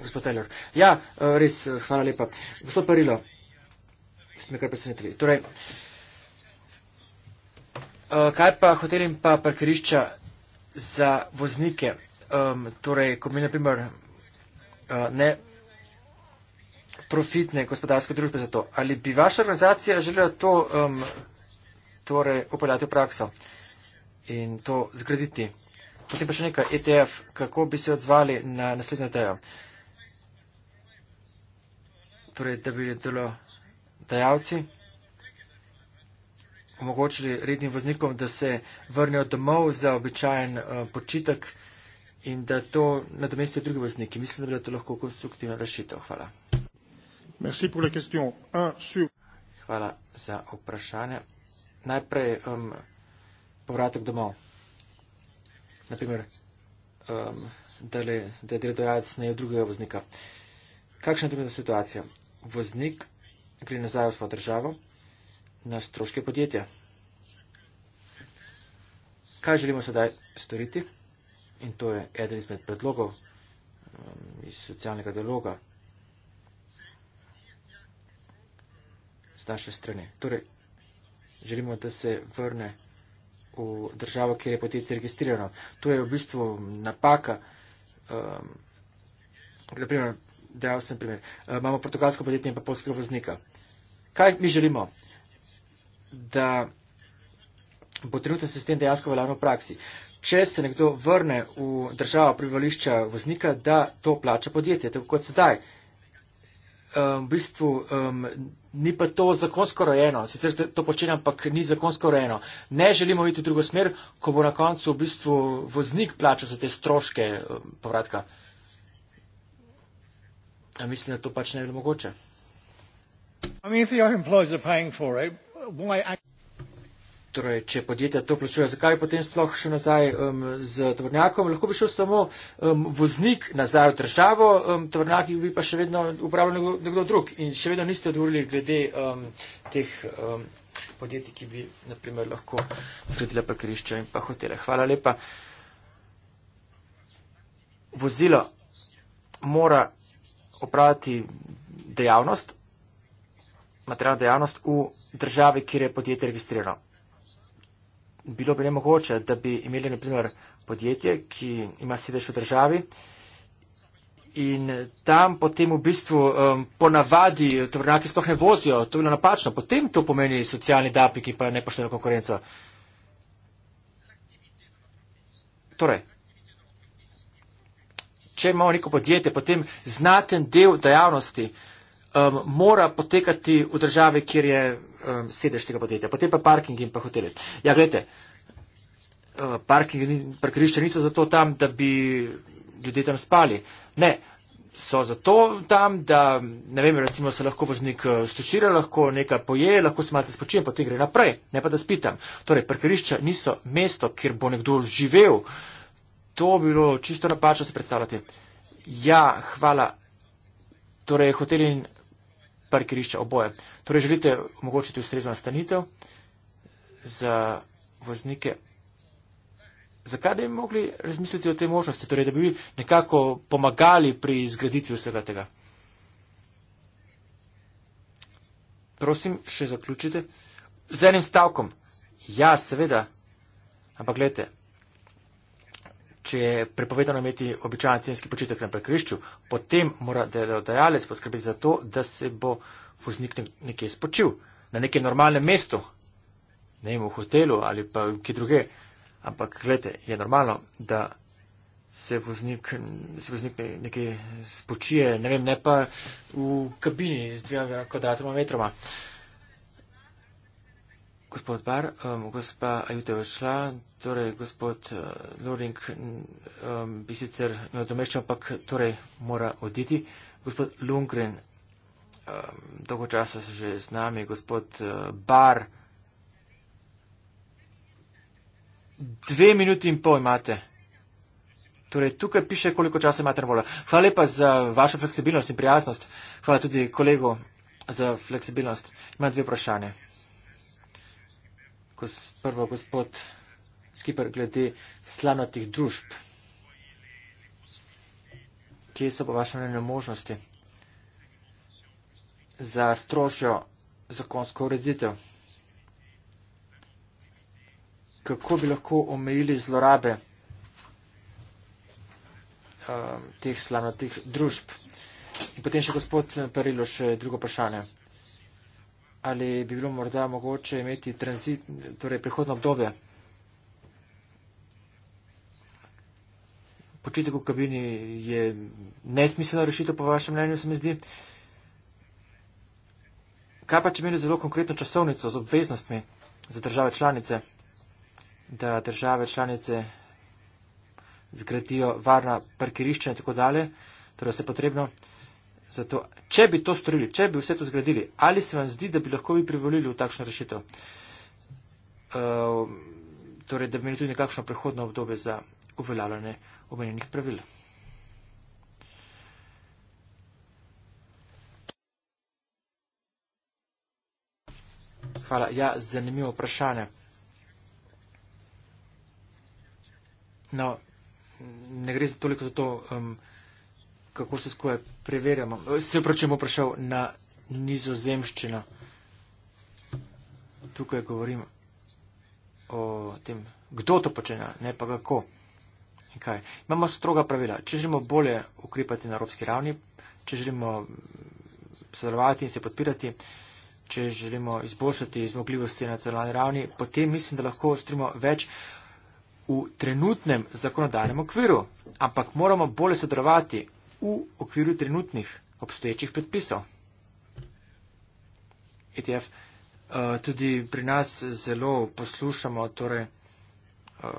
[SPEAKER 2] gospod Taylor. Ja, eh, res, eh, hvala lepa. Gospod Parilo, ste me kar presenetili. Torej, kaj pa hotelim pa parkirišča za voznike? Um, torej, ko mi naprimer ne profitne gospodarske družbe za to. Ali bi vaša organizacija želela to um, torej upeljati v prakso in to zgraditi? Potem pa še nekaj, ETF, kako bi se odzvali na naslednjo idejo? Torej, da bi delo dajalci omogočili rednim voznikom, da se vrnejo domov za običajen uh, počitek in da to nadomestijo drugi vozniki. Mislim, da bi to lahko konstruktivna rešitev. Hvala.
[SPEAKER 4] Merci pour la question.
[SPEAKER 2] Un, sur... Hvala za vprašanje. Najprej um, povratek domov. Naprimer, um, da, le, da je delodajalec ne drugega voznika. Kakšna je druga situacija? Voznik gre nazaj v svojo državo na stroške podjetja. Kaj želimo sedaj storiti? In to je eden izmed predlogov um, iz socialnega dialoga z naše strani. Torej, želimo, da se vrne v državo, kjer je podjetje registrirano. To je v bistvu napaka. Um, naprimer, dejal sem primer. Um, imamo portugalsko podjetje in pa polskega voznika. Kaj mi želimo? Da bo trenutni sistem dejansko veljavno v praksi če se nekdo vrne v državo privolišča voznika, da to plača podjetje, tako kot sedaj. Um, v bistvu um, ni pa to zakonsko rojeno, sicer to počenjam, ampak ni zakonsko rojeno. Ne želimo iti v drugo smer, ko bo na koncu v bistvu voznik plačal za te stroške um, povratka. A mislim, da to pač ne bi bilo mogoče. I mean, torej, če podjetja to plačuje, zakaj potem sploh še nazaj um, z tovornjakom? Lahko bi šel samo um, voznik nazaj v državo, um, tovornjaki bi pa še vedno upravljal nekdo, nekdo drug in še vedno niste odgovorili glede um, teh um, podjetij, ki bi naprimer lahko zgradila parkirišča in pa hotele. Hvala lepa. Vozilo mora opraviti dejavnost, materialno dejavnost v državi, kjer je podjetje registrirano bilo bi nemogoče, da bi imeli naprimer podjetje, ki ima sedež v državi in tam potem v bistvu um, ponavadi tovrnjaki sploh ne vozijo, to je bilo napačno, potem to pomeni socialni dapik in pa nepošteno konkurenco. Torej, če imamo neko podjetje, potem znaten del dejavnosti um, mora potekati v državi, kjer je um, sedež tega podjetja. Potem pa parking in pa hoteli. Ja, gledajte, uh, parking in parkirišče niso zato tam, da bi ljudje tam spali. Ne, so zato tam, da, ne vem, recimo se lahko voznik uh, stušira, lahko nekaj poje, lahko se malce spočije, potem gre naprej, ne pa da spitam. Torej, parkirišča niso mesto, kjer bo nekdo živel. To bi bilo čisto napačno se predstavljati. Ja, hvala. Torej, hoteli in parkirišča oboje. Torej želite omogočiti ustrezno nastanitev za voznike. Zakaj bi mogli razmisliti o tej možnosti, torej da bi nekako pomagali pri izgraditvi vsega tega? Prosim, še zaključite. Z enim stavkom. Ja, seveda. Ampak gledajte, Če je prepovedano imeti običajen tedenski počitek na parkirišču, potem mora delodajalec poskrbeti za to, da se bo voznik nekje spočil, na nekem normalnem mestu, ne vem, v hotelu ali pa kje druge. Ampak, gledajte, je normalno, da se voznik, se voznik nekje spočije, ne vem, ne pa v kabini z dvema kvadratoma metroma. Gospod Bar, um, gospa Ajuta je odšla, torej gospod uh, Loring um, bi sicer nadomeščal, ampak torej mora oditi. Gospod Lundgren, um, dolgo časa se že z nami, gospod uh, Bar, dve minuti in pol imate. Torej, tukaj piše, koliko časa imate na voljo. Hvala lepa za vašo fleksibilnost in prijaznost. Hvala tudi kolegu za fleksibilnost. Imam dve vprašanje prvo gospod Skipr, glede slanotih družb. Kje so po vašem mnenju možnosti za strožjo zakonsko ureditev? Kako bi lahko omejili zlorabe uh, teh slanotih družb? In potem še gospod Perilo, še drugo vprašanje ali bi bilo morda mogoče imeti transit, torej prihodno obdobje. Počitek v kabini je nesmiselna rešitev, po vašem mnenju se mi zdi. Kaj pa, če imeli zelo konkretno časovnico z obveznostmi za države članice, da države članice zgradijo varna parkirišča in tako dalje, torej vse potrebno. Zato, če bi to storili, če bi vse to zgradili, ali se vam zdi, da bi lahko vi privolili v takšno rešitev? Uh, torej, da bi imeli tudi nekakšno prehodno obdobje za uveljavljanje omenjenih pravil. Hvala. Ja, zanimivo vprašanje. No, ne gre za toliko za to. Um, kako se skoje preverjamo. Se pravi, bom prišel na nizozemščino. Tukaj govorim o tem, kdo to počenja, ne pa kako. Kaj. Imamo stroga pravila. Če želimo bolje ukrepati na evropski ravni, če želimo sodelovati in se podpirati, če želimo izboljšati zmogljivosti na celovni ravni, potem mislim, da lahko ustrimo več v trenutnem zakonodajnem okviru. Ampak moramo bolje sodelovati, v okviru trenutnih obstoječih predpisov. ETF uh, eh, tudi pri nas zelo poslušamo, torej uh,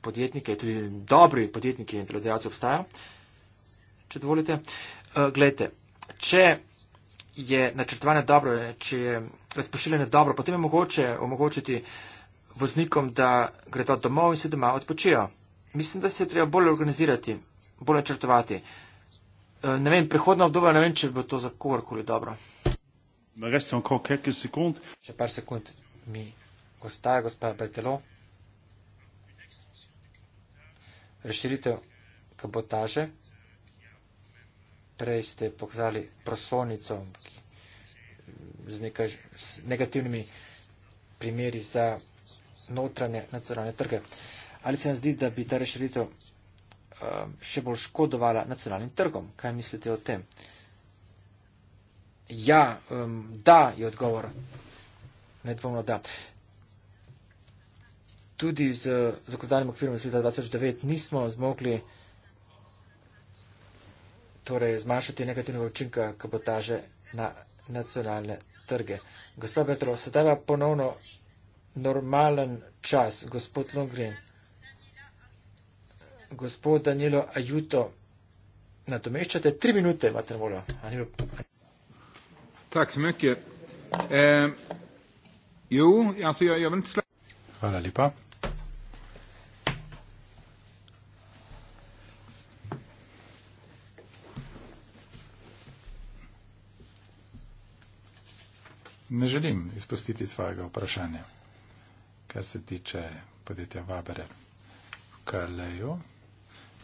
[SPEAKER 2] podjetnike, tudi dobri podjetniki in delodajalci obstaja, če dovolite. Uh, Glejte, če je načrtovanje dobro, če je razpošiljanje dobro, potem je mogoče omogočiti voznikom, da gredo domov in se doma odpočijo. Mislim, da se je treba bolj organizirati, bolj načrtovati. Uh, Eh, ne vem, prihodna obdobja, ne vem, če bo to za kogarkoli dobro.
[SPEAKER 1] Rečemo, kako je nekaj sekund. Še
[SPEAKER 2] par sekund mi ostaja, gospa Bajtelo. Reširitev kabotaže. Prej ste pokazali prosonico z nekaj z negativnimi primeri za notranje nacionalne trge. Ali se vam zdi, da bi ta reširitev Um, še bolj škodovala nacionalnim trgom. Kaj mislite o tem? Ja, um, da je odgovor. Nedvomno da. Tudi z zakonodajnim okvirom iz leta 2009 nismo zmogli torej, zmanjšati negativnega učinka kabotaže na nacionalne trge. Gospod Petro, sedaj pa ponovno normalen čas, gospod Longrin gospod Danilo
[SPEAKER 3] Ajuto, nadomeščate tri minute, imate voljo. Tako, sem nekje. Jo, jaz se javim slej. Hvala lepa. Ne želim izpustiti svojega vprašanja, kar se tiče podjetja Vabere v Kaleju,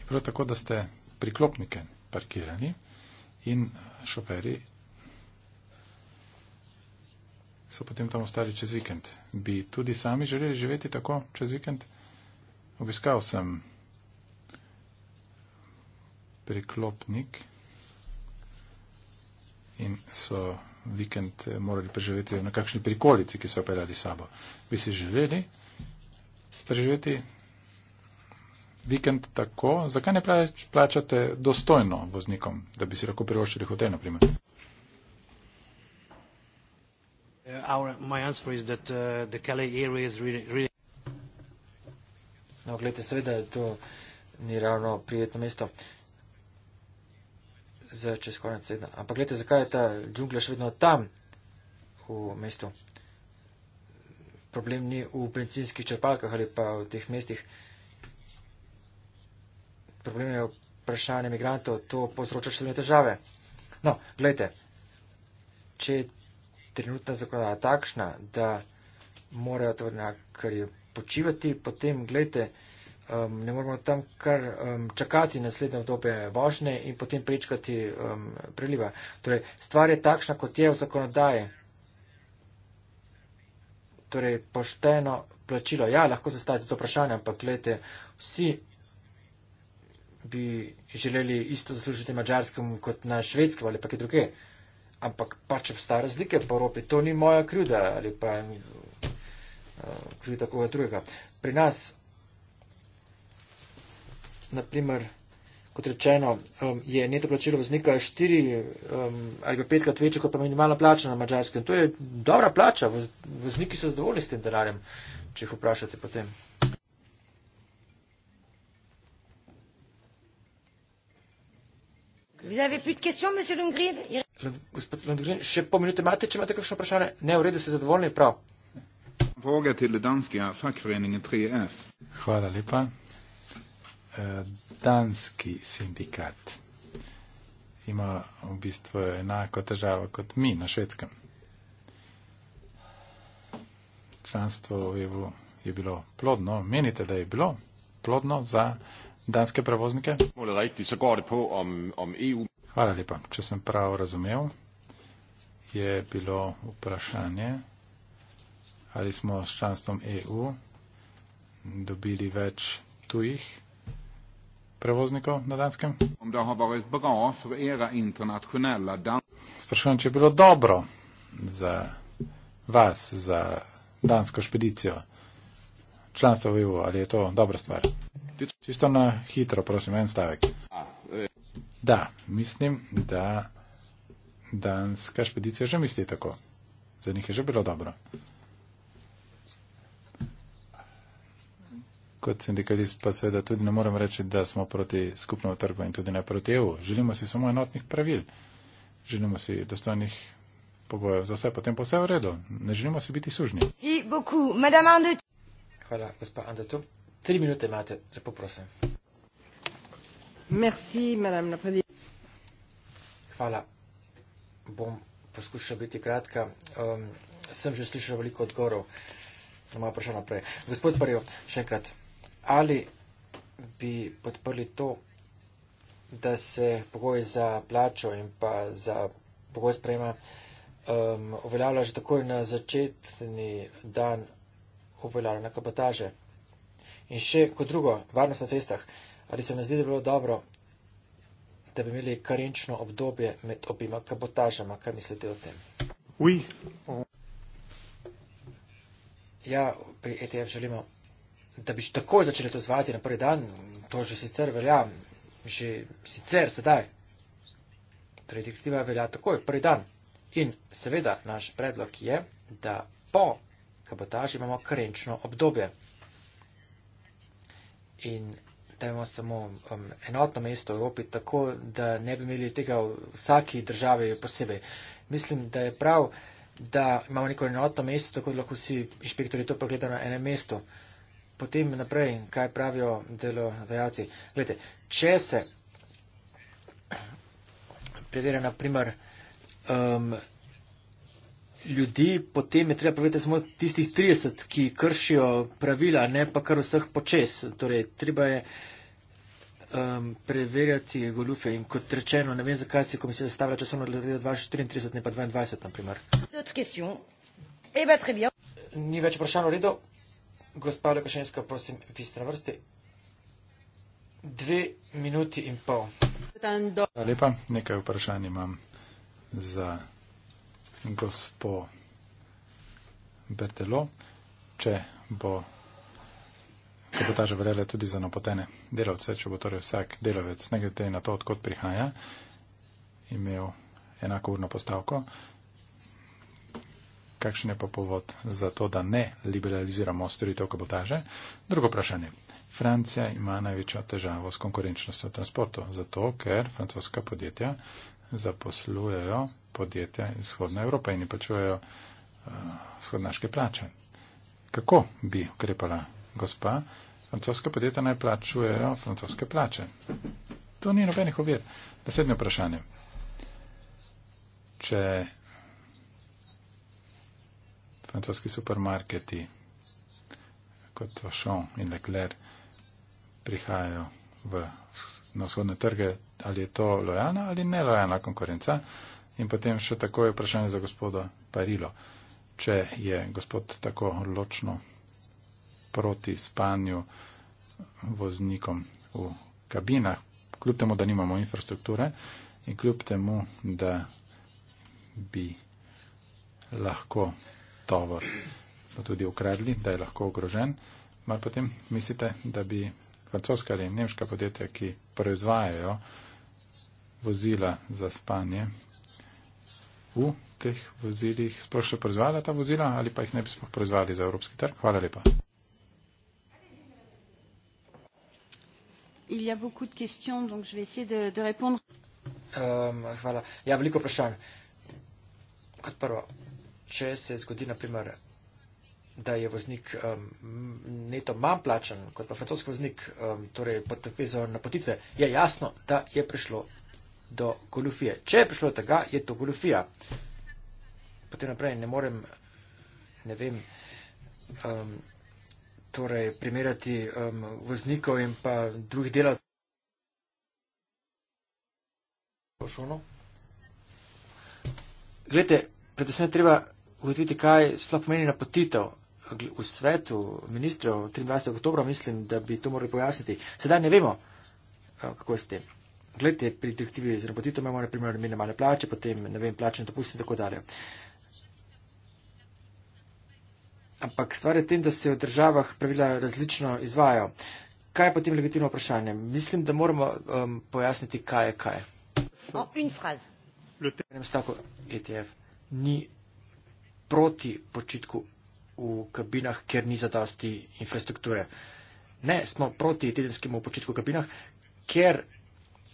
[SPEAKER 3] bilo tako, da ste priklopnike parkirali in šoferi so potem tam ostali čez vikend. Bi tudi sami želeli živeti tako čez vikend? Obiskal sem priklopnik in so vikend morali preživeti na kakšni prikolici, ki so operali sabo. Bi si želeli preživeti vikend tako, zakaj ne plačate dostojno voznikom, da bi si lahko privoščili hotel, na primer?
[SPEAKER 1] Uh, uh, no, gledajte, seveda to ni ravno prijetno
[SPEAKER 2] mesto za čez konec sedna. Ampak gledajte, zakaj je ta džungla še vedno tam v mestu? Problem ni v bencinskih črpalkah ali pa v teh mestih problemi vprašanja imigrantov, to povzroča številne težave. No, gledajte, če je trenutna zakonodaja takšna, da morajo tovrnjakarji počivati, potem, gledajte, um, ne moramo tam kar um, čakati naslednje obdobje vožnje in potem pričkati um, priliva. Torej, stvar je takšna, kot je v zakonodaji. Torej, pošteno plačilo. Ja, lahko zastavite to vprašanje, ampak gledajte, vsi bi želeli isto zaslužiti mačarskemu kot na švedskem ali pa kaj druge. Ampak pač obstaja razlike po Evropi. To ni moja krivda ali pa uh, krivda koga drugega. Pri nas, naprimer, kot rečeno, um, je neto plačilo voznika štiri um, ali pa petkrat večje kot pa minimalna plača na mačarskem. To je dobra plača, Voz, vozniki so zadovoljni s tem denarjem, če jih vprašate potem.
[SPEAKER 1] Vous avez plus de questions, monsieur Lundgren
[SPEAKER 2] Gospod Lundgren, še pol minute imate, če imate kakšno vprašanje? Ne, v redu, ste zadovoljni, prav.
[SPEAKER 3] Hvala lepa. E, danski sindikat ima v bistvu enako težavo kot mi na švedskem. Članstvo v EU je bilo plodno, menite, da je bilo plodno za danske prevoznike?
[SPEAKER 4] Er e
[SPEAKER 3] Hvala lepa. Če sem prav razumel, je bilo vprašanje, ali smo s članstvom EU dobili več tujih prevoznikov na danskem. Sprašujem, če je bilo dobro za vas, za dansko špedicijo, članstvo v EU, ali je to dobra stvar. Čisto na hitro, prosim, en stavek. E. Da, mislim, da danska špedicija že misli tako. Za njih je že bilo dobro. Kot sindikalist pa seveda tudi ne morem reči, da smo proti skupnemu trgu in tudi ne proti EU. Želimo si samo enotnih pravil. Želimo si dostojnih pogojev za vse, potem pa vse v redu. Ne želimo si biti sužni. Hvala, gospod Andetu. 3 minute imate, lepo prosim.
[SPEAKER 2] Merci, madame la présidente. Hvala. Bom poskušal biti kratka. Um, sem že slišal veliko odgovorov na moje vprašanje naprej. Gospod Parijo, še enkrat, ali bi podprli to, da se pogoj za plačo in pa za pogoj sprejema um, uveljavlja že takoj na začetni dan uveljavljanja kapataže? In še kot drugo, varnost na cestah. Ali se vam zdi, da bi bilo dobro, da bi imeli karenčno obdobje med obima kabotažama? Kaj mislite o tem? Oui. Ja, pri ETF želimo, da bi že takoj začeli to zvati na prvi dan. To že sicer velja, že sicer sedaj. Torej, direktiva velja takoj, prvi dan. In seveda, naš predlog je, da po kabotaži imamo karenčno obdobje in da imamo samo um, enotno mesto v Evropi, tako da ne bi imeli tega v vsaki državi posebej. Mislim, da je prav, da imamo neko enotno mesto, tako da lahko vsi inšpektori to pogledajo na enem mestu. Potem naprej, kaj pravijo delodajalci. Glede, če se preverja, naprimer, um, ljudi, potem je treba povedati samo tistih 30, ki kršijo pravila, ne pa kar vseh počes. Torej, treba je um, preverjati golufe in kot rečeno, ne vem, zakaj se komisija zastavlja časovno leto 2034, ne pa 2022, na primer. Eh Ni več vprašanj v redu. Gospa Lekošenska, prosim, vi ste na vrsti. Dve minuti in pol.
[SPEAKER 6] Hvala
[SPEAKER 3] lepa, nekaj vprašanj imam za gospo Bertelo, če bo kabotaža veljala tudi za napotene delavce, če bo torej vsak delavec, ne glede na to, odkot prihaja, imel enako urno postavko. Kakšen je pa povod za to, da ne liberaliziramo storitev kabotaže? Drugo vprašanje. Francija ima največjo težavo s konkurenčnostjo transportu, zato ker francoska podjetja zaposlujejo podjetja iz vzhodne Evrope in ji plačujejo uh, vzhodnaške plače. Kako bi ukrepala gospa? Francoska podjetja naj plačujejo francoske plače. To ni nobenih ovir. Naslednje vprašanje. Če francoski supermarketi kot Auchan in Leclerc prihajajo v, na vzhodne trge, ali je to lojalna ali nelojalna konkurenca, In potem še tako je vprašanje za gospoda Parilo. Če je gospod tako ločno proti spanju voznikom v kabinah, kljub temu, da nimamo infrastrukture in kljub temu, da bi lahko tovor tudi ukradli, da je lahko ogrožen, mar potem mislite, da bi francoska ali nemška podjetja, ki proizvajajo vozila za spanje, v teh vozilih sploh še proizvajala ta vozila ali pa jih ne bi sploh proizvajali za evropski trg. Hvala lepa.
[SPEAKER 2] Um, hvala. Ja, veliko vprašanj. Kot prvo, če se zgodi, naprimer, da je voznik um, neto manj plačen kot pa francoski voznik, um, torej pod predvizor napotitve, je jasno, da je prišlo do goljufije. Če je prišlo tega, je to goljufija. Potem naprej ne morem, ne vem, um, torej primerjati um, voznikov in pa drugih delavcev. Glede, predvsem je treba ugotoviti, kaj sploh pomeni napotitev v svetu ministrov 23. oktobra, mislim, da bi to morali pojasniti. Sedaj ne vemo, uh, kako je s tem. Glede, pri direktivi z robotitom imamo na primer minimalne plače, potem ne vem, plačne dopuste in tako dalje. Ampak stvar je tem, da se v državah pravila različno izvajo. Kaj je potem legitimno vprašanje? Mislim, da moramo um, pojasniti, kaj je kaj.
[SPEAKER 1] Oh, v
[SPEAKER 2] enem stavku ETF ni proti počitku v kabinah, ker ni zadosti infrastrukture. Ne, smo proti tedenskemu počitku v kabinah, ker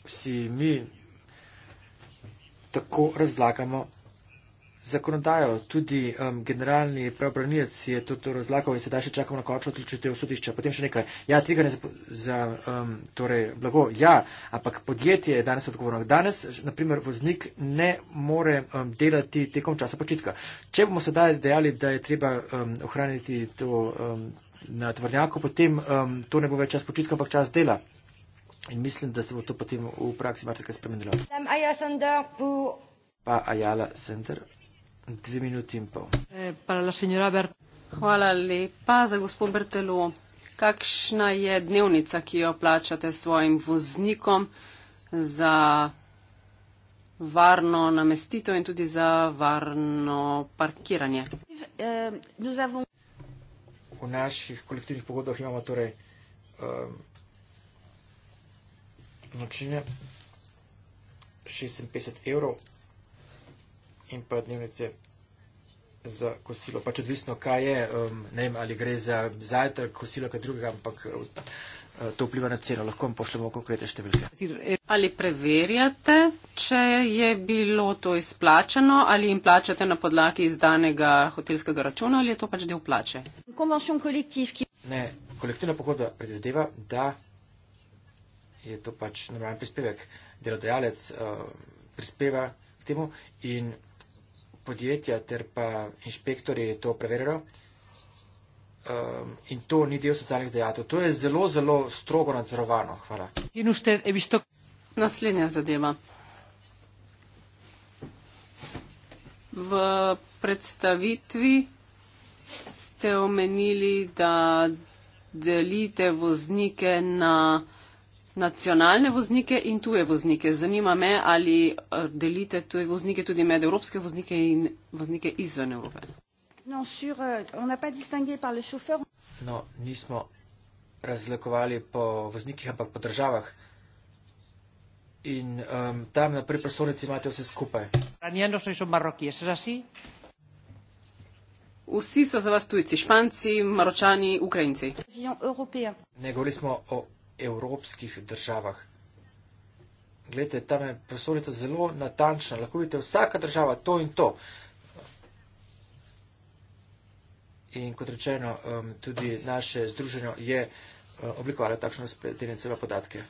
[SPEAKER 2] si mi tako razlagamo zakonodajo. Tudi um, generalni pravobranilec je to, to razlagal in sedaj še čakamo na končno odločitev sodišča. Potem še nekaj. Ja, tveganje za, za um, torej blago. Ja, ampak podjetje je danes odgovorno. Danes, naprimer, voznik ne more um, delati tekom časa počitka. Če bomo sedaj dejali, da je treba um, ohraniti to. Um, na tvrnjaku, potem um, to ne bo več čas počitka, ampak čas dela. In mislim, da se bo to potem v praksi marsikaj spremenilo. Pa Ajala Center, dve minuti in pol.
[SPEAKER 6] Eh, Hvala lepa za gospod Bertelo. Kakšna je dnevnica, ki jo plačate svojim voznikom za varno namestitev in tudi za varno parkiranje? Eh, v naših
[SPEAKER 2] kolektivnih pogodbah imamo torej. Um, nočine, 56 evrov in pa dnevnice za kosilo. Pač odvisno, kaj je, um, ne vem, ali gre za zajtrk, kosilo, kaj drugega, ampak uh, to vpliva na ceno. Lahko vam pošljemo konkrete številke.
[SPEAKER 6] Ali preverjate, če je bilo to izplačano ali jim plačate na podlagi izdanega hotelskega računa ali je to pač del plače? Ne, kolektivna
[SPEAKER 2] pogodba predvideva, da je to pač normalen prispevek. Delodajalec uh, prispeva k temu in podjetja ter pa inšpektori to preverjajo. Um, in to ni del socialnih dejatov. To je zelo, zelo strogo nadzorovano. Hvala.
[SPEAKER 5] In ušte, evišto,
[SPEAKER 6] naslednja zadeva. V predstavitvi ste omenili, da delite voznike na nacionalne voznike in tuje voznike. Zanima me, ali eh, delite tuje voznike tudi med evropske voznike in voznike izven Evrope.
[SPEAKER 1] Euh,
[SPEAKER 2] no, nismo razlikovali po voznikih, ampak po državah. In um, tam na priprostornici imate vse skupaj.
[SPEAKER 6] No Vsi so za vas tujci, španci, maročani, ukrajinci.
[SPEAKER 2] Ne govorimo o evropskih državah. Glede, tam je prostorica zelo natančna, lahko vidite vsaka država to in to. In kot rečeno, um, tudi naše združenje je uh, oblikovalo takšne spletne celo podatke.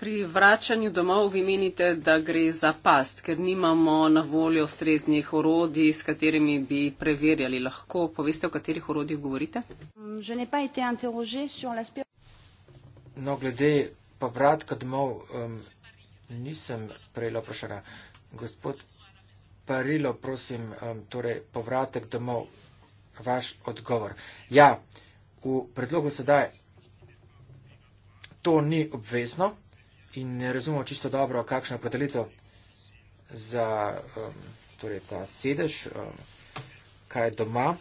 [SPEAKER 6] Pri vračanju domov vi menite, da gre za past, ker nimamo na voljo ustreznih orodij, s katerimi bi preverjali. Lahko poveste, o katerih orodjih govorite? Mm, No, glede povratka
[SPEAKER 2] domov um, nisem prejela vprašanja. Gospod Parilo, prosim, um, torej povratek domov, vaš odgovor. Ja, v predlogu sedaj to ni obvezno in ne razumemo čisto dobro, kakšna predelitev za um, torej ta sedež, um, kaj je doma.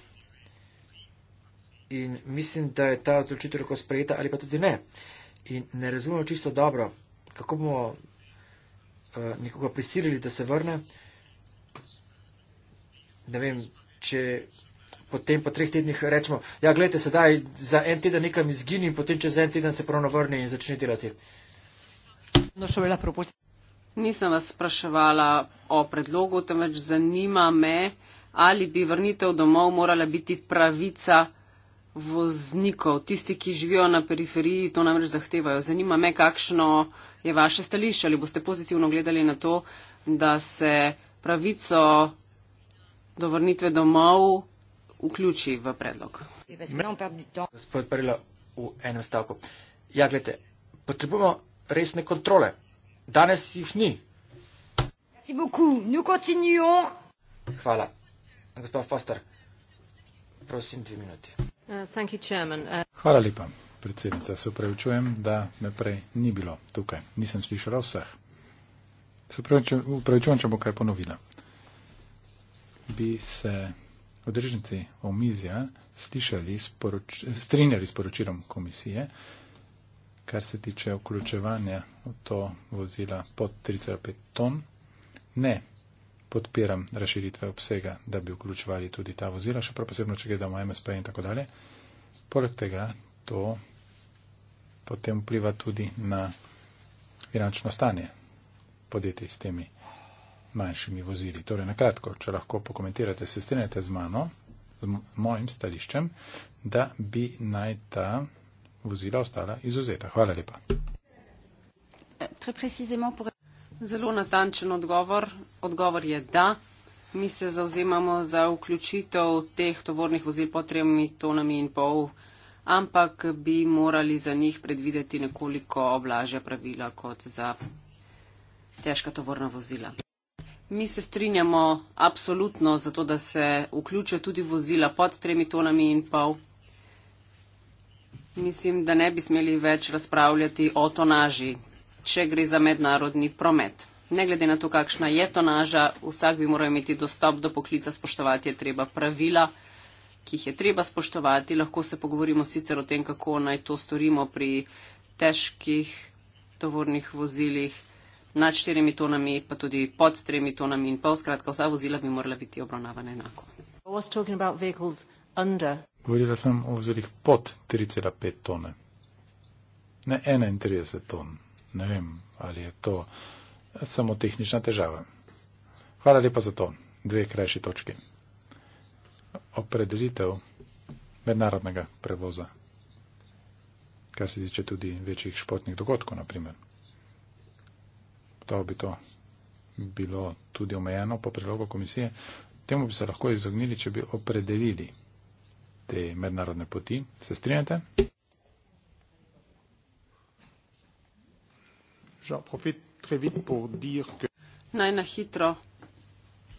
[SPEAKER 2] In mislim, da je ta odločitev lahko sprejeta ali pa tudi ne. Uh, in ne razumemo čisto dobro, kako bomo eh, nekoga prisilili, da se vrne. Ne vem, če potem po treh tednih rečemo, ja, gledajte, sedaj za en teden nekam izgini in potem čez en teden se pravno vrne in začne delati.
[SPEAKER 6] No, Nisem vas spraševala o predlogu, temveč zanima me, ali bi vrnitev domov morala biti pravica voznikov, tisti, ki živijo na periferiji, to namreč zahtevajo. Zanima me, kakšno je vaše stališče ali boste pozitivno gledali na to, da se pravico do vrnitve domov vključi v predlog.
[SPEAKER 2] Gospod Perila, v enem stavku. Ja, gledajte, potrebujemo resne kontrole. Danes jih ni. Hvala. Gospod Foster, prosim dve minuti.
[SPEAKER 1] Uh,
[SPEAKER 3] Hvala lepa, predsednica. Se upravičujem, da me prej ni bilo tukaj. Nisem slišala vseh. Se upravičujem, če bo kaj ponovila. Bi se odrežnici omizja slišali, sporoč, strinjali s poročilom komisije, kar se tiče vključevanja v to vozila pod 3,5 ton. Ne, podpiram razširitve obsega, da bi vključovali tudi ta vozila, še prav posebno, če gledamo MSP in tako dalje. Poleg tega to potem vpliva tudi na finančno stanje podjetij s temi manjšimi vozili. Torej, na kratko, če lahko pokomentirate, se strinjate z mano, z mojim stališčem, da bi naj ta vozila ostala izuzeta. Hvala lepa.
[SPEAKER 6] Zelo natančen odgovor. Odgovor je da. Mi se zauzemamo za vključitev teh tovornih vozil po tremi tonami in pol, ampak bi morali za njih predvideti nekoliko oblažja pravila kot za težka tovorna vozila. Mi se strinjamo absolutno za to, da se vključijo tudi vozila pod tremi tonami in pol. Mislim, da ne bi smeli več razpravljati o tonaži če gre za mednarodni promet. Ne glede na to, kakšna je tonaža, vsak bi moral imeti dostop do poklica, spoštovati je treba pravila, ki jih je treba spoštovati. Lahko se pogovorimo sicer o tem, kako naj to storimo pri težkih tovornih vozilih nad 4 tonami, pa tudi pod 3 tonami in pol. Skratka, vsa vozila bi morala biti obravnavana enako.
[SPEAKER 3] Govorila sem o vozilih pod 3,5 tone, ne 31 tone. Ne vem, ali je to samo tehnična težava. Hvala lepa za to. Dve krajši točki. Opredelitev mednarodnega prevoza, kar se tiče tudi večjih športnih dogodkov, naprimer. To bi to bilo tudi omejeno po predlogu komisije. Temu bi se lahko izognili, če bi opredelili te mednarodne poti. Se strinjate?
[SPEAKER 6] naj na hitro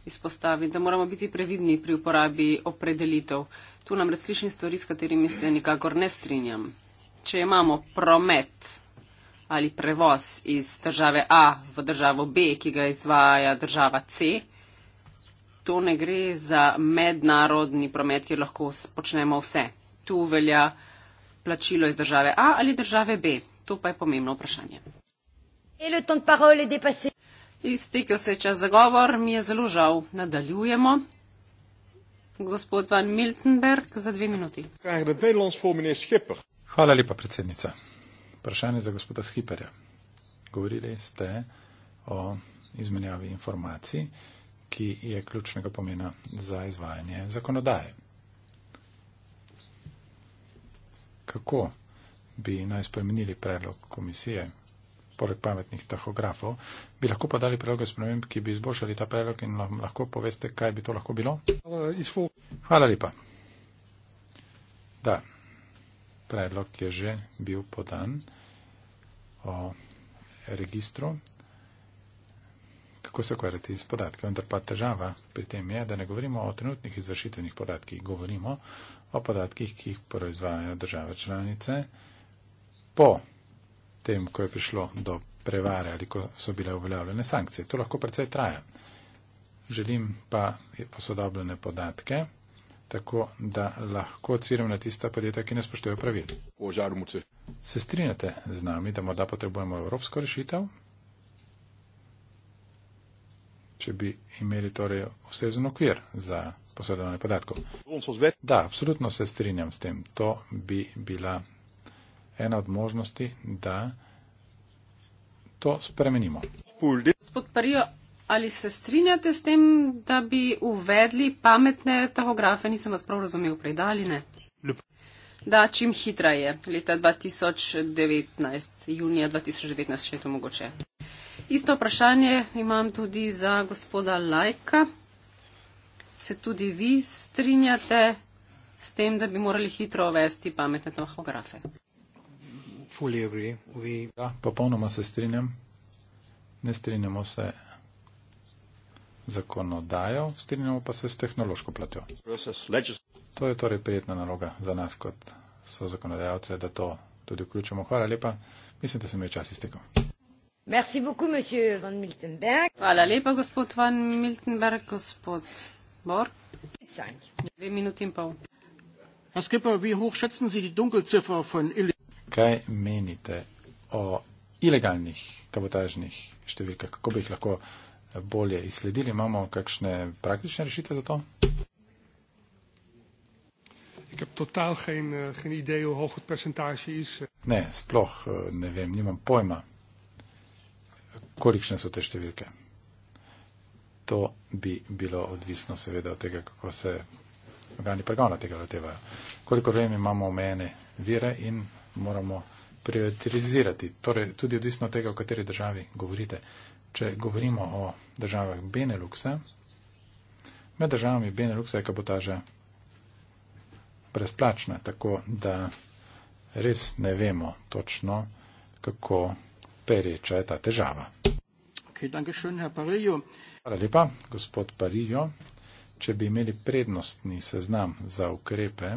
[SPEAKER 6] izpostavim, da moramo biti previdni pri uporabi opredelitev. Tu namreč slišim stvari, s katerimi se nikakor ne strinjam. Če imamo promet ali prevoz iz države A v državo B, ki ga izvaja država C, to ne gre za mednarodni promet, kjer lahko počnemo vse. Tu velja plačilo iz države A ali države B. To pa je pomembno vprašanje. Tisti, ki se je čas zagovor, mi je zelo žal. Nadaljujemo. Gospod Van Miltenberg za dve minuti.
[SPEAKER 3] Hvala lepa, predsednica. Vprašanje za gospoda Skiperja. Govorili ste o izmenjavi informacij, ki je ključnega pomena za izvajanje zakonodaje. Kako bi naj spremenili predlog komisije, poleg pametnih tahografov. Bi lahko podali predloge sprememb, ki bi izboljšali ta predlog in lahko poveste, kaj bi to lahko bilo? Hvala lepa. Da, predlog je že bil podan o registru. Kako se ukvarjati s podatki? Vendar pa težava pri tem je, da ne govorimo o trenutnih izvršitvenih podatkih, govorimo o podatkih, ki jih proizvajajo države članice po tem, ko je prišlo do prevare ali ko so bile uveljavljene sankcije. To lahko precej traja. Želim pa posodobljene podatke, tako da lahko ciljem na tista podjetja, ki ne spoštujejo pravil. Se strinjate z nami, da morda potrebujemo evropsko rešitev? Če bi imeli torej vsezen okvir za posodobljene podatkov. Da, absolutno se strinjam s tem. To bi bila ena od možnosti, da to spremenimo. Gospod
[SPEAKER 6] Parijo, ali se strinjate s tem, da bi uvedli pametne tahografe? Nisem vas prav razumel prej, da ali ne? Lep. Da, čim hitreje, leta 2019, junija 2019, če je to mogoče. Isto vprašanje imam tudi za gospoda Lajka. Se tudi vi strinjate s tem, da bi morali hitro uvesti pametne tahografe?
[SPEAKER 3] fully agree. We... Da, ja, popolnoma se strinjam. Ne strinjamo se zakonodajo, strinjamo pa se s tehnološko platjo. To je torej prijetna naloga za nas kot so zakonodajalce, da to tudi vključimo. Hvala lepa. Mislim, da se mi je čas iztekel.
[SPEAKER 1] Merci beaucoup, monsieur Van Miltenberg.
[SPEAKER 6] Hvala lepa, gospod Van Miltenberg, gospod Bor. Dve minuti in pol.
[SPEAKER 3] Herr Skipper, wie hoch schätzen Sie die Dunkelziffer von Illinois? kaj menite o ilegalnih kabotažnih številkah, kako bi jih lahko bolje izsledili, imamo kakšne praktične rešitve za to? Eh, ne, sploh eh, ne vem, nimam pojma, kolikšne so te številke. To bi bilo odvisno seveda od tega, kako se organi pregona tega lotevajo. Koliko vem, imamo omejene vire in moramo prioritizirati. Torej, tudi odvisno od tega, o kateri državi govorite. Če govorimo o državah Beneluxa, med državami Beneluxa je kabotaža brezplačna, tako da res ne vemo točno, kako pereča je ta težava. Hvala lepa, gospod Parijo. Če bi imeli prednostni seznam za ukrepe,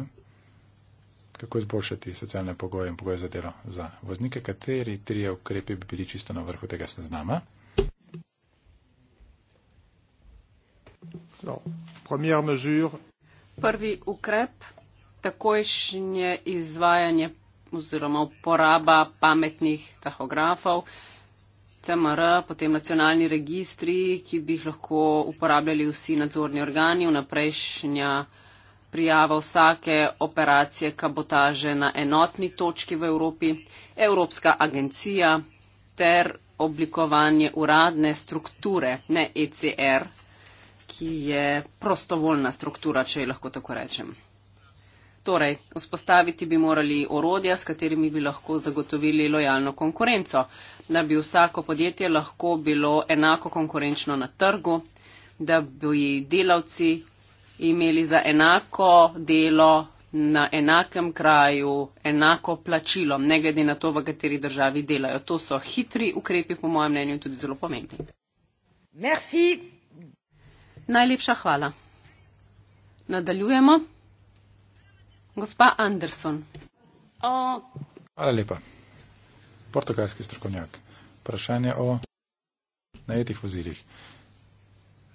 [SPEAKER 3] kako izboljšati socialne pogoje in pogoje za delo za voznike, kateri trije ukrepi bi bili čisto na vrhu tega seznama. No,
[SPEAKER 6] Prvi ukrep, takojšnje izvajanje oziroma uporaba pametnih tahografov, CMR, potem nacionalni registri, ki bi jih lahko uporabljali vsi nadzorni organi, vnaprejšnja. Uh, prijava vsake operacije kabotaže na enotni točki v Evropi, Evropska agencija ter oblikovanje uradne strukture, ne ECR, ki je prostovoljna struktura, če jo lahko tako rečem. Torej, vzpostaviti bi morali orodja, s katerimi bi lahko zagotovili lojalno konkurenco, da bi vsako podjetje lahko bilo enako konkurenčno na trgu, da bi delavci imeli za enako delo na enakem kraju enako plačilo, ne glede na to, v kateri državi delajo. To so hitri ukrepi, po mojem mnenju, tudi zelo pomembni. Merci. Najlepša hvala. Nadaljujemo. Gospa Anderson.
[SPEAKER 1] O...
[SPEAKER 3] Hvala lepa. Portugalski strokovnjak. Vprašanje o najetih vozilih.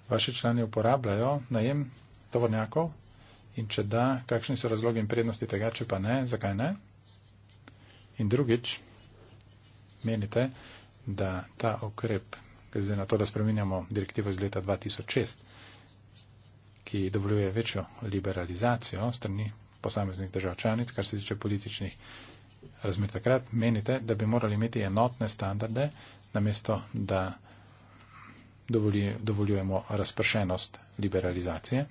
[SPEAKER 3] Vaši člani uporabljajo najem tovornjakov? In če da, kakšni so razlogi in prednosti tega, če pa ne, zakaj ne? In drugič, menite, da ta okrep, glede na to, da spreminjamo direktivo iz leta 2006, ki dovoljuje večjo liberalizacijo strani posameznih držav članic, kar se tiče političnih razmer takrat, menite, da bi morali imeti enotne standarde, namesto da dovoljujemo razpršenost liberalizacije.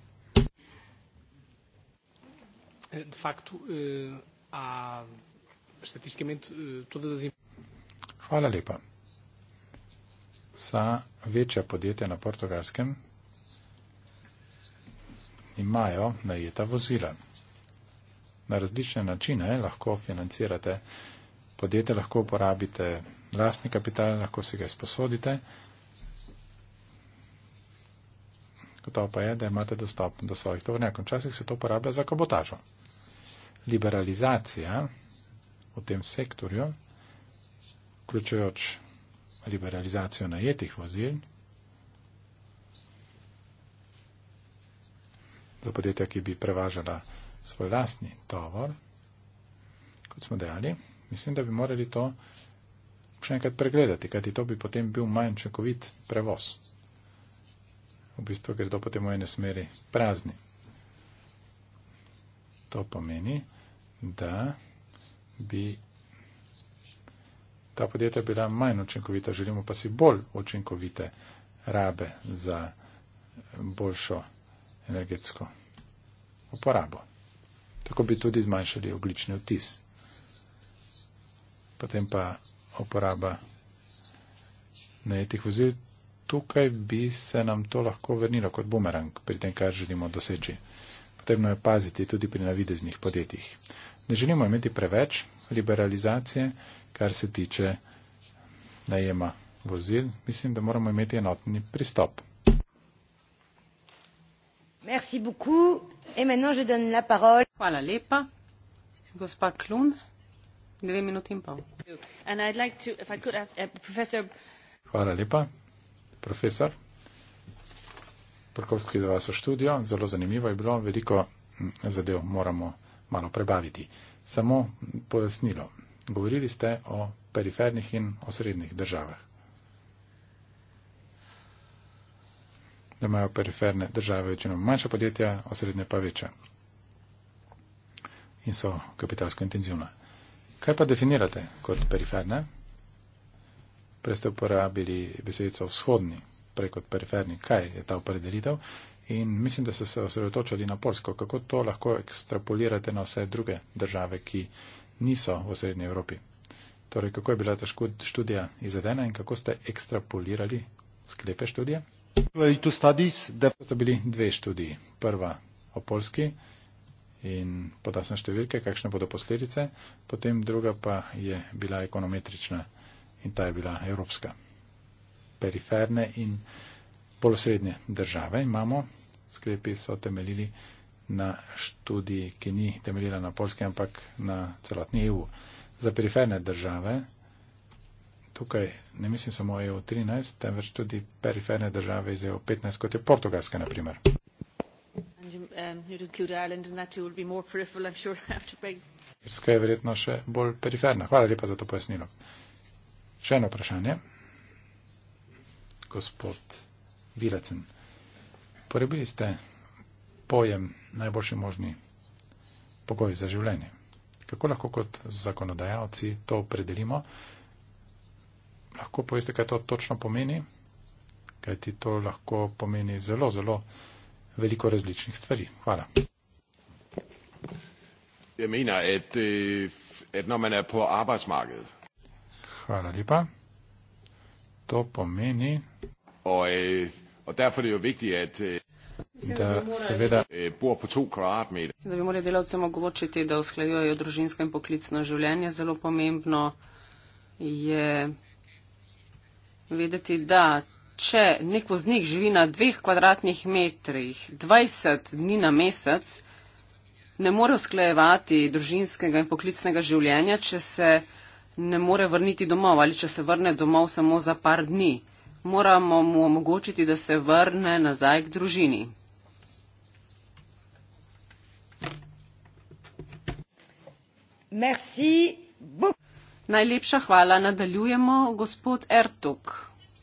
[SPEAKER 5] Eh, de facto, eh, há estatisticamente eh, todas as.
[SPEAKER 3] Hvala lepa. Vsa večja podjetja na portugalskem imajo najeta vozila. Na različne načine lahko financirate podjetje, lahko uporabite lastni kapital, lahko si ga sposodite. Gotovo pa je, da imate dostop do svojih tovornjakov. Včasih se to uporablja za kabotažo liberalizacija v tem sektorju, vključujoč liberalizacijo najetih vozil za podjetja, ki bi prevažala svoj lastni tovor, kot smo dejali, mislim, da bi morali to še enkrat pregledati, kajti to bi potem bil manj čakovit prevoz. V bistvu gre to potem v ene smeri prazni. To pomeni, da bi ta podjetja bila manj učinkovita, želimo pa si bolj učinkovite rabe za boljšo energetsko uporabo. Tako bi tudi zmanjšali oglični vtis. Potem pa uporaba najetih vozil. Tukaj bi se nam to lahko vrnilo kot bumerang pri tem, kar želimo doseči. Potrebno je paziti tudi pri navideznih podjetjih ne želimo imeti preveč liberalizacije, kar se tiče najema vozil. Mislim, da moramo imeti enotni pristop.
[SPEAKER 1] Hvala lepa. Gospa Klun, dve minuti in pol.
[SPEAKER 6] Like to, ask, uh, professor...
[SPEAKER 3] Hvala lepa, profesor. Prokopski za vas v študijo. Zelo zanimivo je bilo. Veliko zadev moramo malo prebaviti. Samo pojasnilo. Govorili ste o perifernih in osrednjih državah. Da imajo periferne države večino manjša podjetja, osrednje pa večja. In so kapitalsko intenzivna. Kaj pa definirate kot periferne? Prej ste uporabili besedico vzhodni, prej kot periferni. Kaj je ta opredelitev? in mislim, da ste se osredotočali na Polsko. Kako to lahko ekstrapolirate na vse druge države, ki niso v srednji Evropi? Torej, kako je bila ta študija izvedena in kako ste ekstrapolirali sklepe študije? To sta bili dve študiji. Prva o Polski in podal sem številke, kakšne bodo posledice, potem druga pa je bila ekonometrična in ta je bila evropska. Periferne in polosrednje države imamo sklepi so temeljili na študiji, ki ni temeljila na polskem, ampak na celotni EU. Za periferne države, tukaj ne mislim samo EU 13, temveč tudi periferne države iz EU 15, kot je Portugalska, na primer.
[SPEAKER 6] Um, *laughs*
[SPEAKER 3] Irska je verjetno še bolj periferna. Hvala lepa za to pojasnilo. Še eno vprašanje. Gospod Vilacen. Porebili ste pojem najboljši možni pogoj za življenje. Kako lahko kot zakonodajalci to opredelimo? Lahko poveste, kaj to točno pomeni? Kaj ti to lahko pomeni zelo, zelo veliko različnih stvari. Hvala.
[SPEAKER 4] Øh, er
[SPEAKER 3] Hvala lepa. To pomeni.
[SPEAKER 4] Øh, In zato je vigtigt, øh, da da seveda øh, Mislim,
[SPEAKER 6] da bi morali delavcem omogočiti, da usklajujejo družinsko in poklicno življenje. Zelo pomembno je vedeti, da če nek voznik živi na dveh kvadratnih metrih 20 dni na mesec, ne more usklajevati družinskega in poklicnega življenja, če se ne more vrniti domov ali če se vrne domov samo za par dni moramo mu omogočiti, da se vrne nazaj k družini. Merci. Najlepša hvala. Nadaljujemo, gospod Ertug,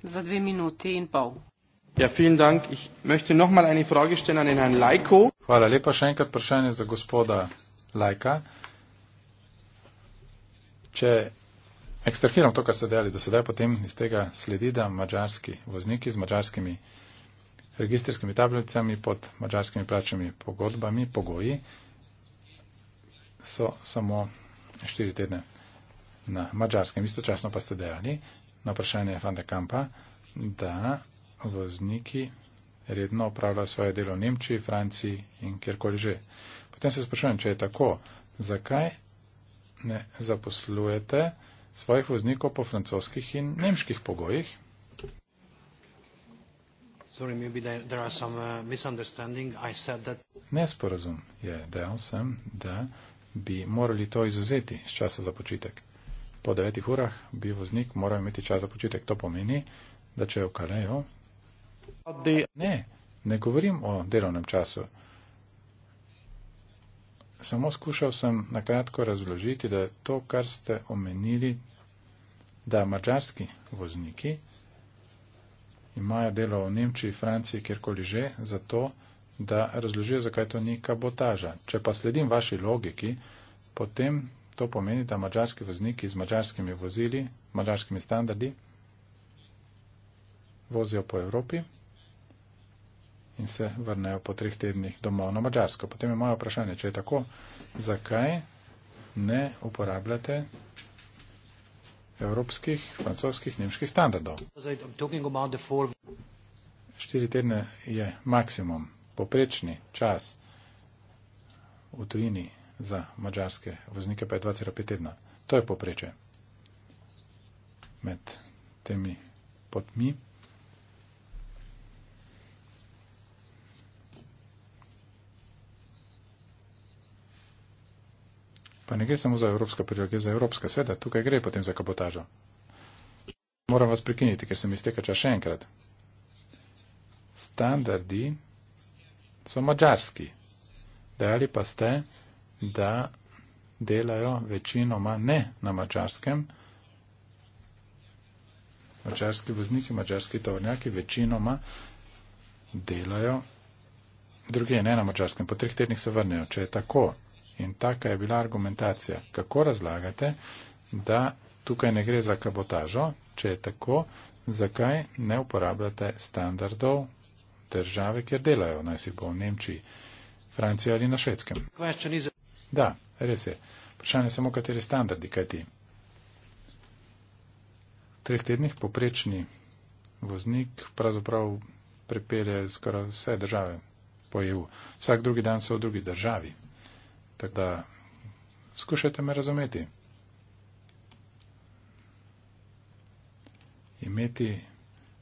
[SPEAKER 6] za dve minuti in pol.
[SPEAKER 3] Ja, dank. Ich nochmal eine Frage stellen an Herrn Laiko. Hvala lepa še enkrat vprašanje za gospoda Laika. Če ekstrahiram to, kar ste delali do sedaj, potem iz tega sledi, da mačarski vozniki z mačarskimi registrskimi tablicami pod mačarskimi plačami pogodbami, pogoji, so samo štiri tedne na mačarskem. Istočasno pa ste dejali na vprašanje Fanta Kampa, da vozniki redno opravljajo svoje delo v Nemčiji, Franciji in kjerkoli že. Potem se sprašujem, če je tako, zakaj ne zaposlujete, svojih voznikov po francoskih in nemških pogojih. Uh, Nesporazum je, dejal sem, da bi morali to izuzeti z časa za počitek. Po devetih urah bi voznik moral imeti čas za počitek. To pomeni, da če je v kalejo. Ne, ne govorim o delovnem času samo skušal sem nakratko razložiti, da to, kar ste omenili, da mačarski vozniki imajo delo v Nemčiji, Franciji, kjerkoli že, zato, da razložijo, zakaj to ni kabotaža. Če pa sledim vaši logiki, potem to pomeni, da mačarski vozniki z mačarskimi vozili, mačarskimi standardi, vozijo po Evropi in se vrnejo po treh tednih domov na Mačarsko. Potem je moje vprašanje, če je tako, zakaj ne uporabljate evropskih, francoskih, nemških standardov? Štiri tedne je maksimum poprečni čas v tujini za mačarske voznike, pa je 2,5 tedna. To je poprečje med temi potmi. Pa ne gre samo za evropska prilog, gre za evropska sveda, tukaj gre potem za kabotažo. Moram vas prekiniti, ker se mi steka čas še enkrat. Standardi so mačarski. Dejali pa ste, da delajo večinoma ne na mačarskem. Mačarski vozniki, mačarski tovornjaki večinoma delajo. Drugi ne na mačarskem. Po treh tednih se vrnejo. Če je tako, In taka je bila argumentacija. Kako razlagate, da tukaj ne gre za kabotažo, če je tako, zakaj ne uporabljate standardov države, kjer delajo, naj si bo v Nemčiji, Franciji ali na švedskem? Da, res je. Vprašanje je samo, kateri standardi, kaj ti. V treh tednih poprečni voznik pravzaprav prepelje skoraj vse države po EU. Vsak drugi dan so v drugi državi. Tako da skušajte me razumeti. Imeti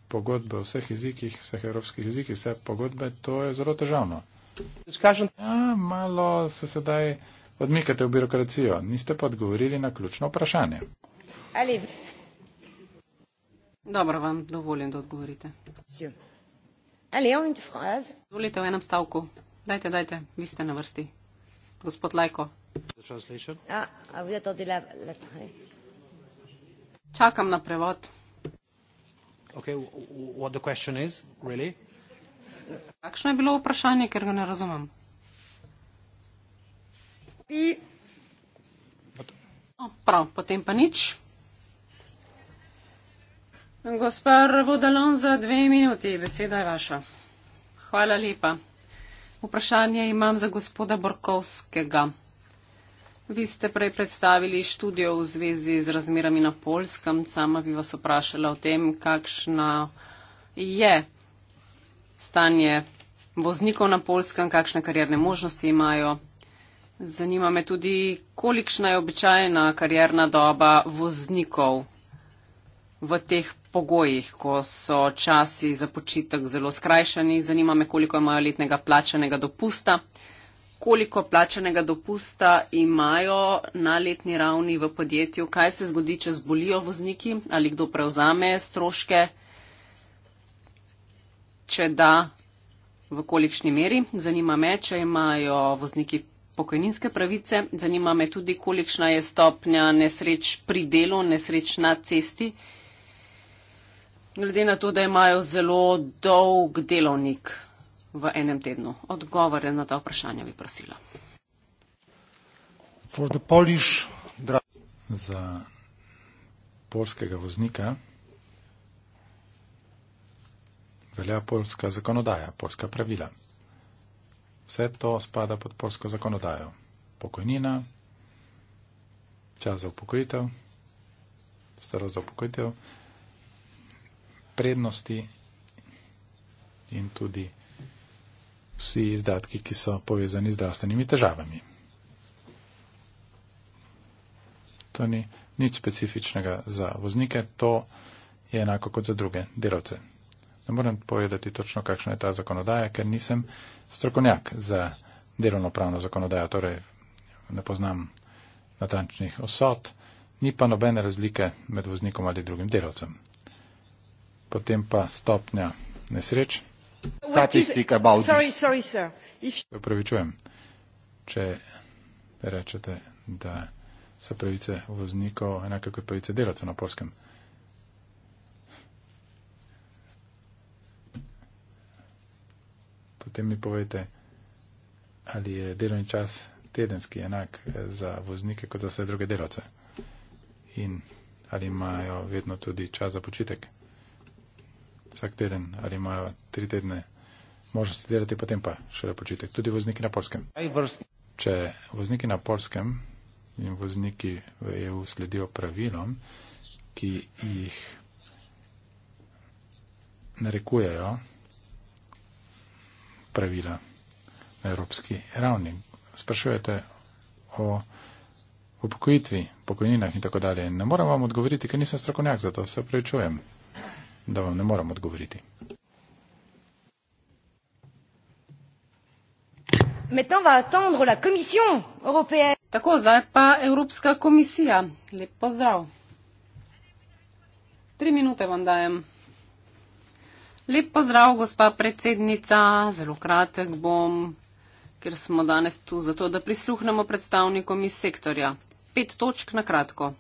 [SPEAKER 3] pogodbe v vseh jezikih, vseh evropskih jezikih, vse pogodbe, to je zelo težavno. Ja, malo se sedaj odmikate v birokracijo. Niste pa odgovorili na ključno vprašanje.
[SPEAKER 6] Ali... Dobro, vam dovolim, da odgovorite. Dovolite v enem stavku. Dajte, dajte, vi ste na vrsti.
[SPEAKER 1] Ja, Čakam na prevod. Okay, what the question is, really?
[SPEAKER 6] Kakšno je bilo vprašanje, ker ga ne razumem? Bi... No, prav, potem pa nič. Gospod Vodalon, za dve minuti, beseda je vaša. Hvala lepa. Vprašanje imam za gospoda Borkovskega. Vi ste prej predstavili študijo v zvezi z razmerami na Polskem. Sama bi vas vprašala o tem, kakšno je stanje voznikov na Polskem, kakšne karjerne možnosti imajo. Zanima me tudi, kolikšna je običajna karjerna doba voznikov v teh pogojih, ko so časi za počitek zelo skrajšani. Zanima me, koliko imajo letnega plačanega dopusta, koliko plačanega dopusta imajo na letni ravni v podjetju, kaj se zgodi, če zbolijo vozniki ali kdo prevzame stroške, če da, v kolikšni meri. Zanima me, če imajo vozniki. Pokojninske pravice. Zanima me tudi, kolikšna je stopnja nesreč pri delu, nesreč na cesti glede na to, da imajo zelo dolg delovnik v enem tednu. Odgovore na ta vprašanja bi prosila.
[SPEAKER 3] Polish, dra... Za polskega voznika velja polska zakonodaja, polska pravila. Vse to spada pod polsko zakonodajo. Pokojnina, čas za upokojitev, starost za upokojitev prednosti in tudi vsi izdatki, ki so povezani z zdravstvenimi težavami. To ni nič specifičnega za voznike, to je enako kot za druge delavce. Ne moram povedati točno, kakšna je ta zakonodaja, ker nisem strokovnjak za delovno pravno zakonodajo, torej ne poznam natančnih osod, ni pa nobene razlike med voznikom ali drugim delavcem potem pa stopnja nesreč. Statistika baudi. Upravičujem, če rečete, da so pravice voznikov enake kot pravice delavcev na polskem. Potem mi povete, ali je delovni čas tedenski enak za voznike kot za vse druge delavce. In ali imajo vedno tudi čas za počitek vsak teden ali imajo tri tedne možnosti delati, potem pa še le počitek. Tudi vozniki na Polskem. Če vozniki na Polskem in vozniki v EU sledijo pravilom, ki jih narekujejo pravila na evropski ravni. Sprašujete o upokojitvi, pokojninah in tako dalje. Ne moram vam odgovoriti, ker nisem strokovnjak, zato se prevečujem da vam ne moram odgovoriti.
[SPEAKER 1] Tako, zdaj pa Evropska
[SPEAKER 6] komisija. Lep pozdrav. Tri minute vam dajem. Lep pozdrav, gospa predsednica. Zelo kratek bom, ker smo danes tu zato, da prisluhnemo predstavnikom iz sektorja. Pet točk na kratko.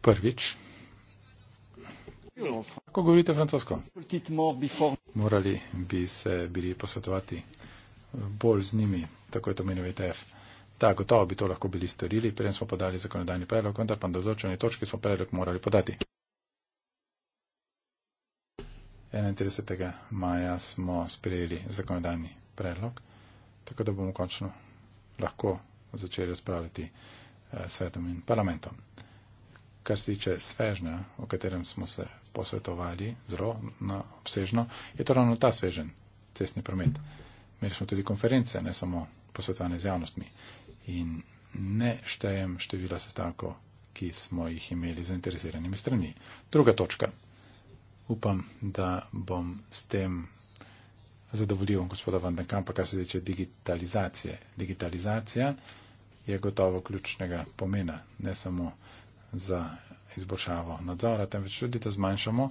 [SPEAKER 3] Prvič, Kako govorite francosko? Morali bi se bili posvetovati bolj z njimi, tako je to menil ETF. Tako, gotovo bi to lahko bili storili, preden smo podali zakonodajni predlog, vendar pa na določeni točki smo predlog morali podati. 31. maja smo sprejeli zakonodajni predlog, tako da bomo končno lahko začeli razpravljati eh, svetom in parlamentom. Kar se tiče svežnja, o katerem smo se posvetovali zelo na obsežno, je to ravno ta svežen cestni promet. Imeli smo tudi konference, ne samo posvetovanje z javnostmi. In ne štejem števila sestankov, ki smo jih imeli zainteresiranimi strani. Druga točka. Upam, da bom s tem zadovoljil gospoda Vandenkampa, kar se tiče digitalizacije. Digitalizacija je gotovo ključnega pomena, ne samo za izboljšavo nadzora, temveč tudi, da zmanjšamo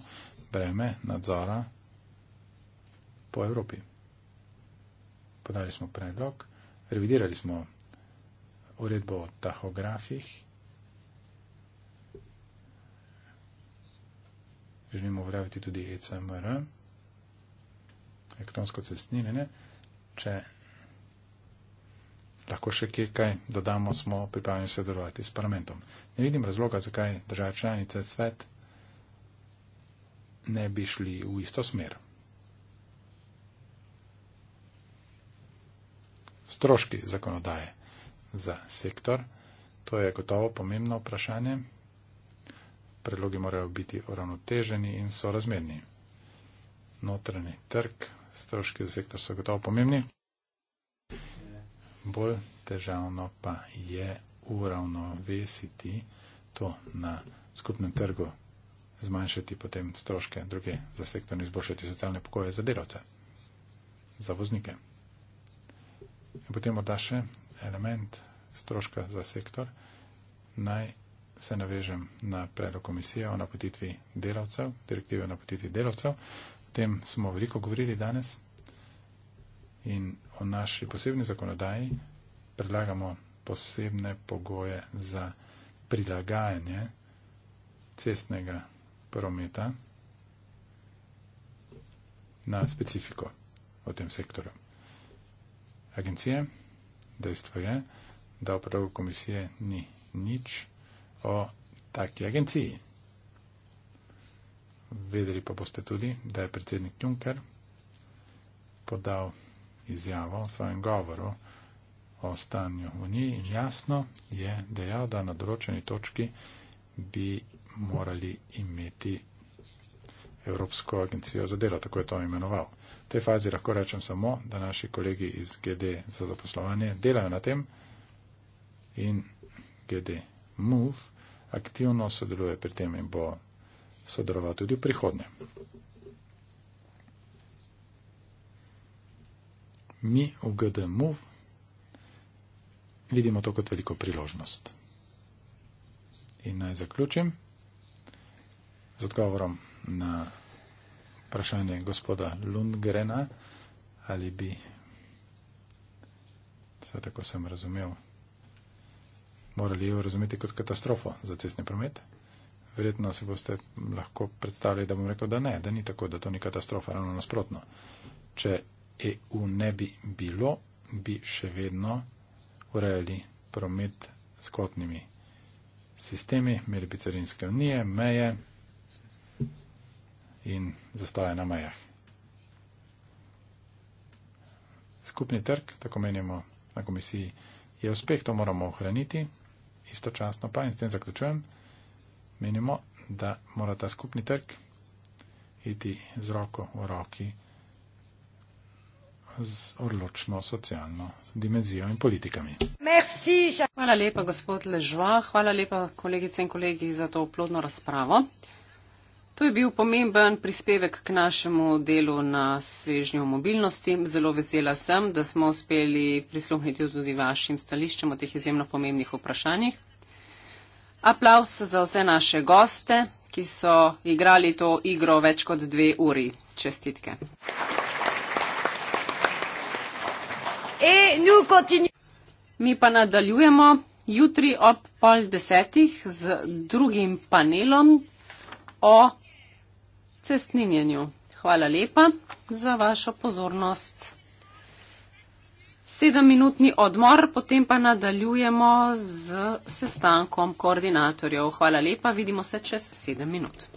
[SPEAKER 3] breme nadzora po Evropi. Podali smo predlog, revidirali smo uredbo o tahografih. Želimo uveljaviti tudi ECMR, elektronsko cestninjenje. Če lahko še kaj dodamo, smo pripravljeni sodelovati s parlamentom. Ne vidim razloga, zakaj države članice svet ne bi šli v isto smer. Stroški zakonodaje za sektor, to je gotovo pomembno vprašanje. Predlogi morajo biti uravnoteženi in sorazmerni. Notranji trg, stroški za sektor so gotovo pomembni. Bolj težavno pa je uravnovesiti to na skupnem trgu, zmanjšati potem stroške druge za sektor in izboljšati socialne pokoje za delavce, za voznike. In potem morda še element stroška za sektor. Naj se navežem na predlog komisije o napotitvi delavcev, direktive o napotitvi delavcev. O tem smo veliko govorili danes in o naši posebni zakonodaji predlagamo posebne pogoje za prilagajanje cestnega prometa na specifiko v tem sektorju. Agencije, dejstvo je, da v predlogu komisije ni nič o taki agenciji. Vedeli pa boste tudi, da je predsednik Juncker podal izjavo v svojem govoru, o stanju v njej in jasno je dejal, da na določeni točki bi morali imeti Evropsko agencijo za delo, tako je to imenoval. V tej fazi lahko rečem samo, da naši kolegi iz GD za zaposlovanje delajo na tem in GD Move aktivno sodeluje pri tem in bo sodeloval tudi v prihodnje. Mi v GD Move vidimo to kot veliko priložnost. In naj zaključim z odgovorom na vprašanje gospoda Lundgrena, ali bi, vse tako sem razumel, morali jo razumeti kot katastrofo za cestni promet. Verjetno se boste lahko predstavljali, da bom rekel, da ne, da ni tako, da to ni katastrofa, ravno nasprotno. Če EU ne bi bilo, bi še vedno urejali promet s kotnimi sistemi, imeli bi carinske unije, meje in zastoje na mejah. Skupni trg, tako menimo na komisiji, je uspeh, to moramo ohraniti, istočasno pa, in s tem zaključujem, menimo, da mora ta skupni trg iti z roko v roki z odločno socialno dimenzijo in politikami.
[SPEAKER 1] Merci, ja. hvala lepa,
[SPEAKER 6] gospod Ležva, hvala lepa, kolegice in kolegi, za to plodno razpravo. To je bil pomemben prispevek k našemu delu na svežnju mobilnosti. Zelo vesela sem, da smo uspeli prisluhniti tudi vašim stališčem o teh izjemno pomembnih vprašanjih. Aplaus za vse naše goste, ki so igrali to igro več kot dve uri. Čestitke. E, Mi pa nadaljujemo jutri ob pol desetih z drugim panelom o cestninjenju. Hvala lepa za vašo pozornost. Sedemminutni odmor, potem pa nadaljujemo z sestankom koordinatorjev. Hvala lepa, vidimo se čez sedem minut.